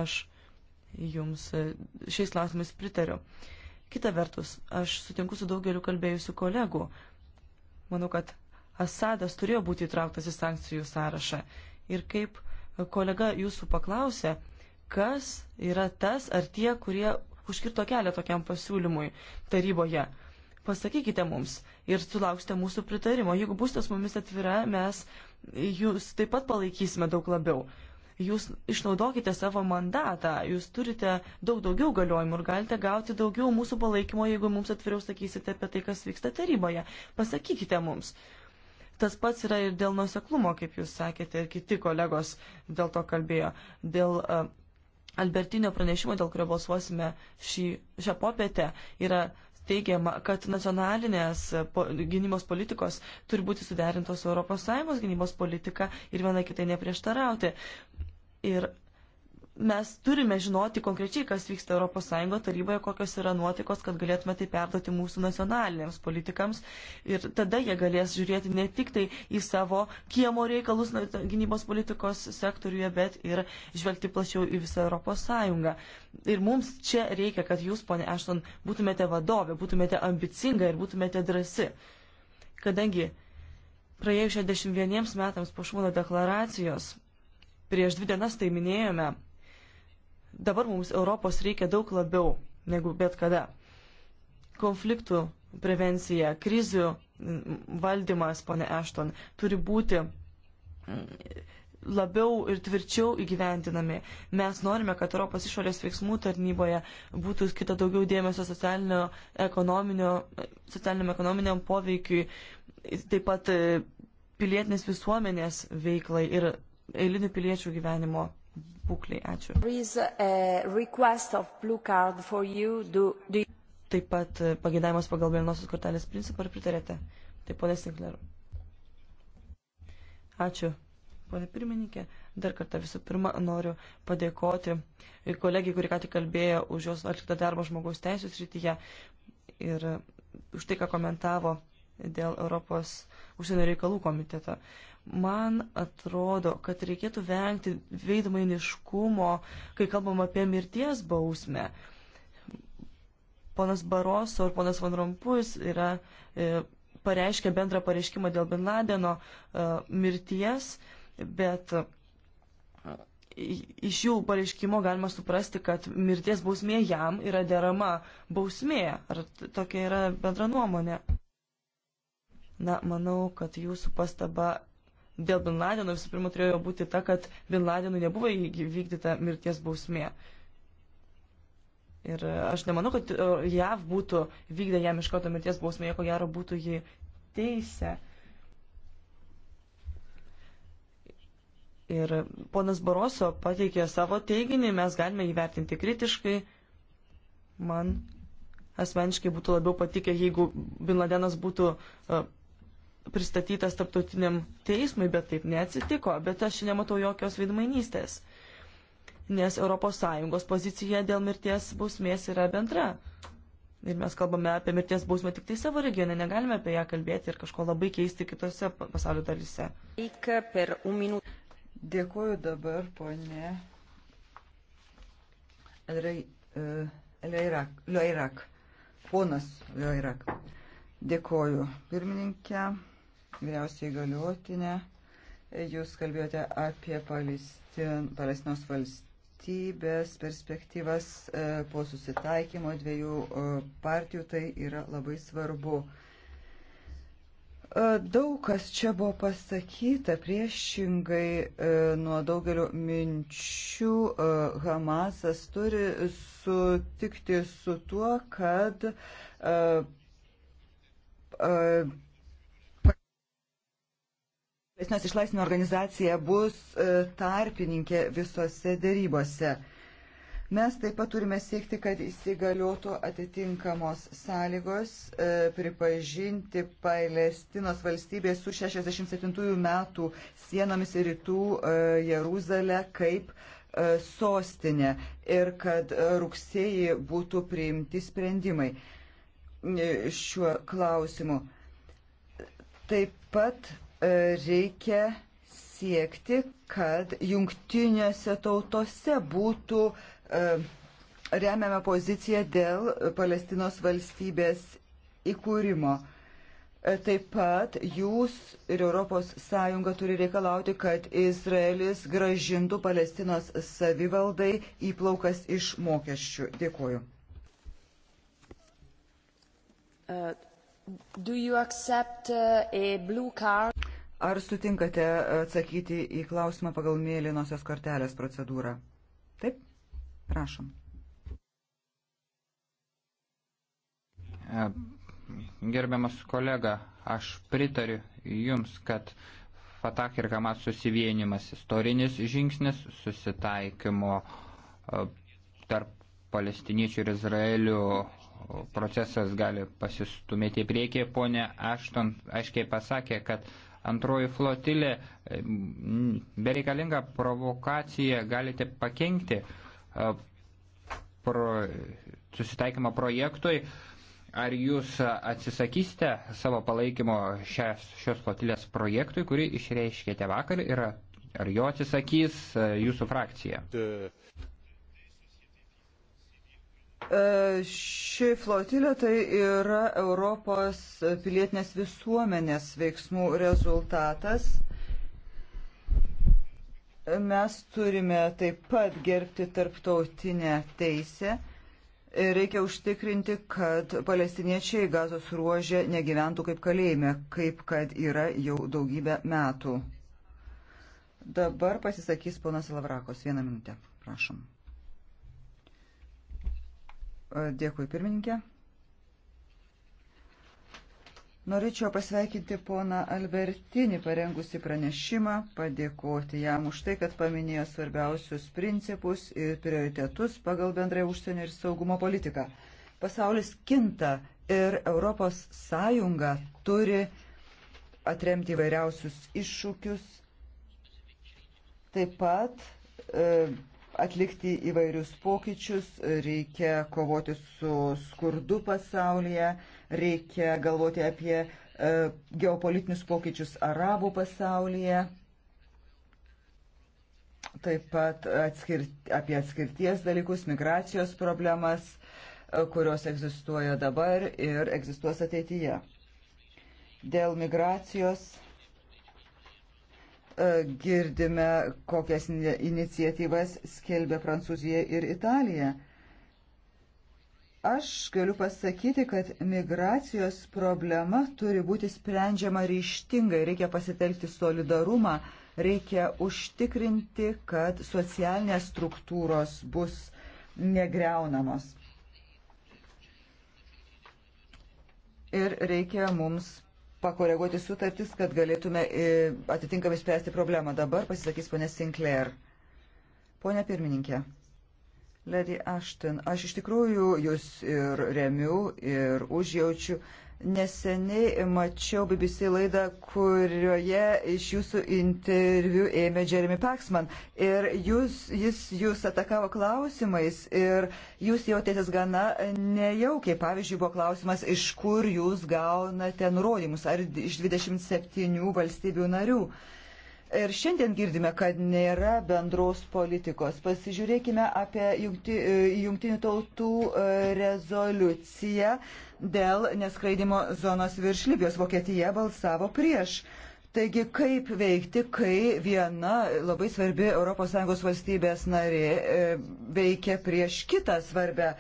Aš jums e, šiais klausimais pritariu. Kita vertus, aš sutinku su daugeliu kalbėjusių kolegų. Manau, kad Asadas turėjo būti įtrauktas į sankcijų sąrašą. Ir kaip kolega jūsų paklausė, kas yra tas ar tie, kurie užkirto kelią tokiam pasiūlymui taryboje. Pasakykite mums ir sulauksite mūsų pritarimo. Jeigu būsite su mumis atvira, mes jūs taip pat palaikysime daug labiau. Jūs išnaudokite savo mandatą, jūs turite daug daugiau galiojimų ir galite gauti daugiau mūsų palaikymo, jeigu mums atviriau sakysite apie tai, kas vyksta taryboje. Pasakykite mums. Tas pats yra ir dėl nuseklumo, kaip jūs sakėte, ir kiti kolegos dėl to kalbėjo. Dėl uh, Albertinio pranešimo, dėl kurio balsuosime šį, šią popietę, yra teigiama, kad nacionalinės po, gynybos politikos turi būti suderintos su ES gynybos politika ir viena kitai neprieštarauti. Ir mes turime žinoti konkrečiai, kas vyksta ES taryboje, kokios yra nuotaikos, kad galėtume tai perduoti mūsų nacionaliniams politikams. Ir tada jie galės žiūrėti ne tik tai į savo kiemo reikalus gynybos politikos sektoriuje, bet ir žvelgti plačiau į visą ES. Ir mums čia reikia, kad jūs, ponė Ešton, būtumėte vadovė, būtumėte ambicinga ir būtumėte drasi. Kadangi praėjus 61 metams po šūno deklaracijos Prieš dvi dienas tai minėjome. Dabar mums Europos reikia daug labiau negu bet kada. Konfliktų prevencija, krizių mm, valdymas, ponė Ešton, turi būti mm, labiau ir tvirčiau įgyvendinami. Mes norime, kad Europos išorės veiksmų tarnyboje būtų skita daugiau dėmesio socialinio, ekonominio, socialiniam ekonominiam poveikiui, taip pat e, pilietinės visuomenės veiklai ir eilinių piliečių gyvenimo būklei. Ačiū. Do, do... Taip pat e, pagėdavimas pagal mėlynosios kortelės principą ar pritarėte? Taip, ponė Sinkler. Ačiū, ponė pirmininkė. Dar kartą visų pirma noriu padėkoti kolegijai, kuri ką tik kalbėjo už jos atliktą darbą žmogaus teisų srityje ir už tai, ką komentavo dėl Europos užsienio reikalų komiteto. Uh, Man atrodo, kad reikėtų vengti veidmainiškumo, kai kalbam apie mirties bausmę. Ponas Baroso ir ponas Van Rompuis yra e, pareiškę bendrą pareiškimą dėl Bin Ladeno e, mirties, bet e, iš jų pareiškimo galima suprasti, kad mirties bausmė jam yra derama bausmė. Ar tokia yra bendra nuomonė? Na, manau, kad jūsų pastaba dėl Bin Ladeno visų pirma turėjo būti ta, kad Bin Ladenui nebuvo įvykdyta mirties bausmė. Ir aš nemanau, kad e, JAV būtų vykdę jam iškoto mirties bausmė, jie ko gero būtų jį teisę. Ir ponas Baroso pateikė savo teiginį, mes galime įvertinti kritiškai. Man asmeniškai būtų labiau patikę, jeigu Bin Ladenas būtų uh, pristatytas taptautiniam teismui, bet taip neatsitiko, bet aš nematau jokios veidmainystės, nes ES pozicija dėl mirties bausmės yra bendra. Ir mes kalbame apie mirties bausmę tik tai savo regione, negalime apie ją kalbėti ir kažko labai keisti kitose pasaulio dalise. Dėkuoju dabar, ponė Leirak, e, ponas Leirak. Dėkuoju, pirmininkė vyriausiai galiotinę. Jūs kalbėjote apie Palestin, Palestinos valstybės perspektyvas e, po susitaikymo dviejų e, partijų. Tai yra labai svarbu. E, daug kas čia buvo pasakyta priešingai nuo daugelio minčių. Hamasas turi sutikti su tuo, kad Palestinos išlaisvinimo organizacija bus e, tarpininkė visose dėrybose. Mes taip pat turime siekti, kad įsigaliotų atitinkamos sąlygos e, pripažinti Palestinos valstybės su 67 metų sienomis ir rytų e, Jeruzalę kaip e, sostinė ir kad e, rugsėjai būtų priimti sprendimai e, šiuo klausimu. Taip pat reikia siekti, kad jungtinėse tautose būtų e, remiama pozicija dėl Palestinos valstybės įkūrimo. E, taip pat jūs ir ES turi reikalauti, kad Izraelis gražintų Palestinos savivaldai įplaukas iš mokesčių. Dėkuoju. Uh, Ar sutinkate atsakyti į klausimą pagal mėlynosios kortelės procedūrą? Taip? Prašom. E, gerbiamas kolega, aš pritariu Jums, kad Fatah ir Hamas susivienimas istorinis žingsnis susitaikymo e, tarp palestiniečių ir izraelių procesas gali pasistumėti į priekį. Pone Ašton aiškiai pasakė, kad Antroji flotilė e, bereikalinga provokacija galite pakengti e, pro, susitaikymo projektui. Ar jūs atsisakysite savo palaikymo šios, šios flotilės projektui, kurį išreiškėte vakar ir ar jo atsisakys e, jūsų frakcija? De... E, ši flotilė tai yra Europos pilietinės visuomenės veiksmų rezultatas. Mes turime taip pat gerbti tarptautinę teisę. Reikia užtikrinti, kad palestiniečiai gazos ruožė negyventų kaip kalėjime, kaip kad yra jau daugybę metų. Dabar pasisakys ponas Lavrakos. Vieną minutę, prašom. Dėkui, pirmininkė. Norėčiau pasveikinti poną Albertinį parengusi pranešimą, padėkoti jam už tai, kad paminėjo svarbiausius principus ir prioritetus pagal bendrąją užsienio ir saugumo politiką. Pasaulis kinta ir Europos Sąjunga turi atremti įvairiausius iššūkius, taip pat e, atlikti įvairius pokyčius, reikia kovoti su skurdu pasaulyje, reikia galvoti apie e, geopolitinius pokyčius arabų pasaulyje, taip pat atskirt, apie atskirties dalykus, migracijos problemas, e, kurios egzistuoja dabar ir egzistuos ateityje. Dėl migracijos E, girdime, kokias iniciatyvas skelbia Prancūzija ir Italija. Aš galiu pasakyti, kad migracijos problema turi būti sprendžiama ryštingai, reikia pasitelkti solidarumą, reikia užtikrinti, kad socialinės struktūros bus negreunamos. Ir reikia mums pakoreguoti sutartis, kad galėtume e, atitinkamai spręsti problemą. Dabar pasisakys ponė Sinclair. Pone pirmininkė, Lady Ashton, aš iš tikrųjų jūs ir remiu, ir užjaučiu. Neseniai mačiau BBC laidą, kurioje iš jūsų interviu ėmė Jeremy Paxman ir jūs, jis jūs atakavo klausimais ir jūs jautėtės gana nejaukiai. Pavyzdžiui, buvo klausimas, iš kur jūs gaunate nurodymus, ar iš 27 valstybių narių. Uh, Ir šiandien girdime, kad nėra bendros politikos. Pasižiūrėkime apie jungti, e, jungtinių tautų e, rezoliuciją dėl neskraidimo zonos virš Libijos. Vokietija balsavo prieš. Taigi, kaip veikti, kai viena labai svarbi ES valstybės narė e, veikia prieš kitą svarbę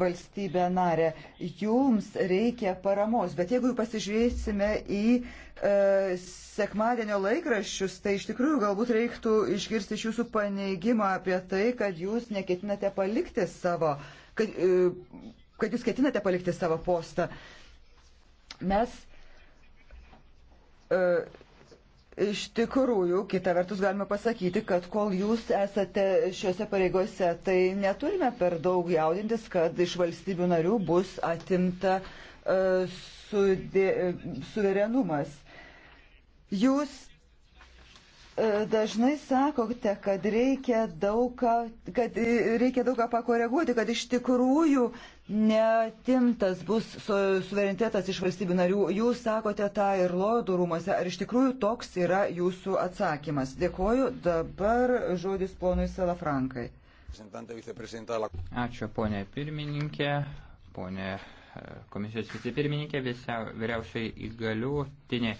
valstybę narę. Jums reikia paramos, bet jeigu pasižiūrėsime į e, sekmadienio laikraščius, tai iš tikrųjų galbūt reiktų išgirsti iš jūsų paneigimą apie tai, kad jūs neketinate palikti savo, kad, e, kad jūs ketinate palikti savo postą. Mes e, iš tikrųjų, kita vertus galime pasakyti, kad kol jūs esate šiuose pareigose, tai neturime per daug jaudintis, kad iš valstybių narių bus atimta uh, sudė, e, suverenumas. Jūs e, dažnai sakote, kad reikia daugą, kad e, reikia daugą pakoreguoti, kad iš tikrųjų netimtas bus suverenitetas iš valstybių narių. Jūs sakote tą ir lordų rūmose. Ar iš tikrųjų toks yra jūsų atsakymas? Dėkoju. Dabar žodis ponui Salafrankai. Ačiū, ponė pirmininkė, ponė e, komisijos vicepirmininkė, vyriausiai įgaliuotinė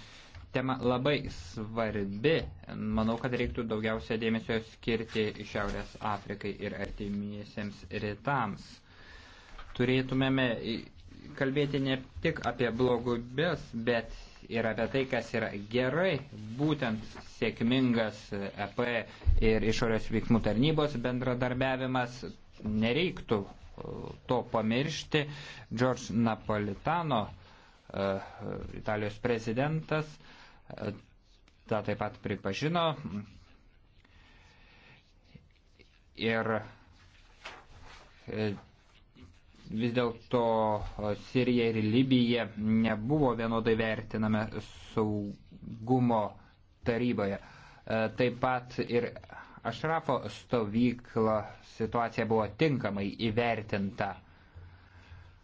tema labai svarbi. Manau, kad reiktų daugiausia dėmesio skirti Šiaurės Afrikai ir artimiesiems rytams. Turėtumėme kalbėti ne tik apie blogubės, bet ir apie tai, kas yra gerai. Būtent sėkmingas EP ir išorės veiksmų tarnybos bendradarbiavimas nereiktų to pamiršti. George Napolitano e, Italijos prezidentas tą taip pat pripažino. Ir e, vis dėlto Sirija ir Libija nebuvo vienodai vertiname saugumo taryboje. E, taip pat ir Ašrafo stovykla situacija buvo tinkamai įvertinta.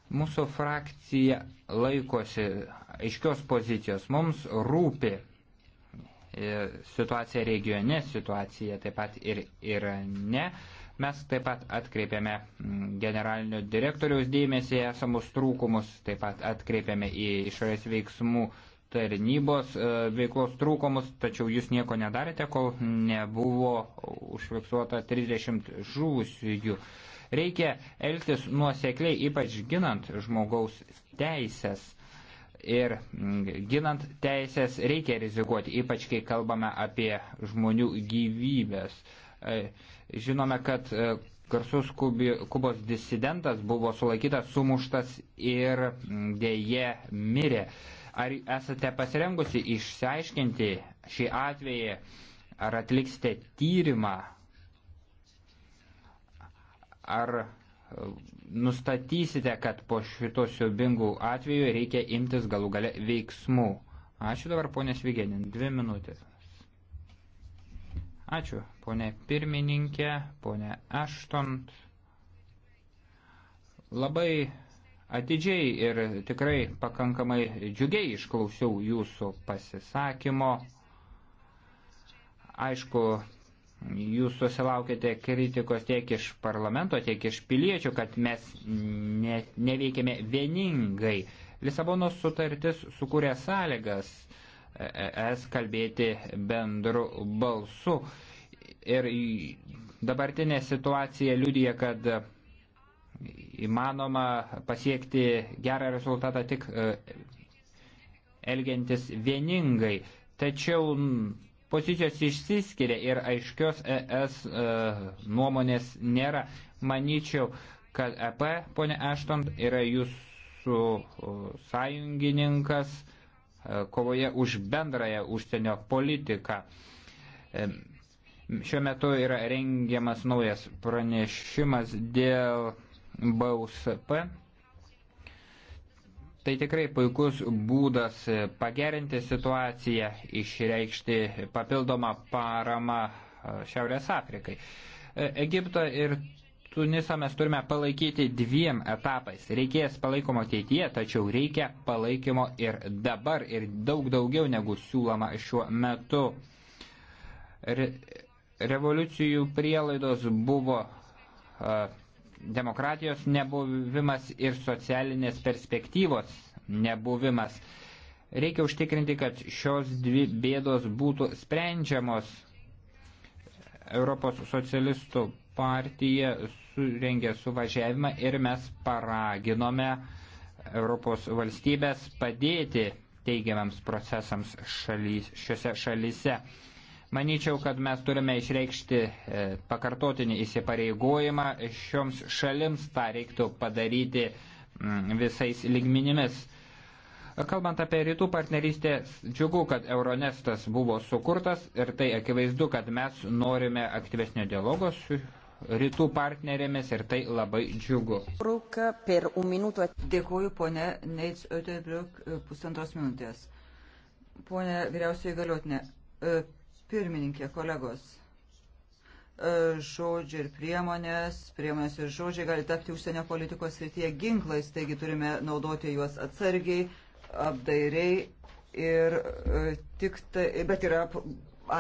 Mūsų frakcija laikosi aiškios pozicijos. Mums rūpi e, situacija regione, situacija taip pat ir Irane. Mes taip pat atkreipiame generalinio direktoriaus dėmesį esamus trūkumus, taip pat atkreipiame į išorės veiksmų tarnybos e, veiklos trūkumus, tačiau jūs nieko nedarėte, kol nebuvo užfiksuota 30 žuvusiųjų. Reikia elgtis nuosekliai, ypač ginant žmogaus teisės. Ir ginant teisės reikia rizikuoti, ypač kai kalbame apie žmonių gyvybės. E, žinome, kad e, garsus Kubos disidentas buvo sulaikytas, sumuštas ir dėje mirė. Ar esate pasirengusi išsiaiškinti šį atvejį, ar atliksite tyrimą Ar e, nustatysite, kad po šito siubingų atveju reikia imtis galų gale veiksmų? Ačiū dabar, ponė Švigenin, dvi minutės. Ačiū, ponė pirmininkė, ponė Ashton. Labai atidžiai ir tikrai pakankamai džiugiai išklausiau jūsų pasisakymo. Aišku, Jūs susilaukite kritikos tiek iš parlamento, tiek iš piliečių, kad mes ne, neveikiame vieningai. Lisabonos sutartis sukūrė sąlygas es kalbėti bendru balsu. Ir dabartinė situacija liudyja, kad įmanoma pasiekti gerą rezultatą tik e, elgiantis vieningai. Tačiau Pozicijos išsiskiria ir aiškios ES e, nuomonės nėra. Manyčiau, kad EP, ponė Ešton, yra jūsų sąjungininkas e, kovoje už bendrąją užsienio politiką. E, šiuo metu yra rengiamas naujas pranešimas dėl BUSP Tai tikrai puikus būdas pagerinti situaciją, išreikšti papildomą paramą e, Šiaurės Afrikai. E, Egipto ir Tunisą mes turime palaikyti dviem etapais. Reikės palaikomo ateityje, tačiau reikia palaikymo ir dabar, ir daug daugiau negu siūloma šiuo metu. Re revoliucijų prielaidos buvo uh, demokratijos nebuvimas ir socialinės perspektyvos nebuvimas. Reikia užtikrinti, kad šios dvi bėdos būtų sprendžiamos. Europos socialistų partija surengė suvažiavimą ir mes paraginome Europos valstybės padėti teigiamams procesams šalys, šiuose šalyse. Manyčiau, kad mes turime išreikšti e, pakartotinį įsipareigojimą šioms šalims, tą reiktų padaryti mm, visais ligminimis. Kalbant apie rytų partnerystę, džiugu, kad Euronestas buvo sukurtas ir tai akivaizdu, kad mes norime aktyvesnio dialogo su rytų partnerėmis ir tai labai džiugu. Dėkuoju, ponė Neits Ötebriuk, pusantros minutės. Pone vyriausiai galiotinė, e, Pirmininkė, kolegos, e, žodžiai ir priemonės, priemonės ir žodžiai gali tapti užsienio politikos srityje ginklais, taigi turime naudoti juos atsargiai, apdairiai ir e, tik tai, bet yra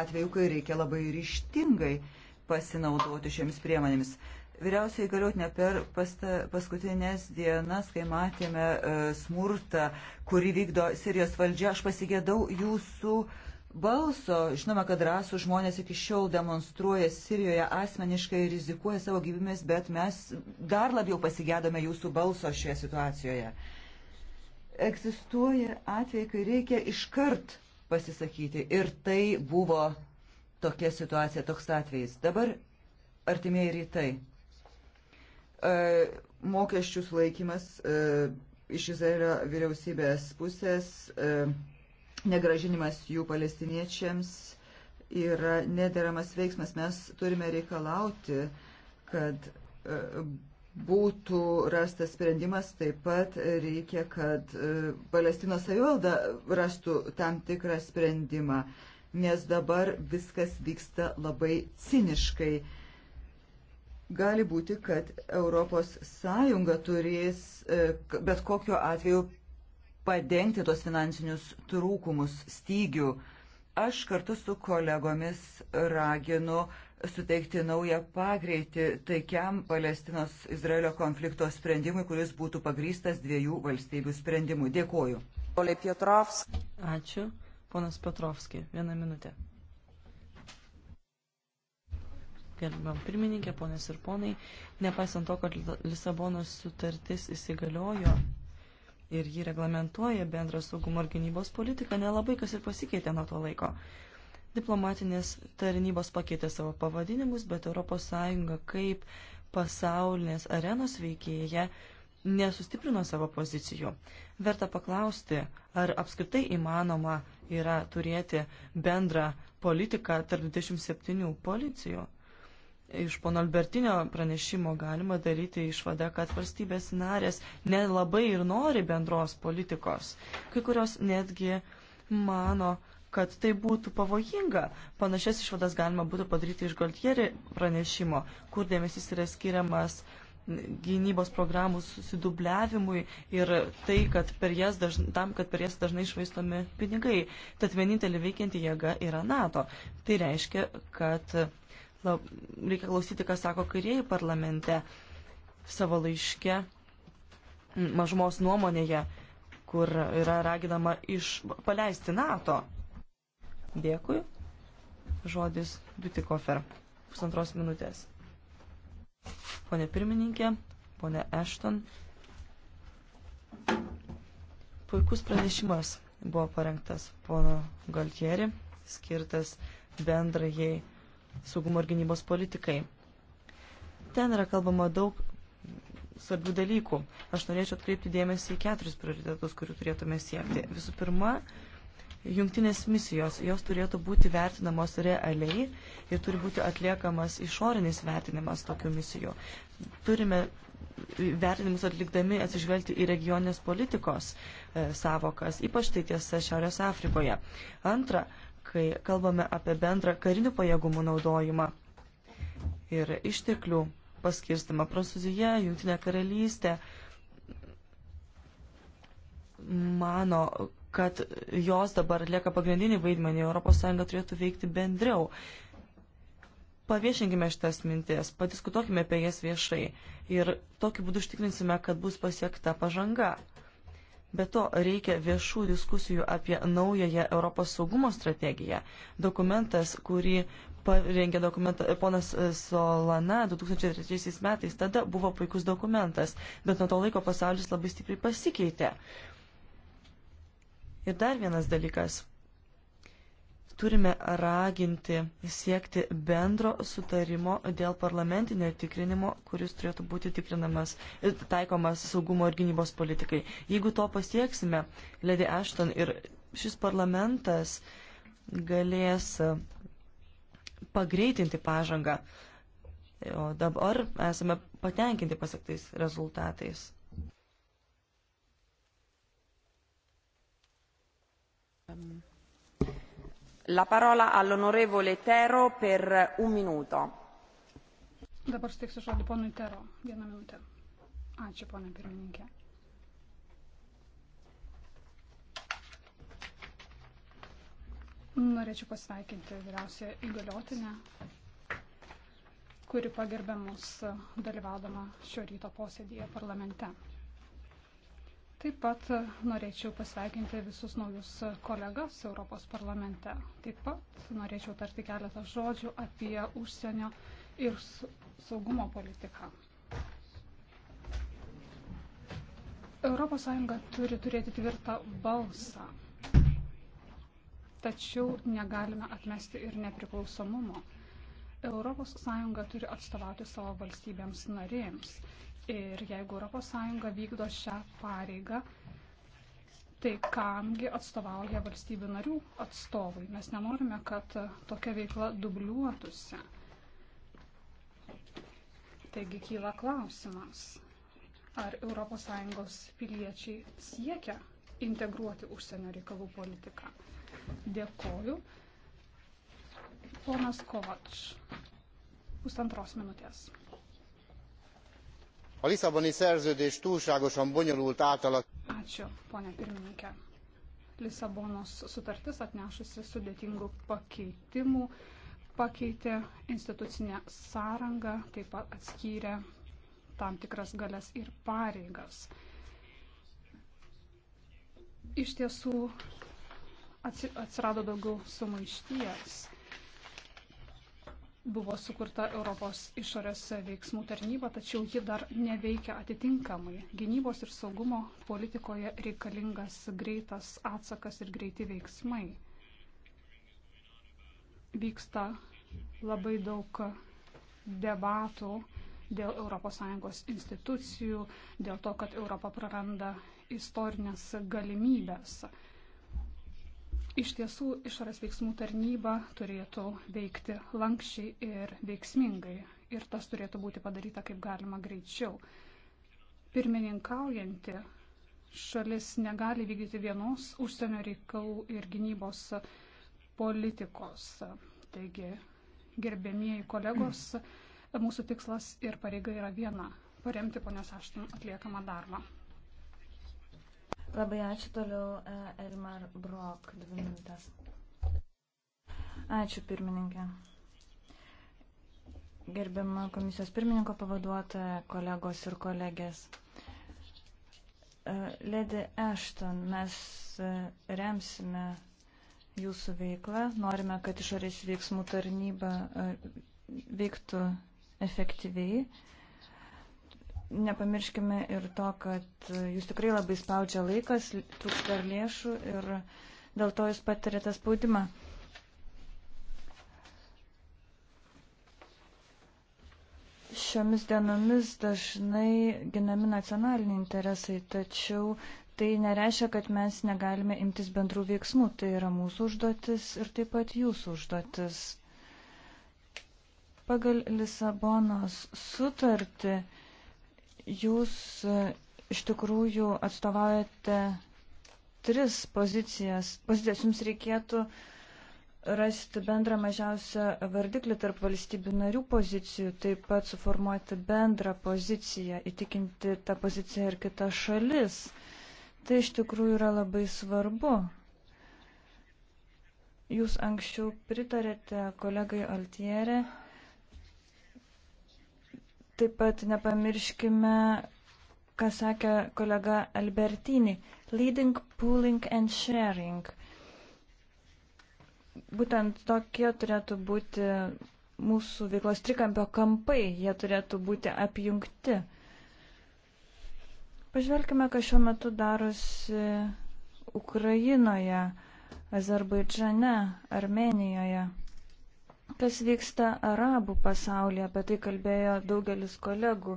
atveju, kai reikia labai ryštingai pasinaudoti šiomis priemonėmis. Vyriausiai galiotinė per pasta, paskutinės dienas, kai matėme e, smurtą, kurį vykdo Sirijos valdžia, aš pasigėdau jūsų e, balso. Žinoma, kad rasų žmonės iki šiol demonstruoja Sirijoje asmeniškai rizikuoja savo gyvybėmis, bet mes dar labiau pasigėdome jūsų balso šioje situacijoje. Egzistuoja atvejai, kai reikia iškart pasisakyti ir tai buvo tokia situacija, toks atvejis. Dabar artimieji rytai. E, mokesčių sulaikimas e, iš Izraelio vyriausybės pusės. E, negražinimas jų palestiniečiams yra nederamas veiksmas. Mes turime reikalauti, kad e, būtų rastas sprendimas, taip pat reikia, kad e, Palestinos savivalda rastų tam tikrą sprendimą, nes dabar viskas vyksta labai ciniškai. Gali būti, kad ES turės e, bet kokiu atveju padengti tuos finansinius trūkumus stygių. Aš kartu su kolegomis raginu suteikti naują pagreitį taikiam Palestinos-Izraelio konflikto sprendimui, kuris būtų pagrystas dviejų valstybių sprendimu. Dėkoju. Ačiū. Ponas Petrovski, vieną minutę. Gerbiam pirmininkė, ponės ir ponai, nepaisant to, kad Lisabonos sutartis įsigaliojo, ir jį reglamentuoja bendrą saugumo ir gynybos politiką, nelabai kas ir pasikeitė nuo to laiko. Diplomatinės tarnybos pakeitė savo pavadinimus, bet ES kaip pasaulinės arenos veikėja nesustiprino savo pozicijų. Verta paklausti, ar apskritai įmanoma yra turėti bendrą politiką tarp 27 policijų iš pono Albertinio pranešimo galima daryti išvadą, kad valstybės narės nelabai ir nori bendros politikos. Kai kurios netgi mano, kad tai būtų pavojinga. Panašias išvadas galima būtų padaryti iš Galtieri pranešimo, kur dėmesys yra skiriamas gynybos programų susidubliavimui ir tai, kad per jas dažnai, tam, kad per jas dažnai išvaistomi pinigai. Tad vienintelė veikianti jėga yra NATO. Tai reiškia, kad lab, reikia klausyti, ką sako kairieji parlamente savo laiške mažumos nuomonėje, kur yra raginama iš paleisti NATO. Dėkui. Žodis Butikofer. Pusantros minutės. Pone pirmininkė, pone Ešton. Puikus pranešimas buvo parengtas pono Galtieri, skirtas bendrajai saugumo ir gynybos politikai. Ten yra kalbama daug svarbių dalykų. Aš norėčiau atkreipti dėmesį į keturis prioritetus, kurių turėtume siekti. Visų pirma, jungtinės misijos, jos turėtų būti vertinamos realiai ir turi būti atliekamas išorinis vertinimas tokių misijų. Turime vertinimus atlikdami atsižvelgti į regioninės politikos e, savokas, ypač tai tiesa Šiaurės Afrikoje. Antra, kai kalbame apie bendrą karinių pajėgumų naudojimą ir išteklių paskirstimą. Prancūzija, Junktinė karalystė mano, kad jos dabar lieka pagrindinį vaidmenį, ES turėtų veikti bendriau. Paviešinkime šitas mintis, padiskutokime apie jas viešai ir tokiu būdu užtikrinsime, kad bus pasiekta pažanga. Be to, reikia viešų diskusijų apie naująją Europos saugumo strategiją. Dokumentas, kurį parengė dokumentą ponas Solana 2003 metais, tada buvo puikus dokumentas, bet nuo to laiko pasaulis labai stipriai pasikeitė. Ir dar vienas dalykas Turime raginti siekti bendro sutarimo dėl parlamentinio tikrinimo, kuris turėtų būti tikrinamas ir e, taikomas saugumo ir gynybos politikai. Jeigu to pasieksime, Lady Ashton ir šis parlamentas galės pagreitinti pažangą. O dabar esame patenkinti pasiektais rezultatais. Um. La parola all'onorevole Tero per un minuto. Dabar steiksiu žodį ponui Tero. Vieną minutę. Ačiū, ponė pirmininkė. Norėčiau pasveikinti vyriausią įgaliotinę, kuri pagerbė mus dalyvaudama šio ryto posėdėje parlamente. Taip pat norėčiau pasveikinti visus naujus kolegas Europos parlamente. Taip pat norėčiau tarti keletą žodžių apie užsienio ir saugumo politiką. ES turi turėti tvirtą balsą, tačiau negalime atmesti ir nepriklausomumo. ES turi atstovauti savo valstybėms narėms. Ir jeigu ES vykdo šią pareigą, tai kamgi atstovauja valstybių narių atstovai. Mes nenorime, kad tokia veikla dubliuotųsi. Taigi kyla klausimas, ar ES piliečiai siekia integruoti užsienio reikalų politiką. Dėkoju. Ponas Kovač, pusantros minutės a lisszaboni szerződés túlságosan bonyolult átalaktása. Lisabonos sutartis atnešusi sudėtingų pakeitimų, pakeitė institucinę sąrangą, taip pat atskyrė tam tikras galės ir pareigas. Iš tiesų atsirado daugiau sumaišties buvo sukurta Europos išorės veiksmų tarnyba, tačiau ji dar neveikia atitinkamai. Gynybos ir saugumo politikoje reikalingas greitas atsakas ir greiti veiksmai. Vyksta labai daug debatų dėl ES institucijų, dėl to, kad Europa praranda istorinės galimybės. Iš tiesų, išorės veiksmų tarnyba turėtų veikti lankščiai ir veiksmingai. Ir tas turėtų būti padaryta kaip galima greičiau. Pirmininkaujanti šalis negali vykdyti vienos užsienio reikalų ir gynybos politikos. Taigi, gerbėmieji kolegos, mūsų tikslas ir pareiga yra viena - paremti ponios Ašton atliekamą darbą. Labai ačiū toliau e, Elmar Brok, dvi minutės. Ačiū pirmininkė. Gerbiama komisijos pirmininko pavaduotoja, kolegos ir kolegės. E, Lady Ashton, mes e, remsime jūsų veiklą, norime, kad išorės veiksmų tarnyba veiktų efektyviai nepamirškime ir to, kad jūs tikrai labai spaudžia laikas, trūksta ir lėšų ir dėl to jūs patirėte spaudimą. Šiomis dienomis dažnai ginami nacionaliniai interesai, tačiau tai nereiškia, kad mes negalime imtis bendrų veiksmų. Tai yra mūsų užduotis ir taip pat jūsų užduotis. Pagal Lisabonos sutartį Jūs e, iš tikrųjų atstovaujate tris pozicijas. Pozicijas jums reikėtų rasti bendrą mažiausią vardiklį tarp valstybių narių pozicijų, taip pat suformuoti bendrą poziciją, įtikinti tą poziciją ir kitas šalis. Tai iš tikrųjų yra labai svarbu. Jūs anksčiau pritarėte kolegai Altierė Taip pat nepamirškime, ką sakė kolega Albertini, leading, pooling and sharing. Būtent tokie turėtų būti mūsų veiklos trikampio kampai, jie turėtų būti apjungti. Pažvelkime, kas šiuo metu darosi Ukrainoje, Azerbaidžane, Armenijoje kas vyksta arabų pasaulyje, apie tai kalbėjo daugelis kolegų.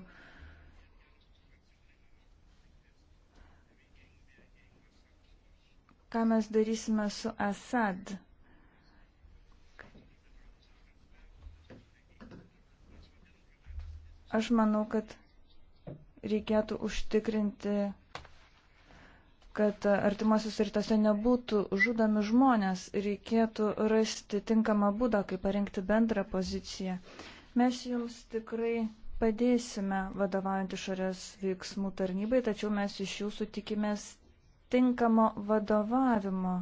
Ką mes darysime su Asad? Aš manau, kad reikėtų užtikrinti kad artimuosiuose rytuose nebūtų žudomi žmonės, reikėtų rasti tinkamą būdą, kaip parengti bendrą poziciją. Mes jums tikrai padėsime vadovaujant išorės veiksmų tarnybai, tačiau mes iš jūsų tikimės tinkamo vadovavimo.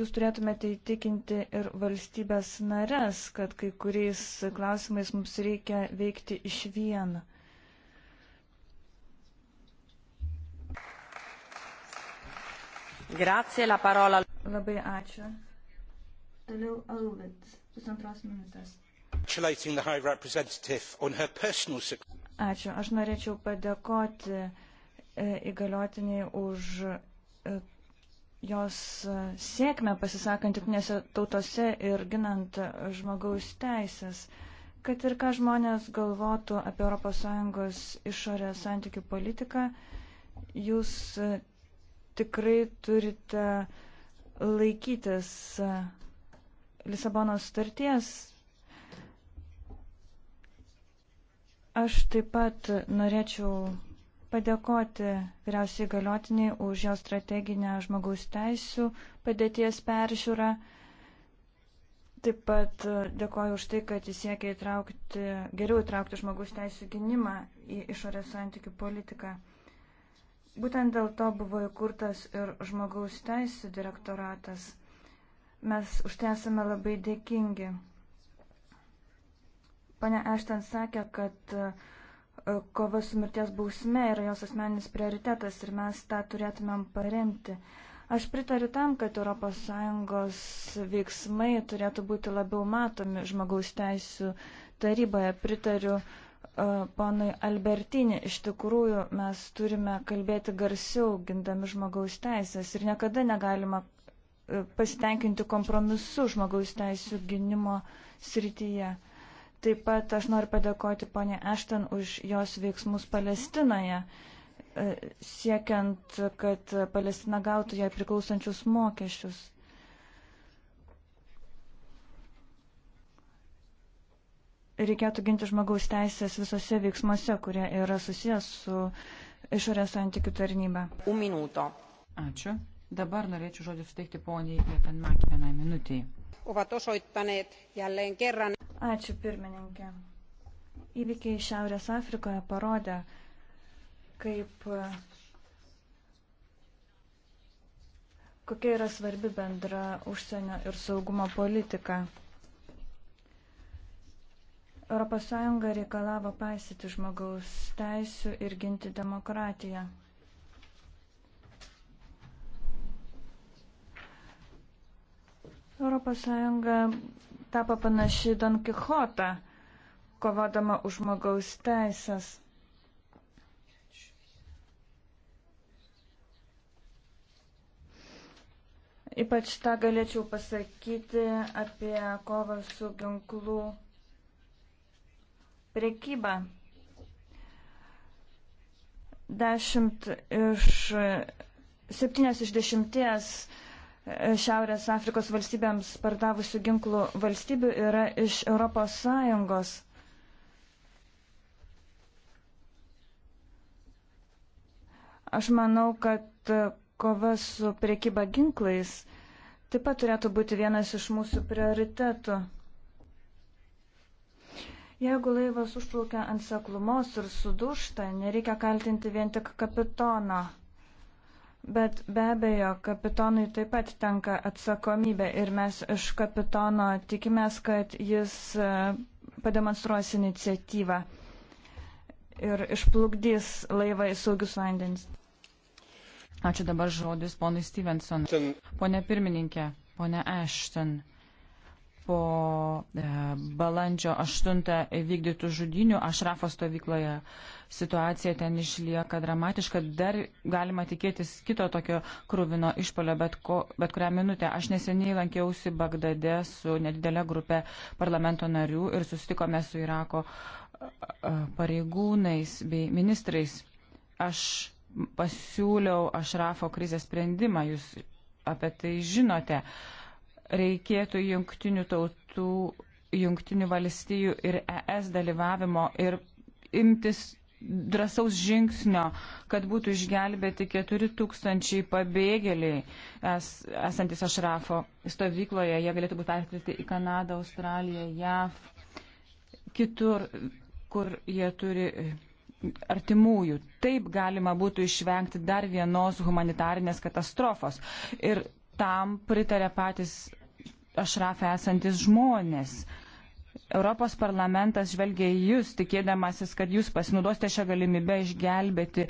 Jūs turėtumėte įtikinti ir valstybės nares, kad kai kuriais klausimais mums reikia veikti iš vieną. Grazie, la parola. Labai ačiū. Toliau Aluvits, pusantros minutės. Ačiū. Aš norėčiau padėkoti e, įgaliotiniai už e, jos e, sėkmę pasisakant jungtinėse tautose ir ginant žmogaus teisės. Kad ir ką žmonės galvotų apie ES išorės santykių politiką, jūs tikrai turite laikytis Lisabonos sutarties. Aš taip pat norėčiau padėkoti vyriausiai galiotiniai už jo strateginę žmogaus teisų padėties peržiūrą. Taip pat dėkoju už tai, kad jis siekia įtraukti, geriau įtraukti žmogaus teisų gynimą į išorės santykių politiką. Būtent dėl to buvo įkurtas ir žmogaus teisų direktoratas. Mes už tai esame labai dėkingi. Pane Ešten sakė, kad e, kova su mirties bausme yra jos asmeninis prioritetas ir mes tą turėtumėm paremti. Aš pritariu tam, kad ES veiksmai turėtų būti labiau matomi žmogaus teisų taryboje. Pritariu uh, ponai Albertini, iš tikrųjų mes turime kalbėti garsiau, gindami žmogaus teisės ir niekada negalima e, pasitenkinti kompromisu žmogaus teisų gynimo srityje. Taip pat aš noriu padėkoti ponė Ešten už jos veiksmus Palestinoje, e, siekiant, kad Palestina gautų jai priklausančius mokesčius. reikėtų ginti žmogaus teisės visose veiksmuose, kurie yra susijęs su išorės santykių tarnyba. Un minuto. Ačiū. Dabar norėčiau žodį suteikti poniai Jetanmaki vienai minutiai. Ovat osoittaneet jälleen kerran. Ačiū pirmininkė. Įvykiai Šiaurės Afrikoje parodė, kaip kokia yra svarbi bendra užsienio ir saugumo politika. ES reikalavo paisyti žmogaus teisų ir ginti demokratiją. ES tapo panaši Don Kichotą, kovodama už žmogaus teisės. Ypač tą galėčiau pasakyti apie kovą su ginklų Prekyba. Dešimt iš, septynės iš dešimties e, Šiaurės Afrikos valstybėms pardavusių ginklų valstybių yra iš Europos Sąjungos. Aš manau, kad e, kova su priekyba ginklais taip pat turėtų būti vienas iš mūsų prioritetų. Jeigu laivas užplaukia ant seklumos ir sudūšta, nereikia kaltinti vien tik kapitono. Bet be abejo, kapitonui taip pat tenka atsakomybė ir mes iš kapitono tikimės, kad jis e, pademonstruos iniciatyvą ir išplukdys laivą į saugius vandenis. Ačiū dabar žodis ponui Stevenson. Pone pirmininkė, pone Ashton po e, balandžio 8 vykdytų žudinių Ašrafo stovykloje situacija ten išlieka dramatiška. Dar galima tikėtis kito tokio krūvino išpolio, bet, ko, bet kurią minutę. Aš neseniai lankiausi Bagdade su nedidelė grupė parlamento narių ir sustikome su Irako e, e, pareigūnais bei ministrais. Aš pasiūliau Ašrafo krizės sprendimą, jūs apie tai žinote. Uh, reikėtų jungtinių tautų, jungtinių valstijų ir ES dalyvavimo ir imtis drąsaus žingsnio, kad būtų išgelbėti 4000 pabėgėliai es, esantis Ašrafo stovykloje. Jie galėtų būti perkelti į Kanadą, Australiją, JAV, kitur, kur jie turi artimųjų. Taip galima būtų išvengti dar vienos humanitarinės katastrofos. Ir tam pritarė patys ašrafę esantis žmonės. Europos parlamentas žvelgia į jūs, tikėdamasis, kad jūs pasinaudosite šią galimybę išgelbėti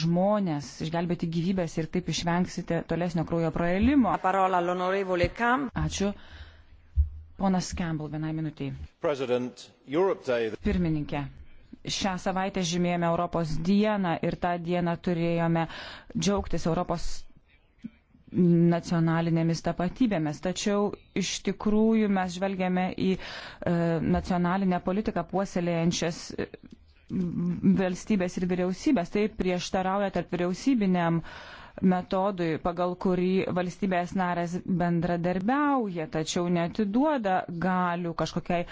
žmonės, išgelbėti gyvybės ir taip išvengsite tolesnio kraujo praėlimo. Ačiū. Ponas Campbell, vienai minutiai. Pirmininkė, šią savaitę žymėjome Europos dieną ir tą dieną turėjome džiaugtis Europos nacionalinėmis tapatybėmis. Tačiau iš tikrųjų mes žvelgiame į e, nacionalinę politiką puoselėjančias e, valstybės ir vyriausybės. Tai prieštarauja tarp vyriausybiniam metodui, pagal kurį valstybės narės bendradarbiauja, tačiau netiduoda galių kažkokiai e,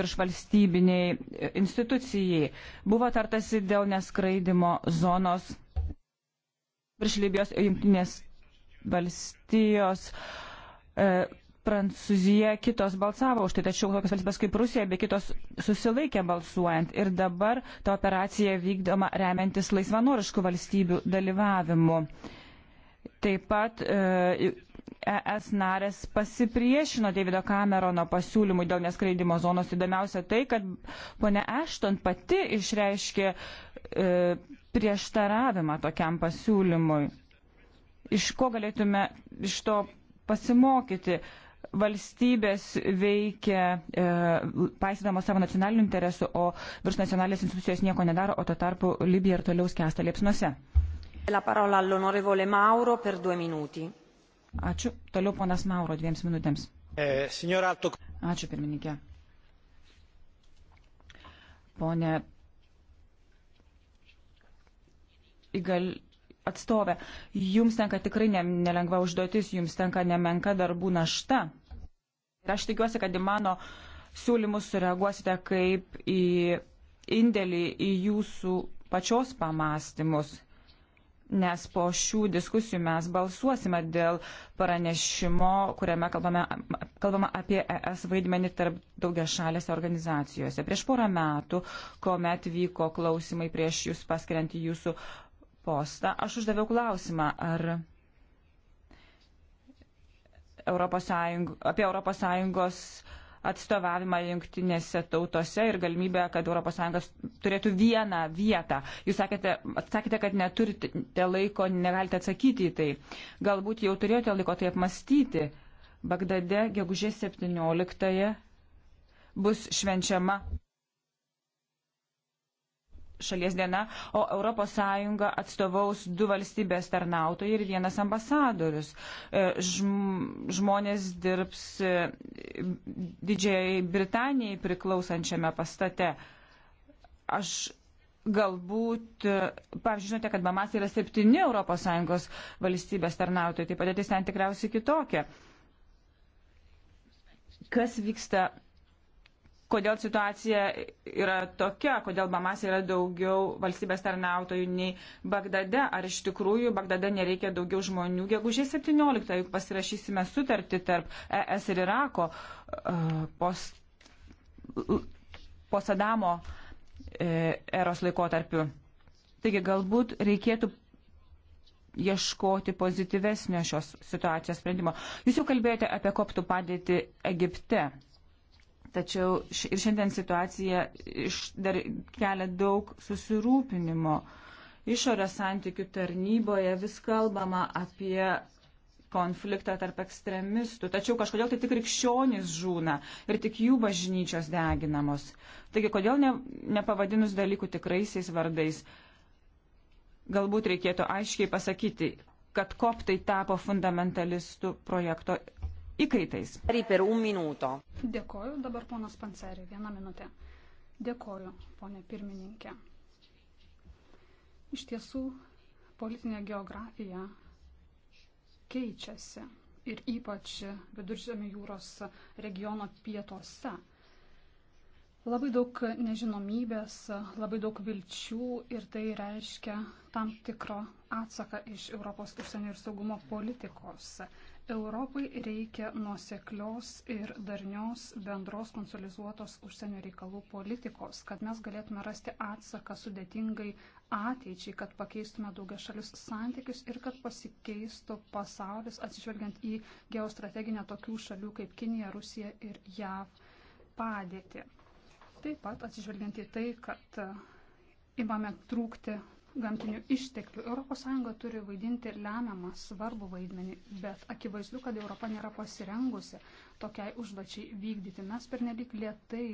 viršvalstybiniai institucijai. Buvo tartasi dėl neskraidimo zonos virš Libijos jungtinės valstijos. E, Prancūzija kitos balsavo už tai, tačiau tokios valstybės kaip Rusija bei kitos susilaikė balsuojant ir dabar ta operacija vykdoma remiantis laisvanoriškų valstybių dalyvavimu. Taip pat e, ES narės pasipriešino Davido Camerono pasiūlymui dėl neskraidimo zonos. Įdomiausia tai, kad ponia Ashton pati išreiškė e, prieštaravimą tokiam pasiūlymui. Iš ko galėtume iš to pasimokyti? Valstybės veikia, e, paisydamos savo nacionalinių interesų, o virš nacionalinės institucijos nieko nedaro, o to tarpu Libija ir toliau skęsta liepsnuose. Ačiū. Toliau ponas Mauro dviems minutėms. E, Ačiū pirmininkė. Pone įgal... atstovė. Jums tenka tikrai ne, nelengva užduotis, jums tenka nemenka darbų našta. Ir aš tikiuosi, kad į mano siūlymus sureaguosite kaip į indėlį į jūsų pačios pamastymus. Nes po šių diskusijų mes balsuosime dėl pranešimo, kuriame kalbame, kalbame apie ES vaidmenį tarp daugia šalėse organizacijose. Prieš porą metų, kuomet vyko klausimai prieš jūs paskiriant jūsų uh, postą, aš uždaviau klausimą, ar Europos Sąjung, apie ES atstovavimą jungtinėse tautose ir galimybę, kad ES turėtų vieną vietą. Jūs sakėte, atsakėte, kad neturite laiko, negalite atsakyti į tai. Galbūt jau turėjote laiko tai apmastyti. Bagdade gegužės 17 bus švenčiama šalies diena, o ES atstovaus du valstybės tarnautojai ir vienas ambasadorius. E, žmonės dirbs e, Didžiai Britanijai priklausančiame pastate. Aš galbūt, e, pavyzdžiui, žinote, kad Bamas yra septyni ES valstybės tarnautojai, tai padėtis ten tikriausiai kitokia. Kas vyksta kodėl situacija yra tokia, kodėl Bamas yra daugiau valstybės tarnautojų nei Bagdade. Ar iš tikrųjų Bagdade nereikia daugiau žmonių? Gegužės 17, juk pasirašysime sutartį tarp ES ir Irako po, e, po Sadamo e, eros laikotarpiu. Taigi galbūt reikėtų ieškoti pozityvesnio šios situacijos sprendimo. Jūs jau kalbėjote apie koptų padėtį Egipte. Tačiau ir šiandien situacija iš, dar kelia daug susirūpinimo. Išorės santykių tarnyboje vis kalbama apie konfliktą tarp ekstremistų, tačiau kažkodėl tai tik krikščionys žūna ir tik jų bažnyčios deginamos. Taigi, kodėl ne, nepavadinus dalykų tikraisiais vardais? Galbūt reikėtų aiškiai pasakyti, kad koptai tapo fundamentalistų projekto įkaitais. Per un minuto. Dėkoju, dabar ponas Panceri, vieną minutę. Dėkoju, ponė pirmininkė. Iš tiesų, politinė geografija keičiasi ir ypač viduržėmio jūros regiono pietuose. Labai daug nežinomybės, labai daug vilčių ir tai reiškia tam tikro atsaką iš Europos užsienio ir saugumo politikos. Europai reikia nuoseklios ir darnios bendros konsolizuotos užsienio reikalų politikos, kad mes galėtume rasti atsaką sudėtingai ateičiai, kad pakeistume daugia šalius santykius ir kad pasikeistų pasaulis atsižvelgiant į geostrateginę tokių šalių kaip Kinija, Rusija ir JAV padėtį. Taip pat atsižvelgiant į tai, kad imame trūkti gamtinių išteklių. ES turi vaidinti lemiamą svarbų vaidmenį, bet akivaizdu, kad Europa nėra pasirengusi tokiai užduočiai vykdyti. Mes pernelik lietai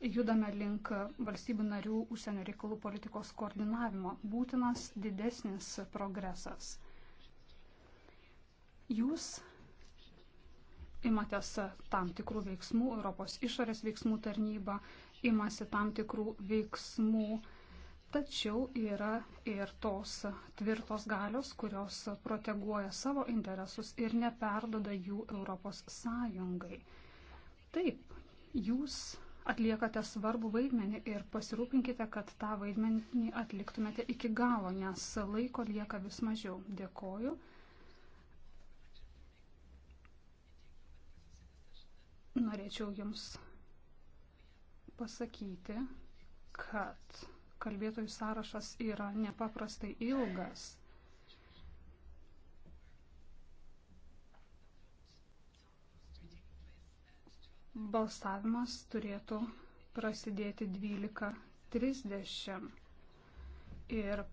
judame link valstybių narių užsienio reikalų politikos koordinavimo. Būtinas didesnis progresas. Jūs imatės tam tikrų veiksmų, Europos išorės veiksmų tarnyba imasi tam tikrų veiksmų tačiau yra ir tos tvirtos galios, kurios proteguoja savo interesus ir neperdoda jų Europos Sąjungai. Taip, jūs atliekate svarbų vaidmenį ir pasirūpinkite, kad tą vaidmenį atliktumėte iki galo, nes laiko lieka vis mažiau. Dėkoju. Norėčiau Jums pasakyti, kad kalbėtojų sąrašas yra nepaprastai ilgas. Balsavimas turėtų prasidėti 12.30 ir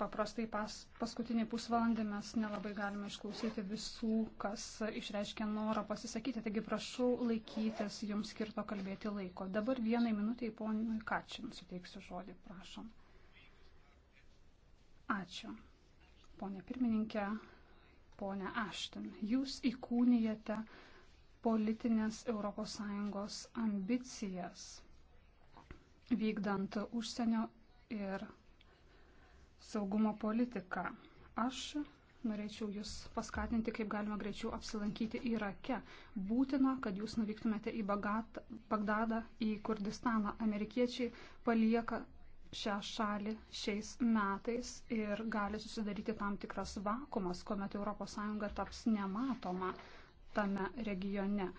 paprastai pas, paskutinį pusvalandį mes nelabai galime išklausyti visų, kas išreiškia norą pasisakyti. Taigi prašau laikytis jums skirto kalbėti laiko. Dabar vienai minutiai ponui Kačin suteiksiu žodį, prašom. Ačiū. Pone pirmininkė, ponė Ashton, jūs įkūnijate politinės ES ambicijas vykdant užsienio ir saugumo politiką. Aš norėčiau Jūs paskatinti, kaip galima greičiau apsilankyti Irake. Būtina, kad Jūs nuvyktumėte į Bagat, Bagdadą, į Kurdistaną. Amerikiečiai palieka šią šalį šiais metais ir gali susidaryti tam tikras vakumas, kuomet ES taps nematoma tame regione.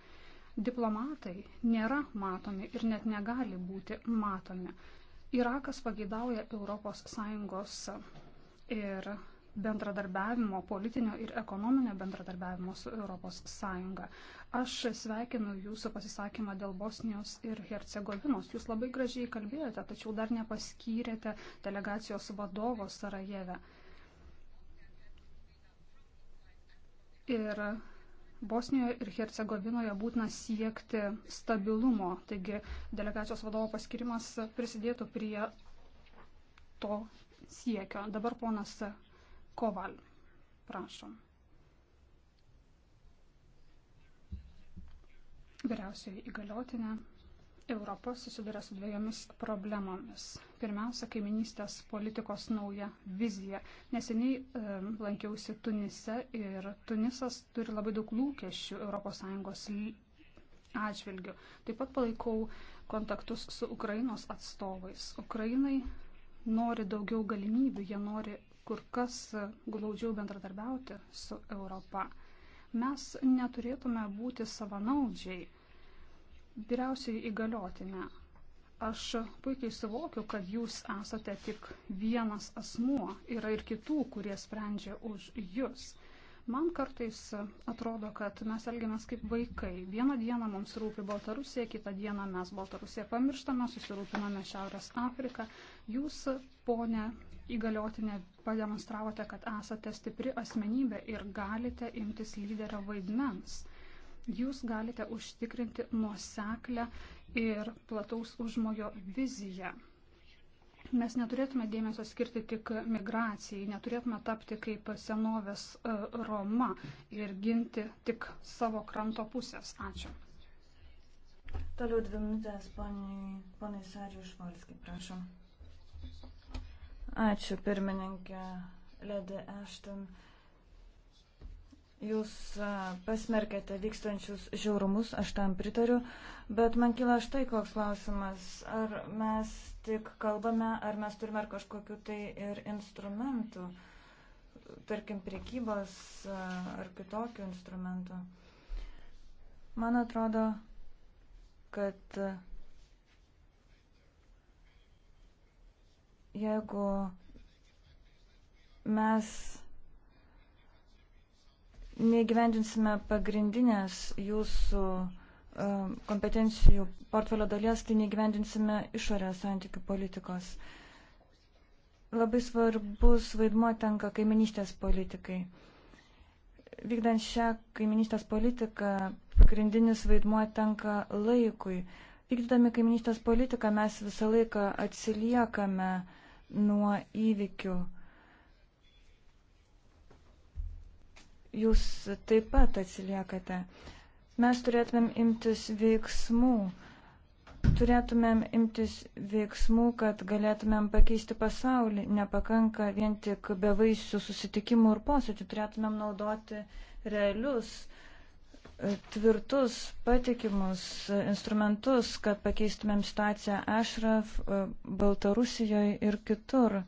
Diplomatai nėra matomi ir net negali būti matomi. Irakas pagėdauja ES ir bendradarbiavimo, politinio ir ekonominio bendradarbiavimo su ES. Aš sveikinu jūsų pasisakymą dėl Bosnijos ir Hercegovinos. Jūs labai gražiai kalbėjote, tačiau dar nepaskyrėte delegacijos vadovo Sarajeve. Ir Bosnijoje ir Hercegovinoje būtina siekti stabilumo, taigi delegacijos vadovo paskirimas prisidėtų prie to siekio. Dabar ponas Koval, prašom. Vyriausioji įgaliotinė. Europa susiduria su dviejomis problemomis. Pirmiausia, kaiminystės politikos nauja vizija. Neseniai e, lankiausi Tunise ir Tunisas turi labai daug lūkesčių ES atžvilgių. Taip pat palaikau kontaktus su Ukrainos atstovais. Ukrainai nori daugiau galimybių, jie nori kur kas glaudžiau bendradarbiauti su Europa. Mes neturėtume būti savanaudžiai Vyriausiai įgaliotinę, aš puikiai suvokiu, kad jūs esate tik vienas asmuo, yra ir kitų, kurie sprendžia už jūs. Man kartais atrodo, kad mes elgiamės kaip vaikai. Vieną dieną mums rūpi Baltarusija, kitą dieną mes Baltarusiją pamirštame, susirūpiname Šiaurės Afriką. Jūs, ponė įgaliotinė, pademonstravote, kad esate stipri asmenybė ir galite imtis lyderio vaidmens jūs galite užtikrinti nuoseklę ir plataus užmojo viziją. Mes neturėtume dėmesio skirti tik migracijai, neturėtume tapti kaip senovės e, Roma ir ginti tik savo kranto pusės. Ačiū. Toliau dvi minutės, ponai Sariu Švalski, prašom. Ačiū, pirmininkė Ledi Ešton. Uh, Jūs pasmerkėte vykstančius žiaurumus, aš tam pritariu, bet man kyla štai koks klausimas. Ar mes tik kalbame, ar mes turime ar kažkokiu tai ir instrumentu, tarkim, priekybos ar kitokiu instrumentu? Man atrodo, kad jeigu mes neįgyvendinsime pagrindinės jūsų e, kompetencijų portfelio dalies, tai neįgyvendinsime išorės santykių politikos. Labai svarbus vaidmuo tenka kaiminystės politikai. Vykdant šią kaiminystės politiką, pagrindinis vaidmuo tenka laikui. Vykdydami kaiminystės politiką mes visą laiką atsiliekame nuo įvykių. jūs taip pat atsiliekate. Mes turėtumėm imtis veiksmų. Turėtumėm imtis veiksmų, kad galėtumėm pakeisti pasaulį. Nepakanka vien tik bevaisių susitikimų ir posėdžių. Turėtumėm naudoti realius, tvirtus, patikimus instrumentus, kad pakeistumėm situaciją Ašraf, Baltarusijoje ir kitur.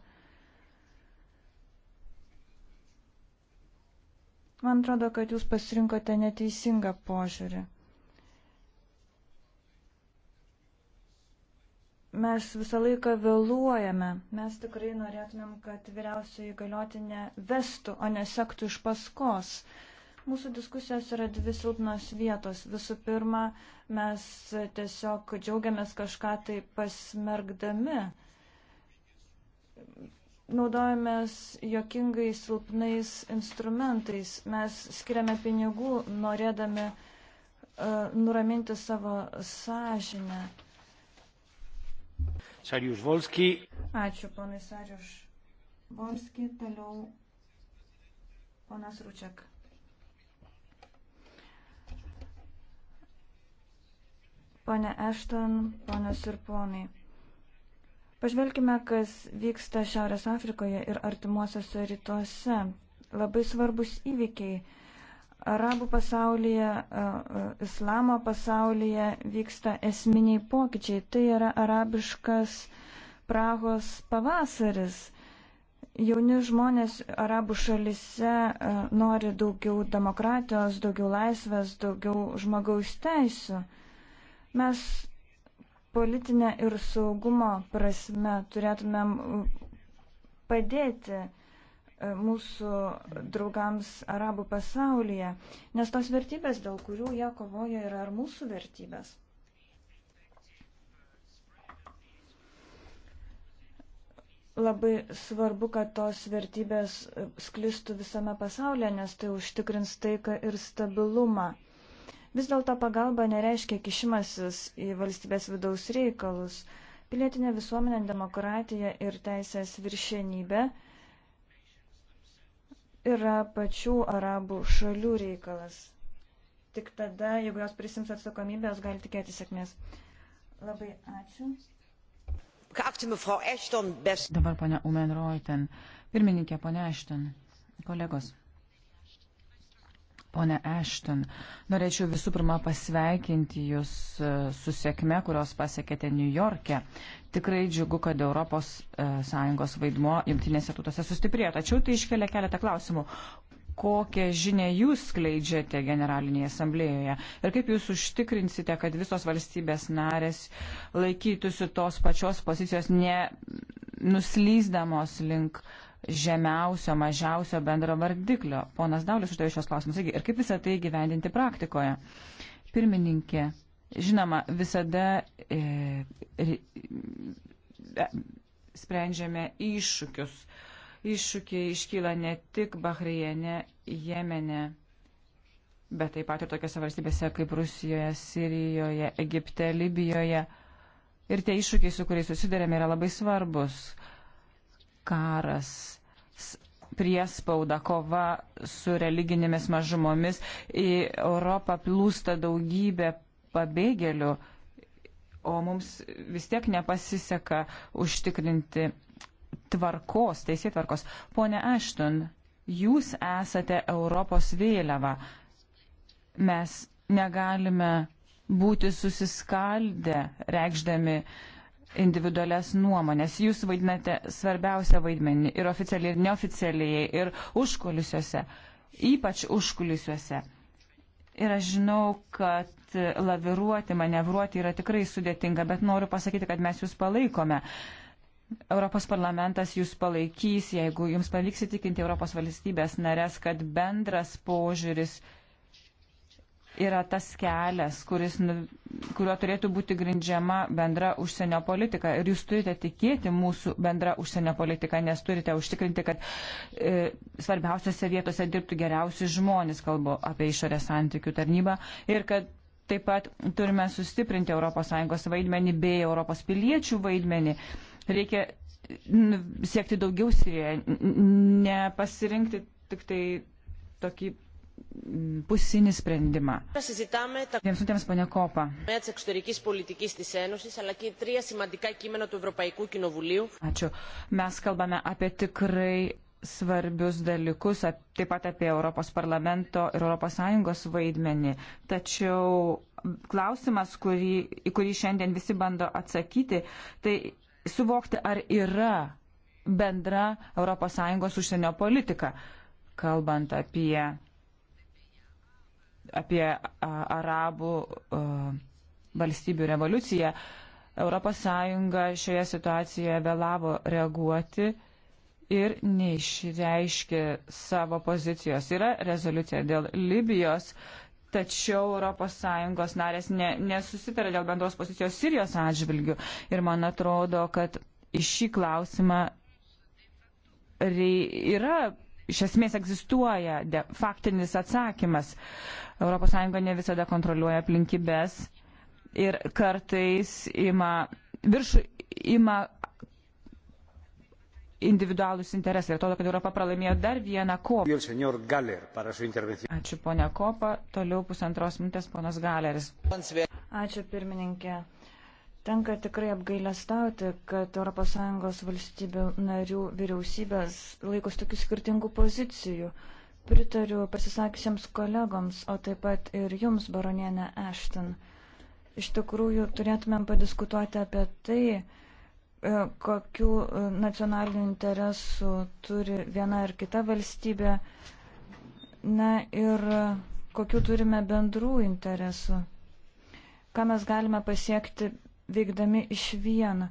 Man atrodo, kad jūs pasirinkote neteisingą požiūrį. Mes visą laiką vėluojame. Mes tikrai norėtumėm, kad vyriausioji galiotinė vestų, o nesektų iš paskos. Mūsų diskusijos yra dvi silpnos vietos. Visų pirma, mes tiesiog džiaugiamės kažką tai pasmergdami naudojamės jokingai silpnais instrumentais. Mes skiriame pinigų norėdami uh, nuraminti savo sąžinę. Sarius Volski. Ačiū, ponai Sarius Volski. Toliau ponas Ručiak. Pane Ešton, ponas ir ponai. Pažvelkime, kas vyksta Šiaurės Afrikoje ir artimuosiuose rytuose. Labai svarbus įvykiai. Arabų pasaulyje, islamo pasaulyje vyksta esminiai pokyčiai. Tai yra arabiškas Prahos pavasaris. Jauni žmonės arabų šalise nori daugiau demokratijos, daugiau laisvės, daugiau žmogaus teisų. Mes politinė ir saugumo prasme turėtumėm uh, padėti uh, mūsų draugams arabų pasaulyje, nes tos vertybės, dėl kurių jie kovoja, yra ir mūsų vertybės. Labai svarbu, kad tos vertybės uh, sklistų visame pasaulyje, nes tai užtikrins taiką ir stabilumą. Vis dėlto pagalba nereiškia kišimasis į valstybės vidaus reikalus. Pilietinė visuomenė, demokratija ir teisės viršienybė yra pačių arabų šalių reikalas. Tik tada, jeigu jos prisims atsakomybę, jos gali tikėti sėkmės. Labai ačiū. Dabar ponia Umenroiten. Pirmininkė, ponia Ešton. Kolegos. Pone Ashton, norėčiau visų pirma pasveikinti Jūs e, su sėkme, kurios pasiekėte New York'e. Tikrai džiugu, kad ES e, vaidmo jungtinėse tautose sustiprėjo, tačiau tai iškelia keletą klausimų. Kokią žinę Jūs skleidžiate Generalinėje asamblėjoje ir kaip Jūs užtikrinsite, kad visos valstybės narės laikytųsi tos pačios pozicijos, nenuslyzdamos link uh, žemiausio, mažiausio bendro vardiklio. Ponas Daulis uždavė šios klausimus. Ir kaip visą tai gyvendinti praktikoje? Pirmininkė, žinoma, visada e, e, e, sprendžiame iššūkius. Iššūkiai iškyla ne tik Bahreine, Jemene, bet taip pat ir tokiose valstybėse kaip Rusijoje, Sirijoje, Egipte, Libijoje. Ir tie iššūkiai, su kuriais susidarėme, yra labai svarbus karas, priespauda, kova su religinėmis mažumomis. Į Europą plūsta daugybė pabėgėlių, o mums vis tiek nepasiseka užtikrinti tvarkos, teisėtvarkos. Pone Ashton, jūs esate Europos vėliava. Mes negalime būti susiskaldę, reikšdami uh, individualias nuomonės. Jūs vaidinate svarbiausią vaidmenį ir oficialiai, ir neoficialiai, ir užkulisiuose, ypač užkulisiuose. Ir aš žinau, kad laviruoti, manevruoti yra tikrai sudėtinga, bet noriu pasakyti, kad mes jūs palaikome. Europos parlamentas jūs palaikys, jeigu jums pavyks įtikinti Europos valstybės narės, kad bendras požiūris yra tas kelias, kuris, nu, kuriuo turėtų būti grindžiama bendra užsienio politika. Ir jūs turite tikėti mūsų bendra užsienio politika, nes turite užtikrinti, kad e, svarbiausiose vietose dirbtų geriausi žmonės, kalbu apie išorės santykių tarnybą, ir kad taip pat turime sustiprinti ES vaidmenį bei Europos piliečių vaidmenį. Reikia nu, siekti daugiau Sirijoje, nepasirinkti tik tai tokį Mm, pusinį sprendimą. Διαμφισούτεμς Πανιακόπα. Με της εξωτερικής πολιτικής της Ένωσης, αλλά και τρία σημαντικά κείμενα του Ευρωπαϊκού Κοινοβουλίου. Ačiū. Mes kalbame apie tikrai svarbius dalykus, taip pat apie Europos parlamento ir ES vaidmenį. Tačiau klausimas, kurį, į kurį šiandien visi bando atsakyti, tai suvokti, ar yra bendra ES užsienio politika, kalbant apie apie arabų valstybių revoliuciją. ES šioje situacijoje vėlavo reaguoti ir neišreiškė savo pozicijos. Yra rezoliucija dėl Libijos, tačiau ES narės ne, nesusitarė dėl bendros pozicijos Sirijos atžvilgių. Ir man atrodo, kad į šį klausimą yra iš esmės egzistuoja de, faktinis atsakymas. ES ne visada kontroliuoja aplinkybės ir kartais ima, virš, ima individualus interesai. Ir atrodo, kad Europa pralaimėjo dar vieną kopą. Ačiū ponia Kopa. Toliau pusantros minutės ponas Galeris. Ačiū pirmininkė. Tenka tikrai apgailestauti, kad ES valstybių narių vyriausybės laikos tokių skirtingų pozicijų. Pritariu pasisakysiams kolegoms, o taip pat ir jums, baronienė Ashton. Iš tikrųjų, turėtumėm padiskutuoti apie tai, e, kokių e, nacionalinių interesų turi viena ar kita valstybė, na ir kokių turime bendrų interesų. Ką mes galime pasiekti veikdami iš vieną.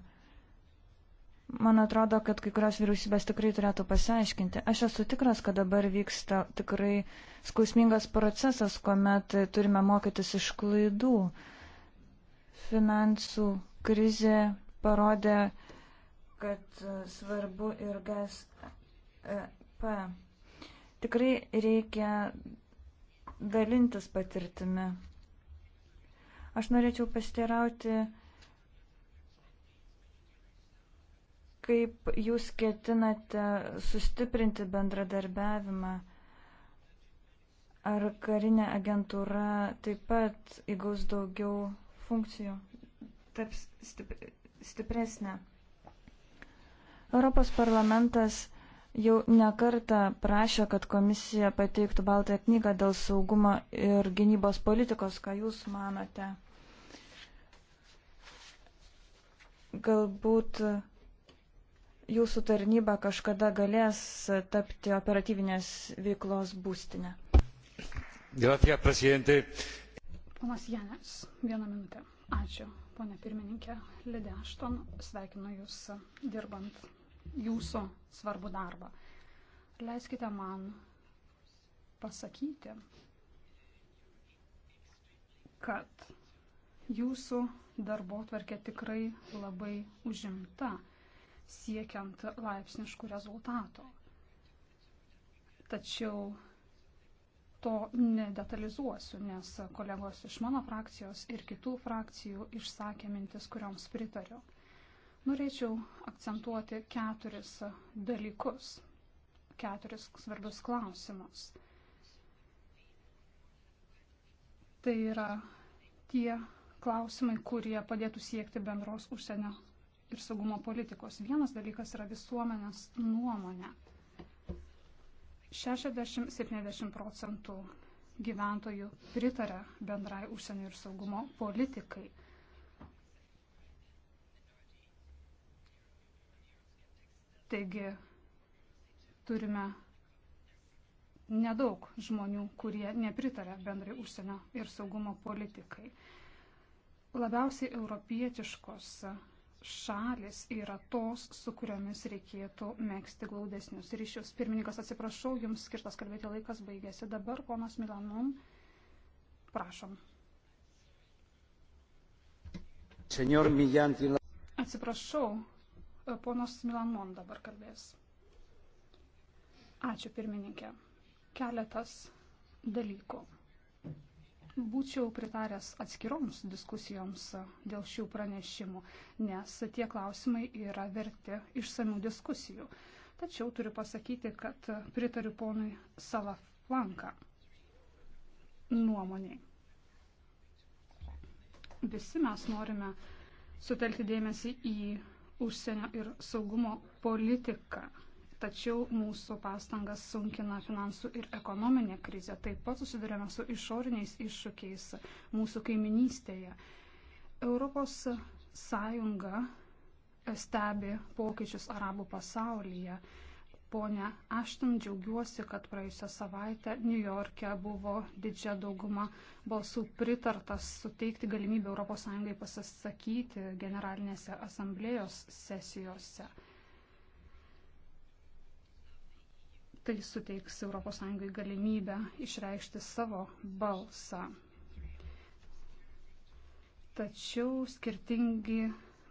Man atrodo, kad kai kurios vyriausybės tikrai turėtų pasiaiškinti. Aš esu tikras, kad dabar vyksta tikrai skausmingas procesas, kuomet turime mokytis iš klaidų. Finansų krizė parodė, kad svarbu ir GSP. E, tikrai reikia dalintis patirtimi. Aš norėčiau pastirauti kaip jūs ketinate sustiprinti bendradarbiavimą? Ar karinė agentūra taip pat įgaus daugiau funkcijų, taps stipresnė? Europos parlamentas jau nekarta prašė, kad komisija pateiktų baltąją knygą dėl saugumo ir gynybos politikos. Ką Jūs manote? Galbūt jūsų tarnyba kažkada galės tapti operatyvinės veiklos būstinę? Gracias, prezidente. Ponas Janes, vieną minutę. Ačiū, ponė pirmininkė Lidė Ašton, sveikinu Jūs dirbant Jūsų svarbų darbą. Leiskite man pasakyti, kad Jūsų darbo tvarkė tikrai labai užimta siekiant laipsniškų rezultatų. Tačiau to nedetalizuosiu, nes kolegos iš mano frakcijos ir kitų frakcijų išsakė mintis, kurioms pritariu. Norėčiau akcentuoti keturis dalykus, keturis svarbius klausimus. Tai yra tie klausimai, kurie padėtų siekti bendros užsienio ir saugumo politikos. Vienas dalykas yra visuomenės nuomonė. 60-70 procentų gyventojų pritarė bendrai užsienio ir saugumo politikai. Taigi turime nedaug žmonių, kurie nepritarė bendrai užsienio ir saugumo politikai. Labiausiai europietiškos šalis yra tos, su kuriomis reikėtų mėgsti glaudesnius ryšius. Pirmininkas, atsiprašau, jums skirtas kalbėti laikas baigėsi. Dabar ponas Milanom, prašom. Atsiprašau, ponas Milanon dabar kalbės. Ačiū pirmininkė. Keletas dalykų būčiau pritaręs atskiroms diskusijoms dėl šių pranešimų, nes tie klausimai yra verti išsamių diskusijų. Tačiau turiu pasakyti, kad pritariu ponui Salaflanka nuomoniai. Visi mes norime sutelkti dėmesį į užsienio ir saugumo politiką tačiau mūsų pastangas sunkina finansų ir ekonominė krizė. Taip pat susidurėme su išoriniais iššūkiais mūsų kaiminystėje. Europos Sąjunga stebi pokyčius arabų pasaulyje. Pone Ašten, džiaugiuosi, kad praėjusią savaitę New York'e buvo didžia dauguma balsų pritartas suteikti galimybę ES pasisakyti generalinėse asamblėjos sesijose. Tai suteiks ES galimybę išreikšti savo balsą. Tačiau skirtingi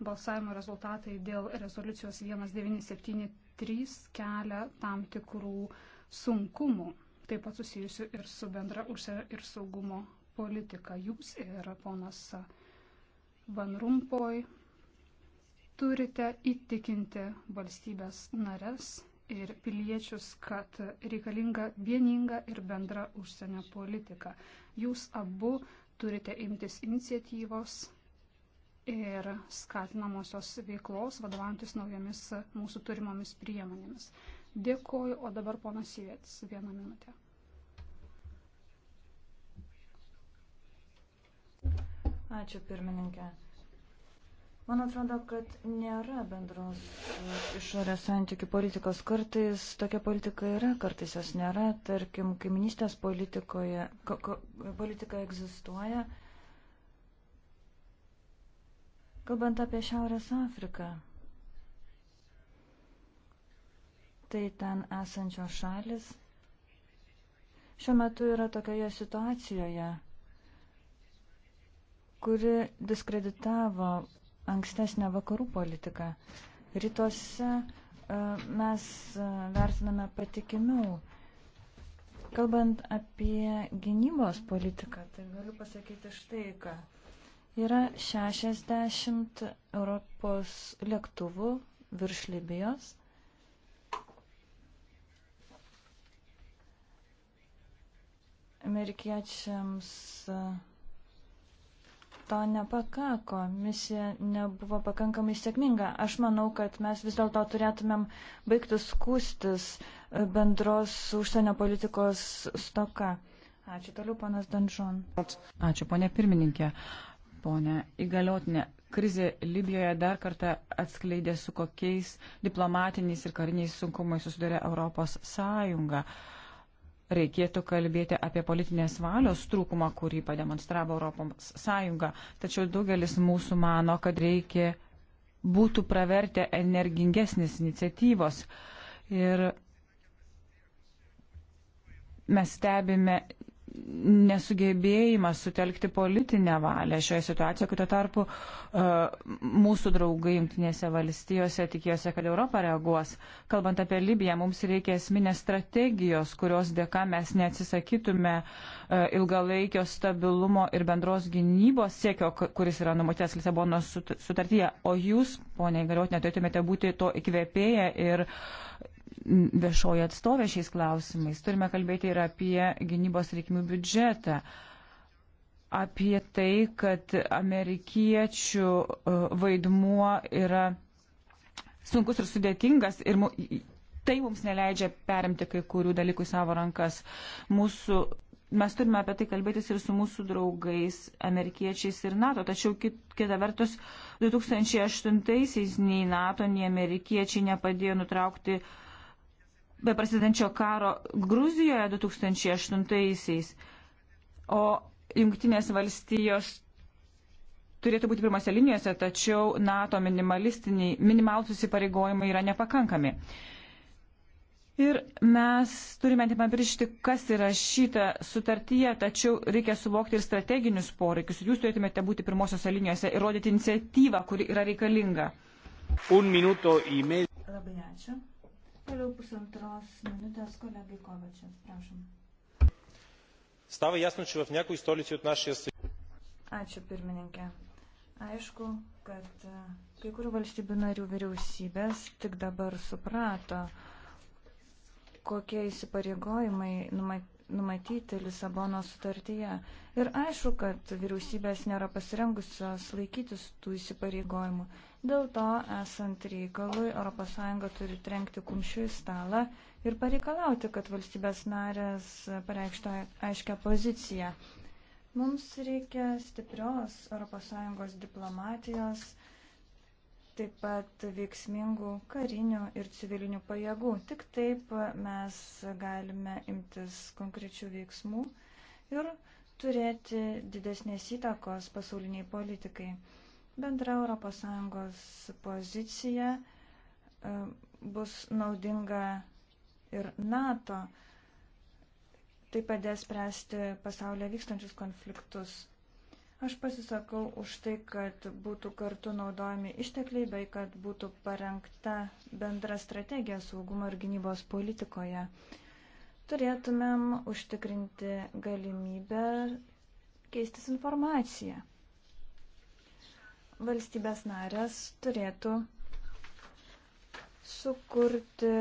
balsavimo rezultatai dėl rezoliucijos 1973 kelia tam tikrų sunkumų, taip pat susijusių ir su bendra užsienio ir saugumo politika. Jūs ir ponas Van Rumpoj turite įtikinti valstybės nares ir piliečius, kad reikalinga vieninga ir bendra užsienio politika. Jūs abu turite imtis iniciatyvos ir skatinamosios veiklos, vadovantis naujomis mūsų turimomis priemonėmis. Dėkoju, o dabar ponas Jėtis, vieną minutę. Ačiū pirmininkė. Man atrodo, kad nėra bendros išorės santykių politikos. Kartais tokia politika yra, kartais jos nėra. Tarkim, kaiminystės politikoje ko, ko, politika egzistuoja. Kalbant apie Šiaurės Afriką, tai ten esančios šalis šiuo metu yra tokioje situacijoje, kuri diskreditavo ankstesnę vakarų politiką. Rytuose e, mes e, vertiname patikimiau. Kalbant apie gynybos politiką, tai galiu pasakyti štai ką. Yra 60 Europos lėktuvų virš Libijos. Amerikiečiams uh, to nepakako, misija nebuvo pakankamai sėkminga. Aš manau, kad mes vis dėlto turėtumėm baigti skūstis e, bendros užsienio politikos stoka. Ačiū toliau, panas Danžon. Ačiū, ponė pirmininkė. Pone įgaliotinė, krizė Libijoje dar kartą atskleidė, su kokiais diplomatiniais ir kariniais sunkumais susiduria Europos Sąjunga. Uh, reikėtų kalbėti apie politinės valios trūkumą, kurį pademonstravo Europos Sąjunga. Tačiau daugelis mūsų mano, kad reikia būtų pravertę energingesnis iniciatyvos. Ir mes stebime nesugebėjimas sutelkti politinę valią šioje situacijoje, kai tuo tarpu e, mūsų draugai jungtinėse valstijose tikėjosi, kad Europa reaguos. Kalbant apie Libiją, mums reikia esminės strategijos, kurios dėka mes neatsisakytume e, ilgalaikio stabilumo ir bendros gynybos siekio, kuris yra numatytas Lisabonos sutartyje. O jūs, ponia įgaliuotinė, turėtumėte būti to įkvėpėję ir viešoji atstovė šiais klausimais. Turime kalbėti ir apie gynybos reikmių biudžetą, apie tai, kad amerikiečių e, vaidmuo yra sunkus ir sudėtingas ir tai mums neleidžia perimti kai kurių dalykų į savo rankas. Mūsų mes turime apie tai kalbėtis ir su mūsų draugais, amerikiečiais ir NATO. Tačiau kit, kita vertus, 2008-aisiais nei NATO, nei amerikiečiai nepadėjo nutraukti uh, beprasidenčio karo Gruzijoje 2008-aisiais, o Junktinės valstijos turėtų būti pirmose linijose, tačiau NATO minimalus įsipareigojimai yra nepakankami. Ir mes turime nepamiršti, kas yra šita sutartyje, tačiau reikia suvokti ir strateginius poreikius. Jūs turėtumėte būti pirmosiose linijose ir rodyti iniciatyvą, kuri yra reikalinga. Labai ačiū. Toliau pusantros minutės kolegai Kovačias, prašom. Stava jasno, čia vapnekų įstolici od našės. Ačiū pirmininkė. Aišku, kad kai kurių valstybių narių vyriausybės tik dabar suprato, kokie įsipareigojimai numatyti numatyti Lisabono sutartyje. Ir aišku, kad vyriausybės nėra pasirengusios laikytis tų įsipareigojimų. Dėl to, esant reikalui, ES turi trenkti kumščių į stalą ir pareikalauti, kad valstybės narės pareikštų aiškę poziciją. Mums reikia stiprios ES diplomatijos taip pat veiksmingų karinių ir civilinių pajėgų. Tik taip mes galime imtis konkrečių veiksmų ir turėti didesnės įtakos pasauliniai politikai. Bendra ES pozicija e, bus naudinga ir NATO. Tai padės spręsti pasaulyje vykstančius konfliktus. Aš pasisakau už tai, kad būtų kartu naudojami ištekliai, bei kad būtų parengta bendra strategija saugumo ir gynybos politikoje. Turėtumėm užtikrinti galimybę keistis informaciją. Valstybės narės turėtų sukurti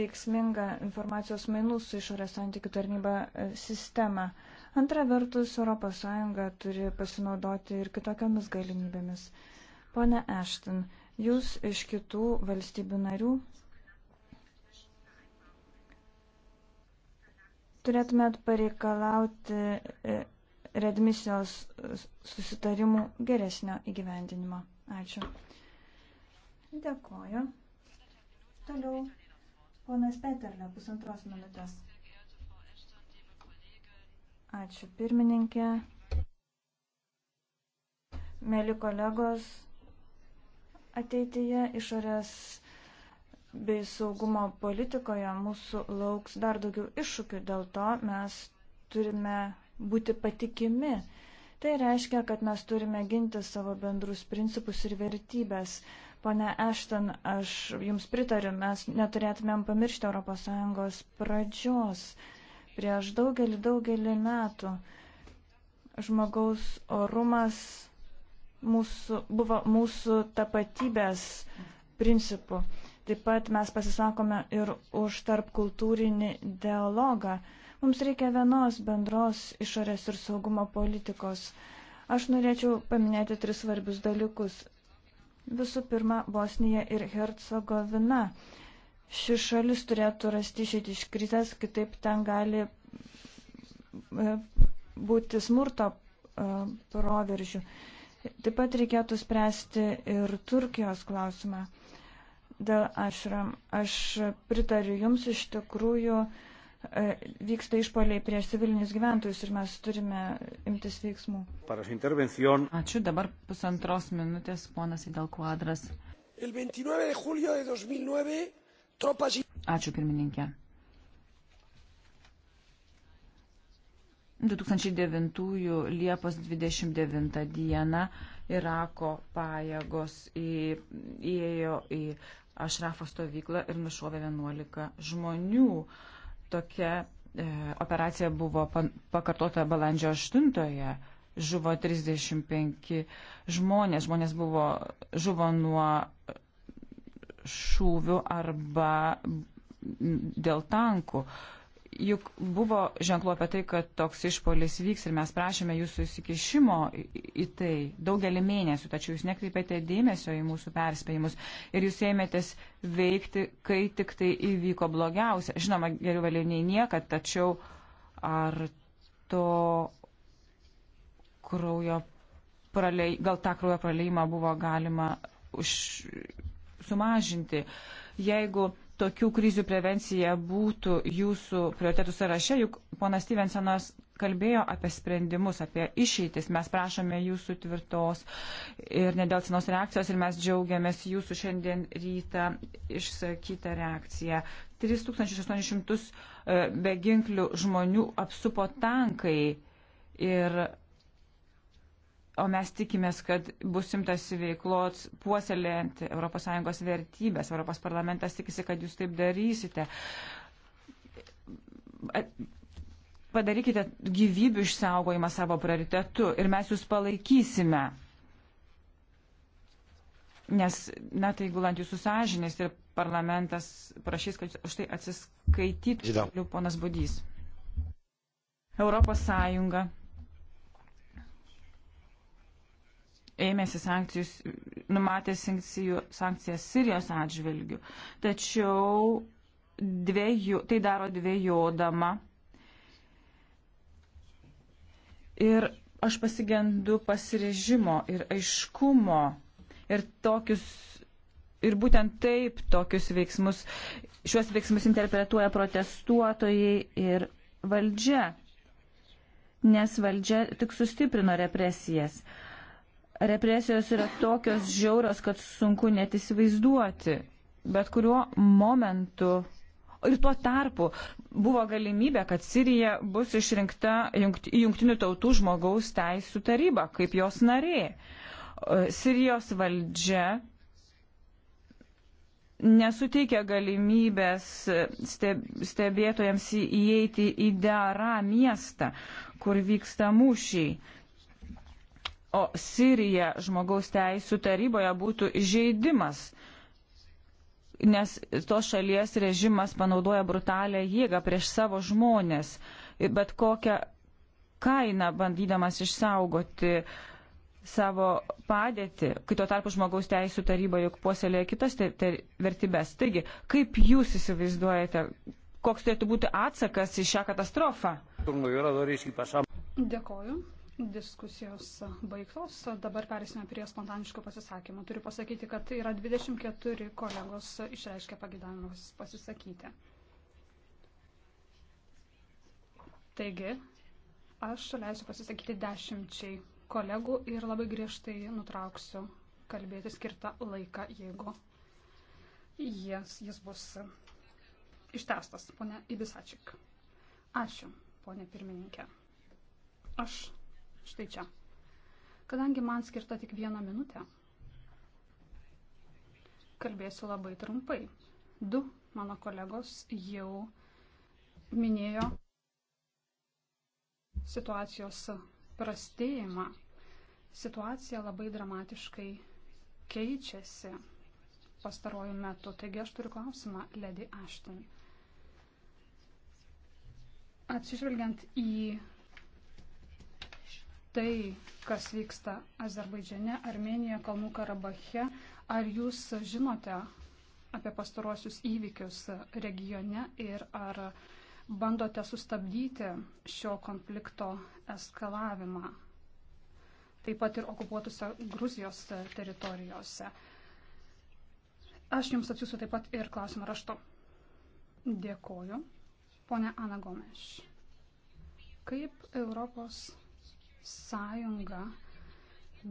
veiksmingą informacijos mainų su išorės santykių tarnyba e, sistemą. Antra vertus, ES turi pasinaudoti ir kitokiamis galimybėmis. Pone Ashton, jūs iš kitų valstybių narių turėtumėt pareikalauti e, redmisijos susitarimų geresnio įgyvendinimo. Ačiū. Dėkoju. Toliau ponas Peterle, pusantros minutės. Ačiū pirmininkė. Mėly kolegos, ateityje išorės bei saugumo politikoje mūsų lauks dar daugiau iššūkių, dėl to mes turime būti patikimi. Tai reiškia, kad mes turime ginti savo bendrus principus ir vertybės. Pone Ešton, aš Jums pritariu, mes neturėtumėm pamiršti ES pradžios. Prieš daugelį, daugelį metų žmogaus orumas mūsų, buvo mūsų tapatybės principų. Taip pat mes pasisakome ir už tarp kultūrinį dialogą. Mums reikia vienos bendros išorės ir saugumo politikos. Aš norėčiau paminėti tris svarbius dalykus. Visų pirma, Bosnija ir Hercegovina ši šalis turėtų rasti išėti iš krizės, kitaip ten gali e, būti smurto e, proveržių. Taip pat reikėtų spręsti ir Turkijos klausimą. Dėl ašram, aš pritariu Jums iš tikrųjų e, vyksta išpoliai prieš civilinius gyventojus ir mes turime imtis veiksmų. Ačiū, dabar pusantros minutės ponas Idal Kvadras. El 29 de julio de 2009 Ačiū pirmininkė. 2009 Liepos 29 dieną Irako pajėgos įėjo į Ašrafo stovyklą ir nušovė 11 žmonių. Tokia e, operacija buvo pakartota balandžio 8-ąją. Žuvo 35 žmonės, žmonės buvo, žuvo nuo šūvių arba dėl tankų. Juk buvo ženklo apie tai, kad toks išpolis vyks ir mes prašėme jūsų įsikišimo į tai daugelį mėnesių, tačiau jūs nekreipėte dėmesio į mūsų perspėjimus ir jūs ėmėtės veikti, kai tik tai įvyko blogiausia. Žinoma, geriau vėliau nei niekad, tačiau ar to kraujo pralei, gal tą kraujo praleimą buvo galima už, sumažinti. Jeigu tokių krizių prevencija būtų jūsų prioritetų sąraše, juk ponas Stevensonas kalbėjo apie sprendimus, apie išeitis. Mes prašome jūsų tvirtos ir nedelsinos reakcijos ir mes džiaugiamės jūsų šiandien rytą išsakytą reakciją. 3800 e, beginklių žmonių apsupo tankai ir o mes tikimės, kad bus imtas veiklos puoselėjant ES vertybės. Europos parlamentas tikisi, kad jūs taip darysite. Padarykite gyvybių išsaugojimą savo prioritetu ir mes jūs palaikysime. Nes, na, tai gulant jūsų sąžinės ir parlamentas prašys, kad už tai atsiskaitytų ponas Budys. Europos Sąjunga ėmėsi sankcijus, numatė sankcijų, sankcijas Sirijos atžvilgių. Tačiau dviejų, tai daro dviejodama. Ir aš pasigendu pasirežimo ir aiškumo. Ir, tokius, ir būtent taip tokius veiksmus, šiuos veiksmus interpretuoja protestuotojai ir valdžia. Nes valdžia tik sustiprino represijas. Uh, represijos yra tokios žiaurios, kad sunku net įsivaizduoti. Bet kuriuo momentu. Ir tuo tarpu buvo galimybė, kad Sirija bus išrinkta Junktinių tautų žmogaus teisų taryba kaip jos narė. E, Sirijos valdžia nesuteikia galimybės stebėtojams įeiti į Deara miestą, kur vyksta mūšiai O Sirija žmogaus teisų taryboje būtų žaidimas, nes tos šalies režimas panaudoja brutalę jėgą prieš savo žmonės, bet kokią kainą bandydamas išsaugoti savo padėtį, kai tuo tarpu žmogaus teisų taryba juk puoselėja kitas te, te, vertybės. Taigi, kaip jūs įsivaizduojate, koks turėtų būti atsakas į šią katastrofą? Dėkoju. Diskusijos baigtos. Dabar perėsime prie spontaniškų pasisakymų. Turiu pasakyti, kad tai yra 24 kolegos išreiškę pagidavimus pasisakyti. Taigi, aš leisiu pasisakyti dešimčiai kolegų ir labai griežtai nutrauksiu kalbėti skirtą laiką, jeigu jis, jis bus ištestas, ponė Ibisačik. Ačiū, ponė pirmininkė. Aš Štai čia. Kadangi man skirta tik vieną minutę, kalbėsiu labai trumpai. Du mano kolegos jau minėjo situacijos prastėjimą. Situacija labai dramatiškai keičiasi pastarojų metų. Taigi aš turiu klausimą, Lady Ashton. Atsižvelgiant į tai, kas vyksta Azerbaidžiane, Armenijoje, Kalnų Karabache. Ar jūs žinote apie pastaruosius įvykius regione ir ar bandote sustabdyti šio konflikto eskalavimą? Taip pat ir okupuotose Gruzijos teritorijose. Aš jums atsiųsiu taip pat ir klausimą raštu. Dėkoju. Pone Ana Gomeš. Kaip Europos sąjunga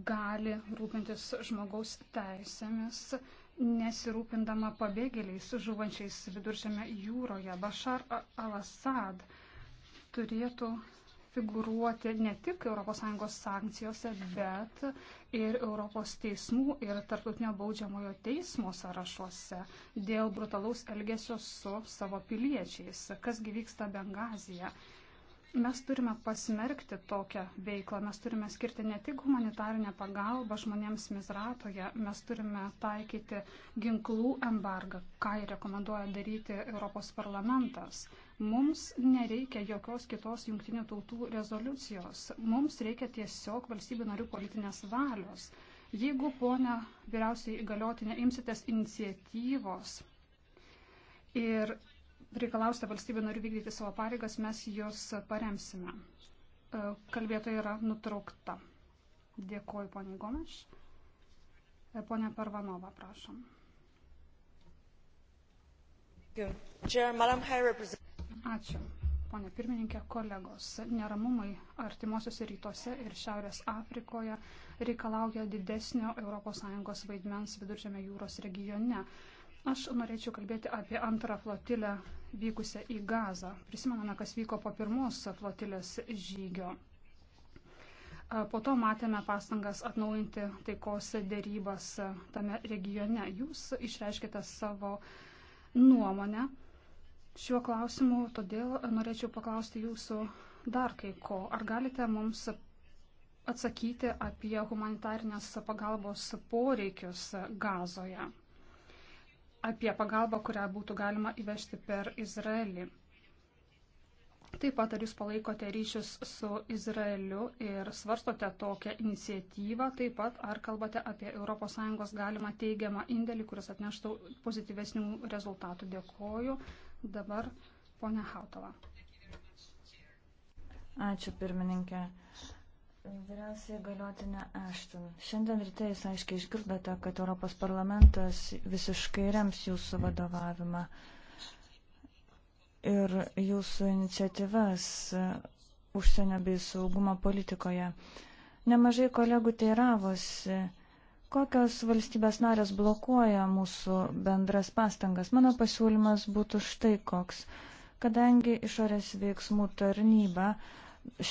gali rūpintis žmogaus teisėmis, nesirūpindama pabėgėliais žuvančiais viduržėme jūroje. Bashar al-Assad turėtų figuruoti ne tik ES sankcijose, bet ir Europos teismų ir tarptautinio baudžiamojo teismo sąrašuose dėl brutalaus elgesio su savo piliečiais. Kasgi vyksta Bengazija? Mes turime pasmerkti tokią veiklą, mes turime skirti ne tik humanitarinę pagalbą žmonėms Mizratoje, mes turime taikyti ginklų embargą, ką ir rekomenduoja daryti Europos parlamentas. Mums nereikia jokios kitos jungtinių tautų rezoliucijos, mums reikia tiesiog valstybių narių politinės valios. Jeigu, ponia vyriausiai įgaliotinė, imsitės iniciatyvos ir reikalausite valstybių narių vykdyti savo pareigas, mes juos paremsime. E, kalbėtoja yra nutraukta. Dėkoju, ponė Gomeš. E, Pone Parvanova, prašom. Ačiū. Pone pirmininkė, kolegos, neramumai artimuosiuose rytuose ir Šiaurės Afrikoje reikalauja didesnio ES vaidmens viduržėme jūros regione. Aš norėčiau kalbėti apie antrą flotilę vykusią į Gazą. Prisimename, kas vyko po pirmos flotilės žygio. Po to matėme pastangas atnaujinti taikos dėrybas tame regione. Jūs išreiškite savo nuomonę šiuo klausimu, todėl norėčiau paklausti jūsų dar kai ko. Ar galite mums atsakyti apie humanitarnės pagalbos poreikius Gazoje? apie pagalbą, kurią būtų galima įvežti per Izraelį. Taip pat ar jūs palaikote ryšius su Izraeliu ir svarstote tokią iniciatyvą, taip pat ar kalbate apie ES galimą teigiamą indėlį, kuris atneštų pozityvesnių rezultatų. Dėkoju. Dabar ponia Hautala. Ačiū pirmininkė. Vyriausiai galiotinė Ashton. Šiandien ryte jūs aiškiai išgirdote, kad Europos parlamentas visiškai rems jūsų vadovavimą ir jūsų iniciatyvas užsienio bei saugumo politikoje. Nemažai kolegų teiravosi, kokios valstybės narės blokuoja mūsų bendras pastangas. Mano pasiūlymas būtų štai koks. Kadangi išorės veiksmų tarnyba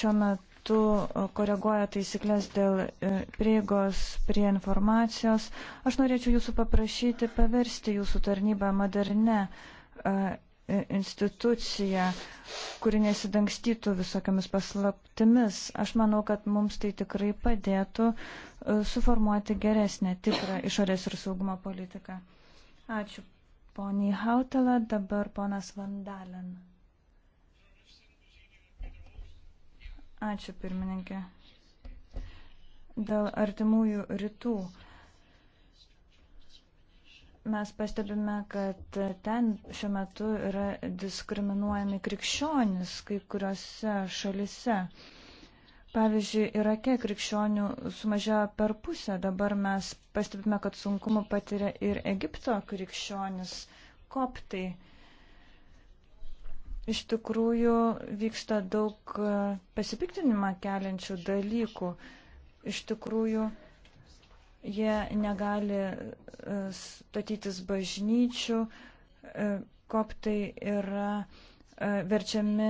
šiuo metu metu e, koreguoja taisyklės dėl e, prieigos prie informacijos. Aš norėčiau jūsų paprašyti paversti jūsų tarnybą modernę e, instituciją, kuri nesidangstytų visokiamis paslaptimis. Aš manau, kad mums tai tikrai padėtų suformuoti geresnę tikrą išorės ir saugumo politiką. Ačiū poniai Hautala, dabar ponas Vandalin. Ačiū, pirmininkė. Dėl artimųjų rytų mes pastebime, kad ten šiuo metu yra diskriminuojami krikščionis kai kuriuose šalise. Pavyzdžiui, Irake krikščionių sumažėjo per pusę, dabar mes pastebime, kad sunkumų patiria ir Egipto krikščionis koptai iš tikrųjų vyksta daug e, pasipiktinimą keliančių dalykų. Iš tikrųjų, jie negali e, statytis bažnyčių, e, koptai yra verčiami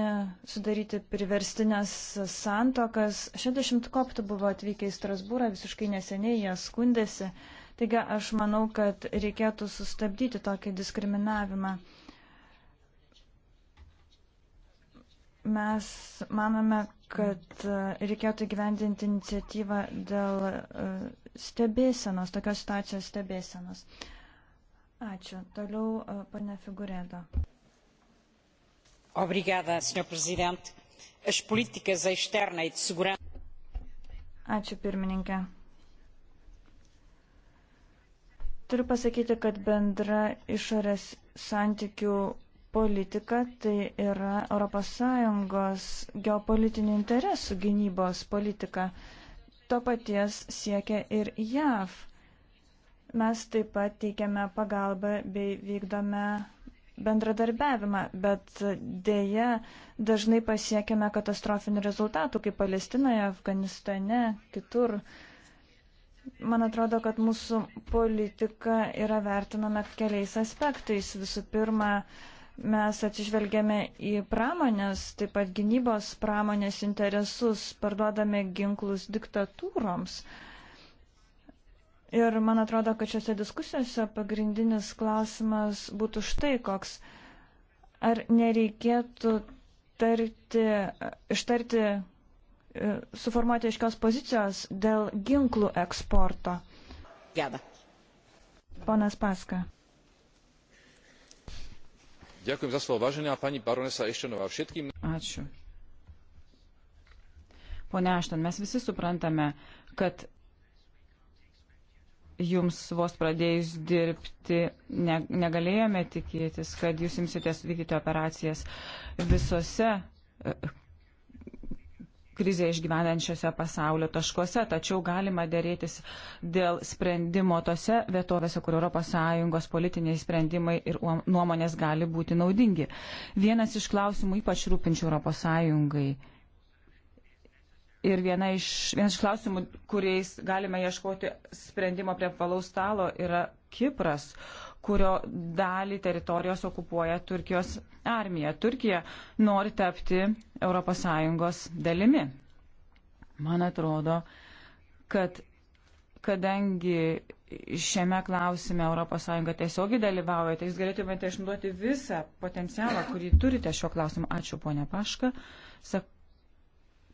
sudaryti priverstinės santokas. 60 koptų buvo atvykę į Strasbūrą, visiškai neseniai jie skundėsi. Taigi aš manau, kad reikėtų sustabdyti tokį diskriminavimą. Mes manome, kad e, reikėtų gyvendinti iniciatyvą dėl e, stebėsenos, tokios situacijos stebėsenos. Ačiū. Toliau e, pane Figurėdo. Obrigada, senhor presidente. As políticas externa e de segurança. Ačiū pirmininkė. Turiu pasakyti, kad bendra išorės santykių politika tai yra ES geopolitinių interesų gynybos politika. To paties siekia ir JAV. Mes taip pat teikiame pagalbą bei vykdome bendradarbiavimą, bet dėja dažnai pasiekime katastrofinių rezultatų, kaip Palestinoje, Afganistane, kitur. Man atrodo, kad mūsų politika yra vertinama keliais aspektais. Visų pirma, uh, mes atsižvelgiame į pramonės, taip pat gynybos pramonės interesus, parduodame ginklus diktatūroms. Ir man atrodo, kad šiuose diskusijose pagrindinis klausimas būtų štai koks. Ar nereikėtų tarti, ištarti, e, suformuoti aiškios pozicijos dėl ginklų eksporto? Geda. Ponas Paska vážená pani barónka ashtonová všetkým ačiū ponia ashton mes visi suprantame kad jums vos pradėjus dirbti ne, negalėjome tikėtis kad jūs imsitės vykdyti operacijas visose krizę išgyvenančiose pasaulio taškuose, tačiau galima dėrėtis dėl sprendimo tose vietovėse, kur ES politiniai sprendimai ir nuomonės gali būti naudingi. Vienas iš klausimų ypač rūpinčių ES. Ir viena iš, vienas iš klausimų, kuriais galime ieškoti sprendimo prie valaus stalo, yra Kipras, kurio dalį teritorijos okupuoja Turkijos armija. Turkija nori tapti ES dalimi. Man atrodo, kad kadangi šiame klausime ES tiesiogiai dalyvauja, tai jūs galėtumėte išnaudoti visą potencialą, kurį turite šiuo klausimu. Ačiū, ponia Paška. Sak,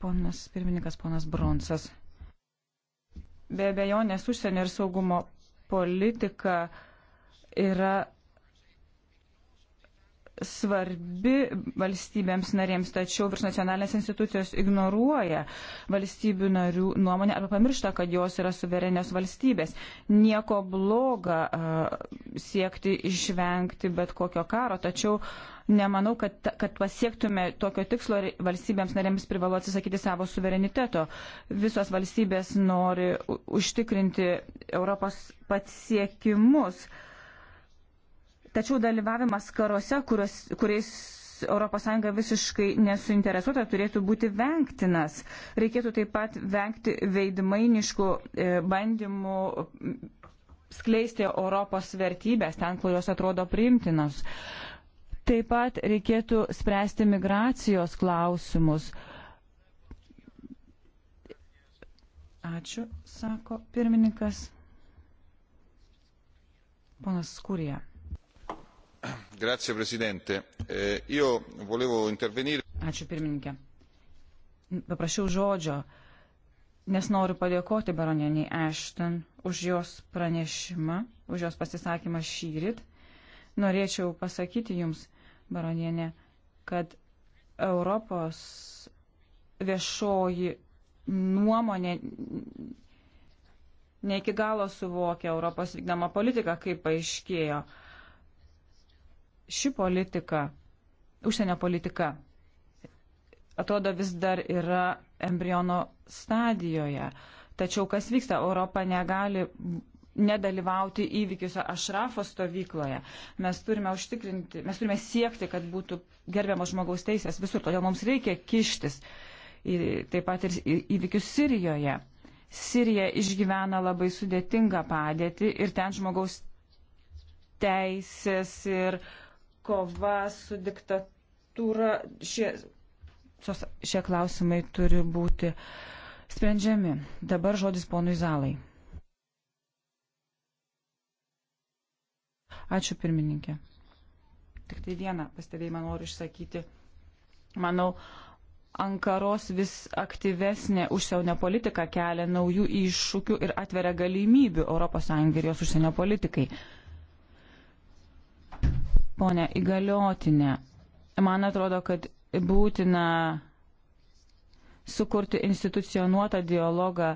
ponas pirmininkas, ponas Bronsas. Be abejonės užsienio ir saugumo politika uh, yra svarbi valstybėms narėms, tačiau virš nacionalinės institucijos ignoruoja valstybių narių nuomonę arba pamiršta, kad jos yra suverenios valstybės. Nieko bloga siekti išvengti bet kokio karo, tačiau nemanau, kad, kad pasiektume tokio tikslo valstybėms narėms privalu atsisakyti savo suvereniteto. Visos valstybės nori užtikrinti Europos pasiekimus. siekimus Tačiau dalyvavimas karuose, kurios, kuriais ES visiškai nesuinteresuota, turėtų būti vengtinas. Reikėtų taip pat vengti veidmainiškų e, bandymų skleisti Europos vertybės ten, kur jos atrodo priimtinos. Taip pat reikėtų spręsti migracijos klausimus. Ačiū, sako pirmininkas. Ponas Skurija. Grazie, Presidente. Eh, io volevo intervenire. Ačiū pirmininkė. Paprašiau žodžio, nes noriu padėkoti baronieniai Ashton už jos pranešimą, už jos pasisakymą šyrit. Norėčiau pasakyti jums, baronienė, kad Europos viešoji nuomonė ne iki galo suvokia Europos vykdomą politiką, kaip paaiškėjo ši politika, užsienio politika, atrodo vis dar yra embriono stadijoje. Tačiau kas vyksta, Europa negali nedalyvauti įvykiuose Ašrafo stovykloje. Mes turime užtikrinti, mes turime siekti, kad būtų gerbiamos žmogaus teisės visur, todėl mums reikia kištis į, taip pat ir įvykius Sirijoje. Sirija išgyvena labai sudėtingą padėtį ir ten žmogaus teisės ir uh, kova su diktatūra, šie, šie klausimai turi būti sprendžiami. Dabar žodis ponui Zalai. Ačiū pirmininkė. Tik tai vieną pastebėjimą noriu išsakyti. Manau, Ankaros vis aktyvesnė užsienio politika kelia naujų iššūkių ir atveria galimybių ES ir jos užsienio politikai ponę įgaliotinę. Man atrodo, kad būtina sukurti institucionuotą dialogą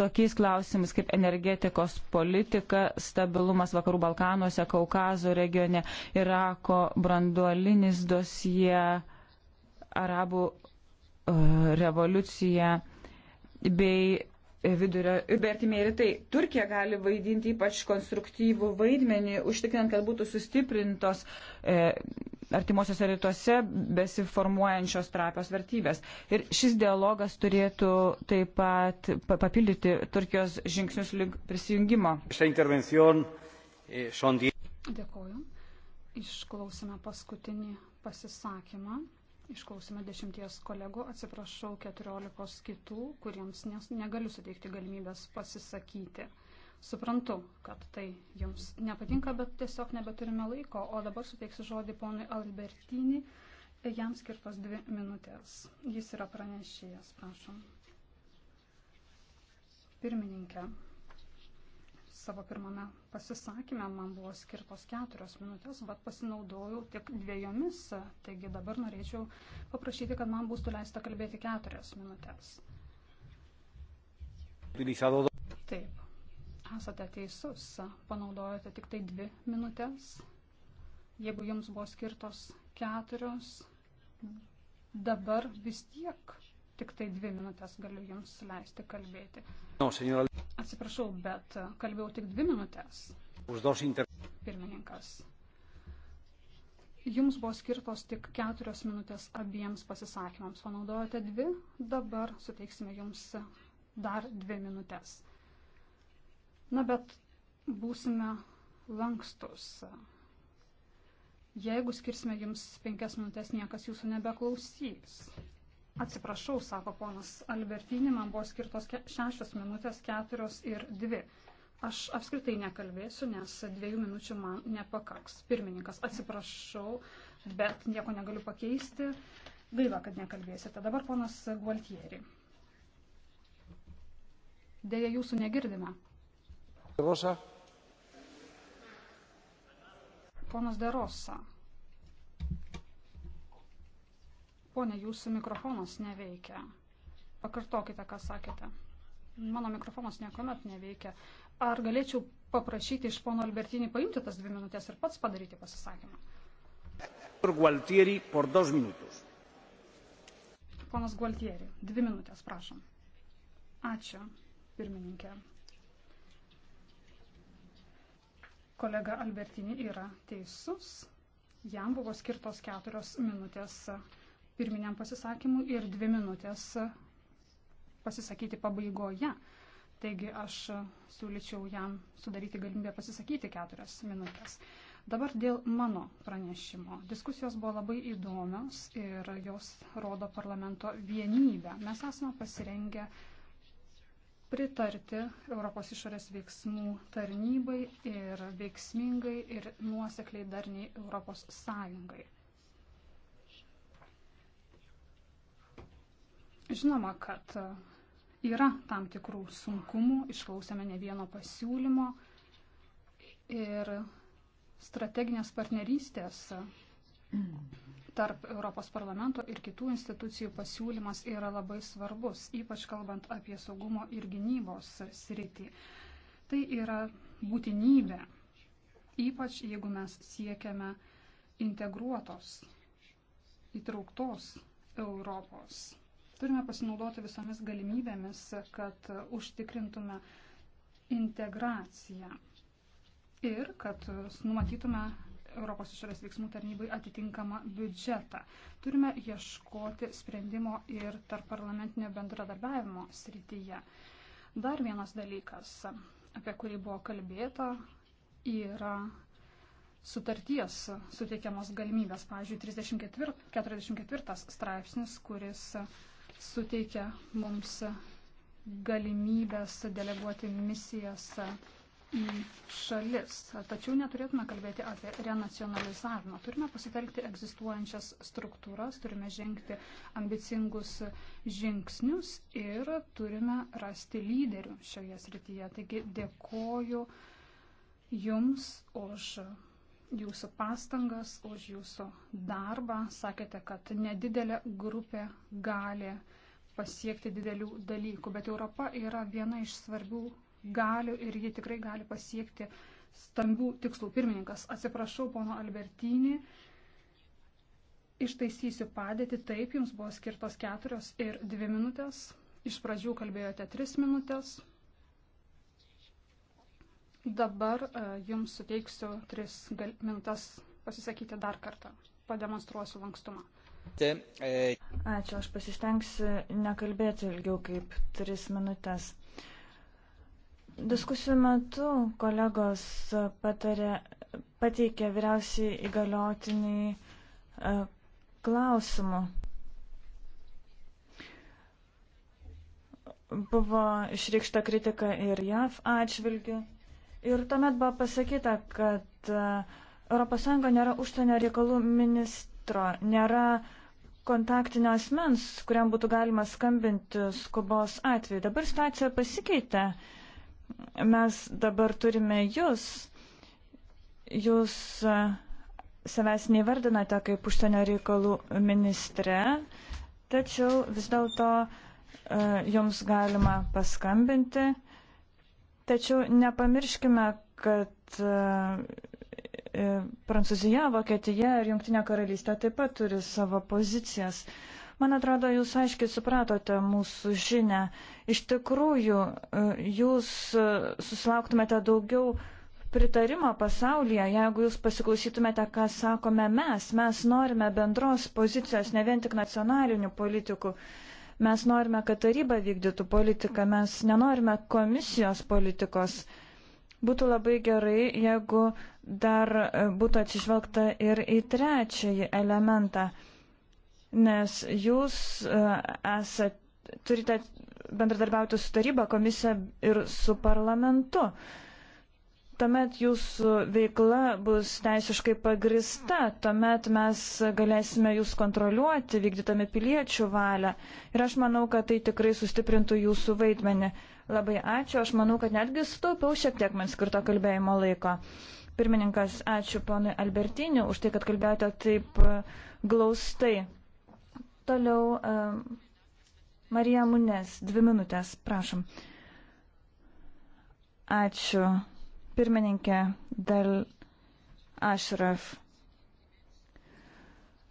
tokiais klausimais kaip energetikos politika, stabilumas Vakarų Balkanuose, Kaukazo regione, Irako branduolinis dosie, Arabų uh, revoliucija bei vidurio ir artimieji rytai. Turkija gali vaidinti ypač konstruktyvų vaidmenį, užtikrinant, kad būtų sustiprintos e, artimuosiuose rytuose besiformuojančios trapios vertybės. Ir šis dialogas turėtų taip pat papildyti Turkijos žingsnius link prisijungimo. Eh, Dėkoju. Išklausime paskutinį pasisakymą. Išklausime dešimties kolegų, atsiprašau keturiolikos kitų, kuriems nes, negaliu suteikti galimybės pasisakyti. Suprantu, kad tai jums nepatinka, bet tiesiog nebeturime laiko, o dabar suteiksiu žodį ponui Albertinį, jam skirtos dvi minutės. Jis yra pranešėjas, prašom. Pirmininkė savo pirmame pasisakymė, man buvo skirtos keturios minutės, bet pasinaudojau tik dviejomis, taigi dabar norėčiau paprašyti, kad man būtų leista kalbėti keturias minutės. Taip, esate teisus, panaudojate tik tai dvi minutės. Jeigu jums buvo skirtos keturios, dabar vis tiek tik tai dvi minutės galiu jums leisti kalbėti. Atsiprašau, bet kalbėjau tik dvi minutės. Pirmininkas. Jums buvo skirtos tik keturios minutės abiems pasisakymams, o naudojate dvi, dabar suteiksime jums dar dvi minutės. Na bet būsime lankstus. Jeigu skirsime jums penkias minutės, niekas jūsų nebeklausys. Atsiprašau, sako ponas Albertinė, man buvo skirtos 6 minutės 4 ir 2. Aš apskritai nekalbėsiu, nes dviejų minučių man nepakaks. Pirmininkas, atsiprašau, bet nieko negaliu pakeisti. Gaila, kad nekalbėsite. Dabar ponas Gualtieri. Deja, jūsų negirdime. Rosa. Ponas Derosa. Pone, jūsų mikrofonas neveikia. Pakartokite, ką sakėte. Mano mikrofonas niekuomet neveikia. Ar galėčiau paprašyti iš pono Albertinį paimti tas dvi minutės ir pats padaryti pasisakymą? Gualtieri, por dos minutus. Ponas Gualtieri, dvi minutės, prašom. Ačiū, pirmininkė. Kolega Albertini yra teisus. Jam buvo skirtos keturios minutės pirminiam pasisakymui ir dvi minutės pasisakyti pabaigoje. Taigi aš siūlyčiau jam sudaryti galimybę pasisakyti keturias minutės. Dabar dėl mano pranešimo. Diskusijos buvo labai įdomios ir jos rodo parlamento vienybę. Mes esame pasirengę pritarti Europos išorės veiksmų tarnybai ir veiksmingai ir nuosekliai darniai Europos Sąjungai. Žinoma, kad e, yra tam tikrų sunkumų, išklausėme ne vieno pasiūlymo ir strateginės partnerystės tarp Europos parlamento ir kitų institucijų pasiūlymas yra labai svarbus, ypač kalbant apie saugumo ir gynybos sritį. Tai yra būtinybė, ypač jeigu mes siekiame integruotos, įtrauktos Europos. Turime pasinaudoti visomis galimybėmis, kad užtikrintume integraciją ir kad numatytume Europos išorės veiksmų tarnybai atitinkamą biudžetą. Turime ieškoti sprendimo ir tarp parlamentinio bendradarbiavimo srityje. Dar vienas dalykas, apie kurį buvo kalbėta, yra sutarties suteikiamos galimybės, pavyzdžiui, 34, 44 straipsnis, kuris suteikia mums galimybės deleguoti misijas į šalis. Tačiau neturėtume kalbėti apie renacionalizavimą. Turime pasitelkti egzistuojančias struktūras, turime žengti ambicingus žingsnius ir turime rasti lyderių šioje srityje. Taigi dėkoju Jums už jūsų pastangas, už jūsų darbą. Sakėte, kad nedidelė grupė gali pasiekti didelių dalykų, bet Europa yra viena iš svarbių galių ir ji tikrai gali pasiekti stambių tikslų. Pirmininkas, atsiprašau, pono Albertinį, ištaisysiu padėtį. Taip, jums buvo skirtos keturios ir dvi minutės. Iš pradžių kalbėjote tris minutės. Dabar e, jums suteiksiu tris mintas pasisakyti dar kartą. Pademonstruosiu lankstumą. E, Ačiū, aš pasistengsiu nekalbėti ilgiau kaip tris minutės. Diskusijų metu kolegos patarė, pateikė vyriausiai įgaliotiniai e, klausimų. Buvo išreikšta kritika ir JAV atžvilgių. Ir tuomet buvo pasakyta, kad ES nėra užsienio reikalų ministro, nėra kontaktinio asmens, kuriam būtų galima skambinti skubos atveju. Dabar situacija pasikeitė. Mes dabar turime jūs. Jūs e, savęs nevardinate kaip užsienio reikalų ministre, tačiau vis dėlto e, jums galima paskambinti Tačiau nepamirškime, kad e, e, Prancūzija, Vokietija ir Junktinė karalystė taip pat turi savo pozicijas. Man atrodo, jūs aiškiai supratote mūsų žinę. Iš tikrųjų, e, jūs susilauktumėte daugiau pritarimo pasaulyje, jeigu jūs pasiklausytumėte, ką sakome mes. Mes norime bendros pozicijos, ne vien tik nacionalinių politikų. Uh, Mes norime, kad taryba vykdytų politiką, mes nenorime komisijos politikos. Būtų labai gerai, jeigu dar būtų atsižvelgta ir į trečiąjį elementą, nes jūs e, esat, turite bendradarbiauti su taryba, komisija ir su parlamentu. Uh, tuomet jūsų veikla bus teisiškai pagrista, tuomet mes galėsime jūs kontroliuoti, vykdytami piliečių valią. Ir aš manau, kad tai tikrai sustiprintų jūsų vaidmenį. Labai ačiū, aš manau, kad netgi sutaupiau šiek tiek man skirto kalbėjimo laiko. Pirmininkas, ačiū ponui Albertiniu už tai, kad kalbėjote taip e, glaustai. Toliau e, Marija Munes, dvi minutės, prašom. Ačiū pirmininkė Del Ashraf.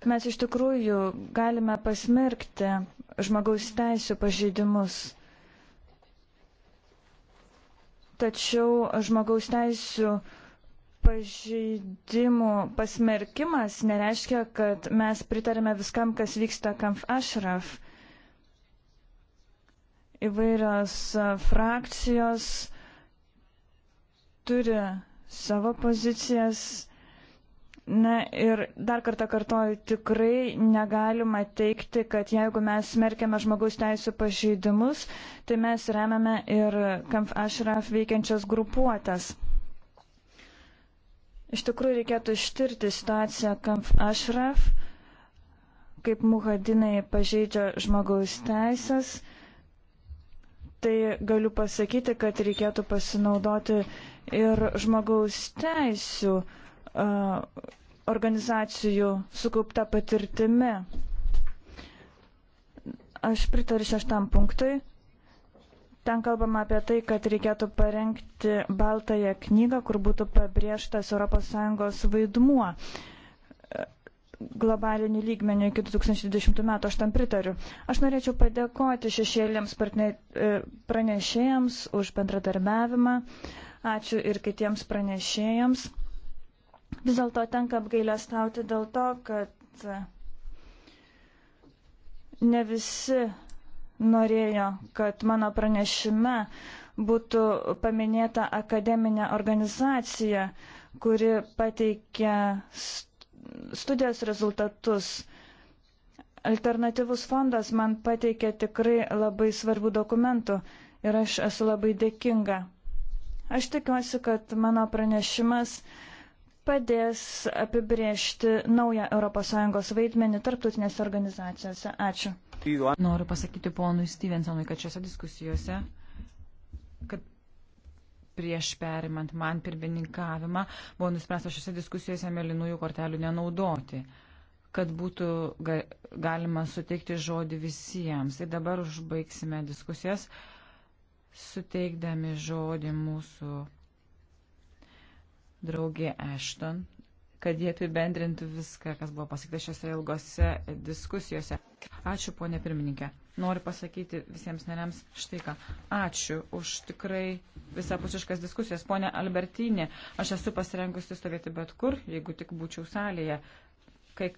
Mes iš tikrųjų galime pasmerkti žmogaus teisų pažeidimus. Tačiau žmogaus teisų pažeidimų pasmerkimas nereiškia, kad mes pritarėme viskam, kas vyksta Kamf Ashraf. Įvairios frakcijos turi savo pozicijas. Na ir dar kartą kartoju, tikrai negalima teikti, kad jeigu mes smerkiame žmogaus teisų pažeidimus, tai mes remiame ir Kamf Ashraf veikiančias grupuotės. Iš tikrųjų reikėtų ištirti situaciją Kamf Ashraf, kaip muhadinai pažeidžia žmogaus teisės. Tai galiu pasakyti, kad reikėtų pasinaudoti ir žmogaus teisų organizacijų sukaupta patirtimi. Aš pritariu šeštam punktui. Ten kalbama apie tai, kad reikėtų parengti baltąją knygą, kur būtų pabrėžtas ES vaidmuo e, globaliniu lygmeniu iki 2020 metų, aš tam pritariu. Aš norėčiau padėkoti šešėlėms e, pranešėjams už bendradarbiavimą. Ačiū ir kitiems pranešėjams. Vis dėlto tenka apgailestauti dėl to, kad ne visi norėjo, kad mano pranešime būtų paminėta akademinė organizacija, kuri pateikė studijos rezultatus. Alternatyvus fondas man pateikė tikrai labai svarbių dokumentų ir aš esu labai dėkinga. Aš tikiuosi, kad mano pranešimas padės apibriežti naują ES vaidmenį tarptautinėse organizacijose. Ačiū. Noriu pasakyti ponui Stevensonui, kad šiose diskusijose, kad prieš perimant man pirmininkavimą, buvo nuspręsta šiose diskusijose mėlynųjų kortelių nenaudoti kad būtų ga, galima suteikti žodį visiems. Ir dabar užbaigsime diskusijas suteikdami žodį mūsų draugė Ashton, kad jie apibendrintų viską, kas buvo pasakyta šiose ilgose diskusijose. Ačiū, ponė pirmininkė. Noriu pasakyti visiems nariams štai ką. Ačiū už tikrai visapusiškas diskusijas. Pone Albertinė, aš esu pasirengusi stovėti bet kur, jeigu tik būčiau salėje. Kai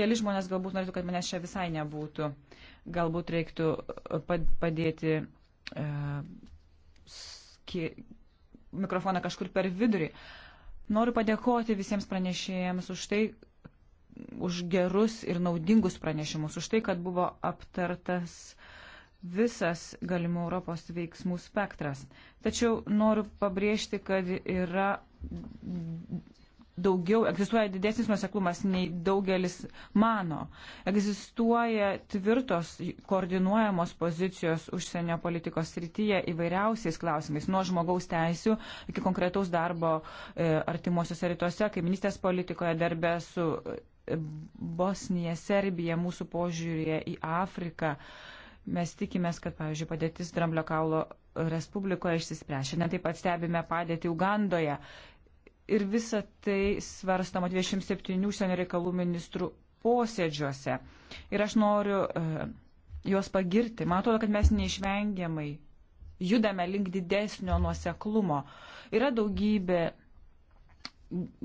keli žmonės galbūt norėtų, kad manęs čia visai nebūtų. Galbūt reiktų padėti E, mikrofoną kažkur per vidurį. Noriu padėkoti visiems pranešėjams už tai, už gerus ir naudingus pranešimus, už tai, kad buvo aptartas visas galimų Europos veiksmų spektras. Tačiau noriu pabrėžti, kad yra daugiau, egzistuoja didesnis nuseklumas nei daugelis mano. Egzistuoja tvirtos, koordinuojamos pozicijos užsienio politikos srityje įvairiausiais klausimais, nuo žmogaus teisų iki konkretaus darbo e, artimuosiuose rytuose, kaiminystės politikoje, darbė su e, Bosnija, Serbija, mūsų požiūrėje į Afriką. Mes tikimės, kad, pavyzdžiui, padėtis Dramblio kaulo Respublikoje išsispręs. Šiandien taip pat stebime padėtį Ugandoje ir visa tai svarstama 27 užsienio reikalų ministrų posėdžiuose. Ir aš noriu uh, juos pagirti. Man atrodo, kad mes neišvengiamai judame link didesnio nuoseklumo. Yra daugybė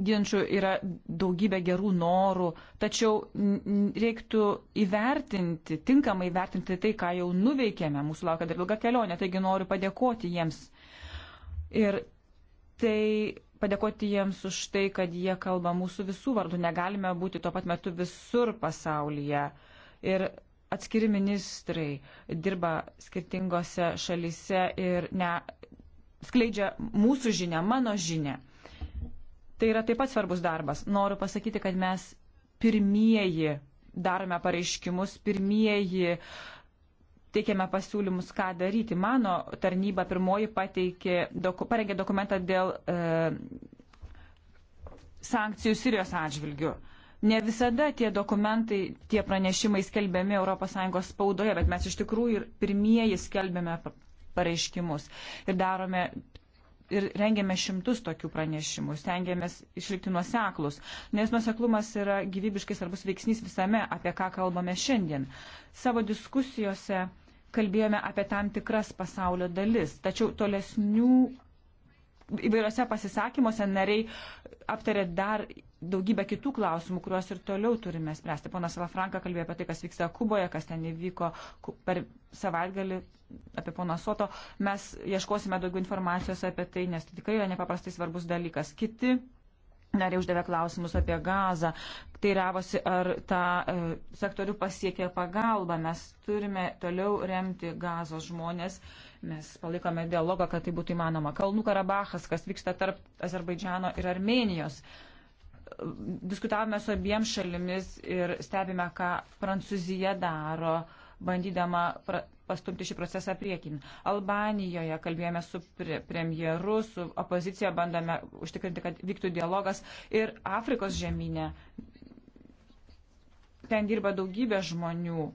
ginčių, yra daugybė gerų norų, tačiau reiktų įvertinti, tinkamai įvertinti tai, ką jau nuveikėme, mūsų laukia dar ilga kelionė, taigi noriu padėkoti jiems. Ir tai padėkoti jiems už tai, kad jie kalba mūsų visų vardų. Negalime būti tuo pat metu visur pasaulyje. Ir atskiri ministrai dirba skirtingose šalise ir ne, skleidžia mūsų žinę, mano žinę. Tai yra taip pat svarbus darbas. Noriu pasakyti, kad mes pirmieji darome pareiškimus, pirmieji uh, teikiame pasiūlymus, ką daryti. Mano tarnyba pirmoji pateikė, doku, parengė dokumentą dėl e, sankcijų Sirijos atžvilgių. Ne visada tie dokumentai, tie pranešimai skelbiami ES spaudoje, bet mes iš tikrųjų ir pirmieji skelbėme pareiškimus ir darome ir rengėme šimtus tokių pranešimų, stengiamės išlikti nuoseklus, nes nuoseklumas yra gyvybiškai svarbus veiksnys visame, apie ką kalbame šiandien. Savo diskusijose kalbėjome apie tam tikras pasaulio dalis. Tačiau tolesnių įvairiose pasisakymuose nariai aptarė dar daugybę kitų klausimų, kuriuos ir toliau turime spręsti. Ponas Lafranka kalbėjo apie tai, kas vyksta Kuboje, kas ten įvyko per savaitgalį apie poną Soto. Mes ieškosime daugiau informacijos apie tai, nes tai tikrai yra nepaprastai svarbus dalykas. Kiti Nariai uždavė klausimus apie gazą. Teiravosi, ar tą e, sektorių pasiekė pagalba. Mes turime toliau remti gazos žmonės. Mes palaikome dialogą, kad tai būtų įmanoma. Kalnų Karabachas, kas vyksta tarp Azerbaidžiano ir Armenijos. Diskutavome su abiem šalimis ir stebime, ką Prancūzija daro. E, bandydama pastumti šį procesą priekin. Albanijoje kalbėjome su pre premjeru, su opozicija, bandome užtikrinti, kad vyktų dialogas ir Afrikos žemynė. Ten dirba daugybė žmonių.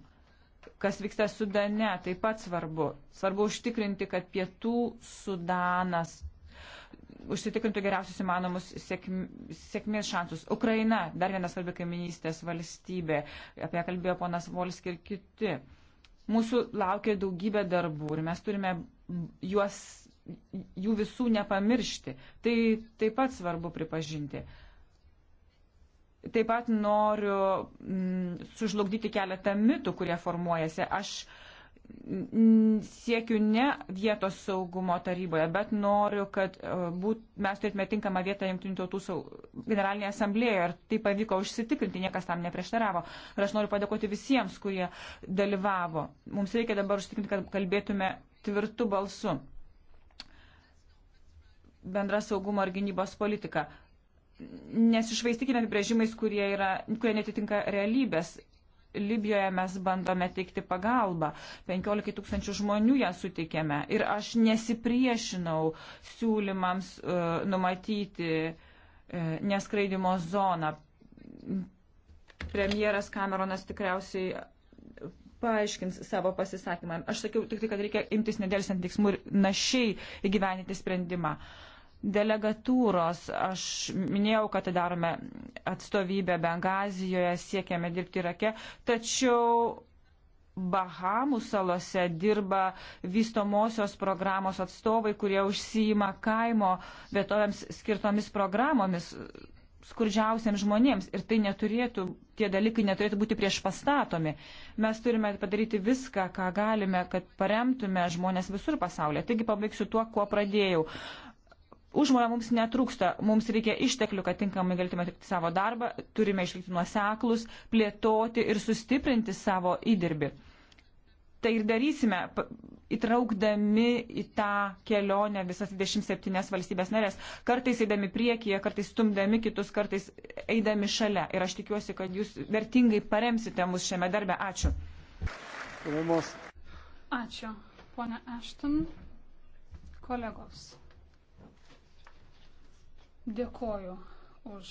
Kas vyksta Sudane, taip pat svarbu. Svarbu užtikrinti, kad pietų Sudanas užsitikrintų geriausius įmanomus sėkm, sėkmės šansus. Ukraina, dar viena svarbi kaiminystės valstybė, apie ją kalbėjo ponas Volski ir kiti. Mūsų laukia daugybė darbų ir mes turime juos, jų visų nepamiršti. Tai taip pat svarbu pripažinti. Taip pat noriu mm, sužlugdyti keletą mitų, kurie formuojasi. Aš uh, siekiu ne vietos saugumo taryboje, bet noriu, kad e, būt, mes turėtume tinkamą vietą Junktinių tautų saug... generalinėje asamblėje ir tai pavyko užsitikrinti, niekas tam neprieštaravo. Ir aš noriu padėkoti visiems, kurie dalyvavo. Mums reikia dabar užtikrinti, kad kalbėtume tvirtų balsu. Bendra saugumo ir gynybos politika. Nesišvaistykime apibrėžimais, kurie, yra, kurie netitinka realybės. Libijoje mes bandome teikti pagalbą. 15 tūkstančių žmonių ją sutikėme. Ir aš nesipriešinau siūlymams uh, numatyti uh, neskraidimo zoną. Premjeras Kameronas tikriausiai paaiškins savo pasisakymą. Aš sakiau tik tai, kad reikia imtis nedėlsiant veiksmų ir našiai įgyveninti sprendimą. Uh, Delegatūros, aš minėjau, kad darome atstovybę Bengazijoje, siekiame dirbti Irake, tačiau Bahamų salose dirba vystomosios programos atstovai, kurie užsijima kaimo vietovėms skirtomis programomis skurdžiausiams žmonėms ir tai neturėtų, tie dalykai neturėtų būti prieš pastatomi. Mes turime padaryti viską, ką galime, kad paremtume žmonės visur pasaulyje. Taigi pabaigsiu tuo, kuo pradėjau. Užmoja mums netrūksta, mums reikia išteklių, kad tinkamai galėtume atlikti savo darbą, turime išlikti nuoseklus, plėtoti ir sustiprinti savo įdirbį. Tai ir darysime, įtraukdami į tą kelionę visas 27 valstybės narės, kartais eidami priekyje, kartais stumdami kitus, kartais eidami šalia. Ir aš tikiuosi, kad jūs vertingai paremsite mus šiame darbe. Ačiū. Ačiū, ponia Ashton. Kolegos. Dėkoju už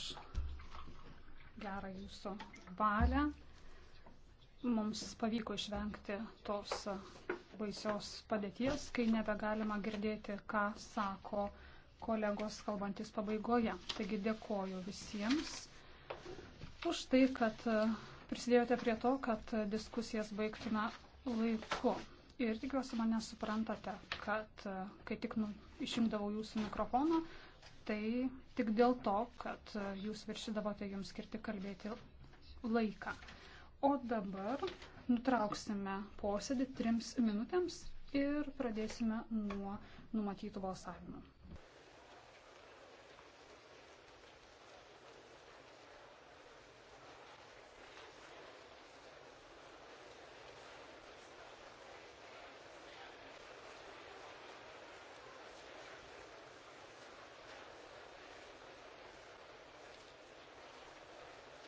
gerą jūsų valią. Mums pavyko išvengti tos baisios padėties, kai nebegalima girdėti, ką sako kolegos kalbantis pabaigoje. Taigi dėkoju visiems už tai, kad prisidėjote prie to, kad diskusijas baigtume laiku. Ir tikiuosi mane suprantate, kad kai tik nu, išimdavau jūsų mikrofoną, tai tik dėl to, kad jūs viršydavote jums skirti kalbėti laiką. O dabar nutrauksime posėdį trims minutėms ir pradėsime nuo numatytų balsavimų.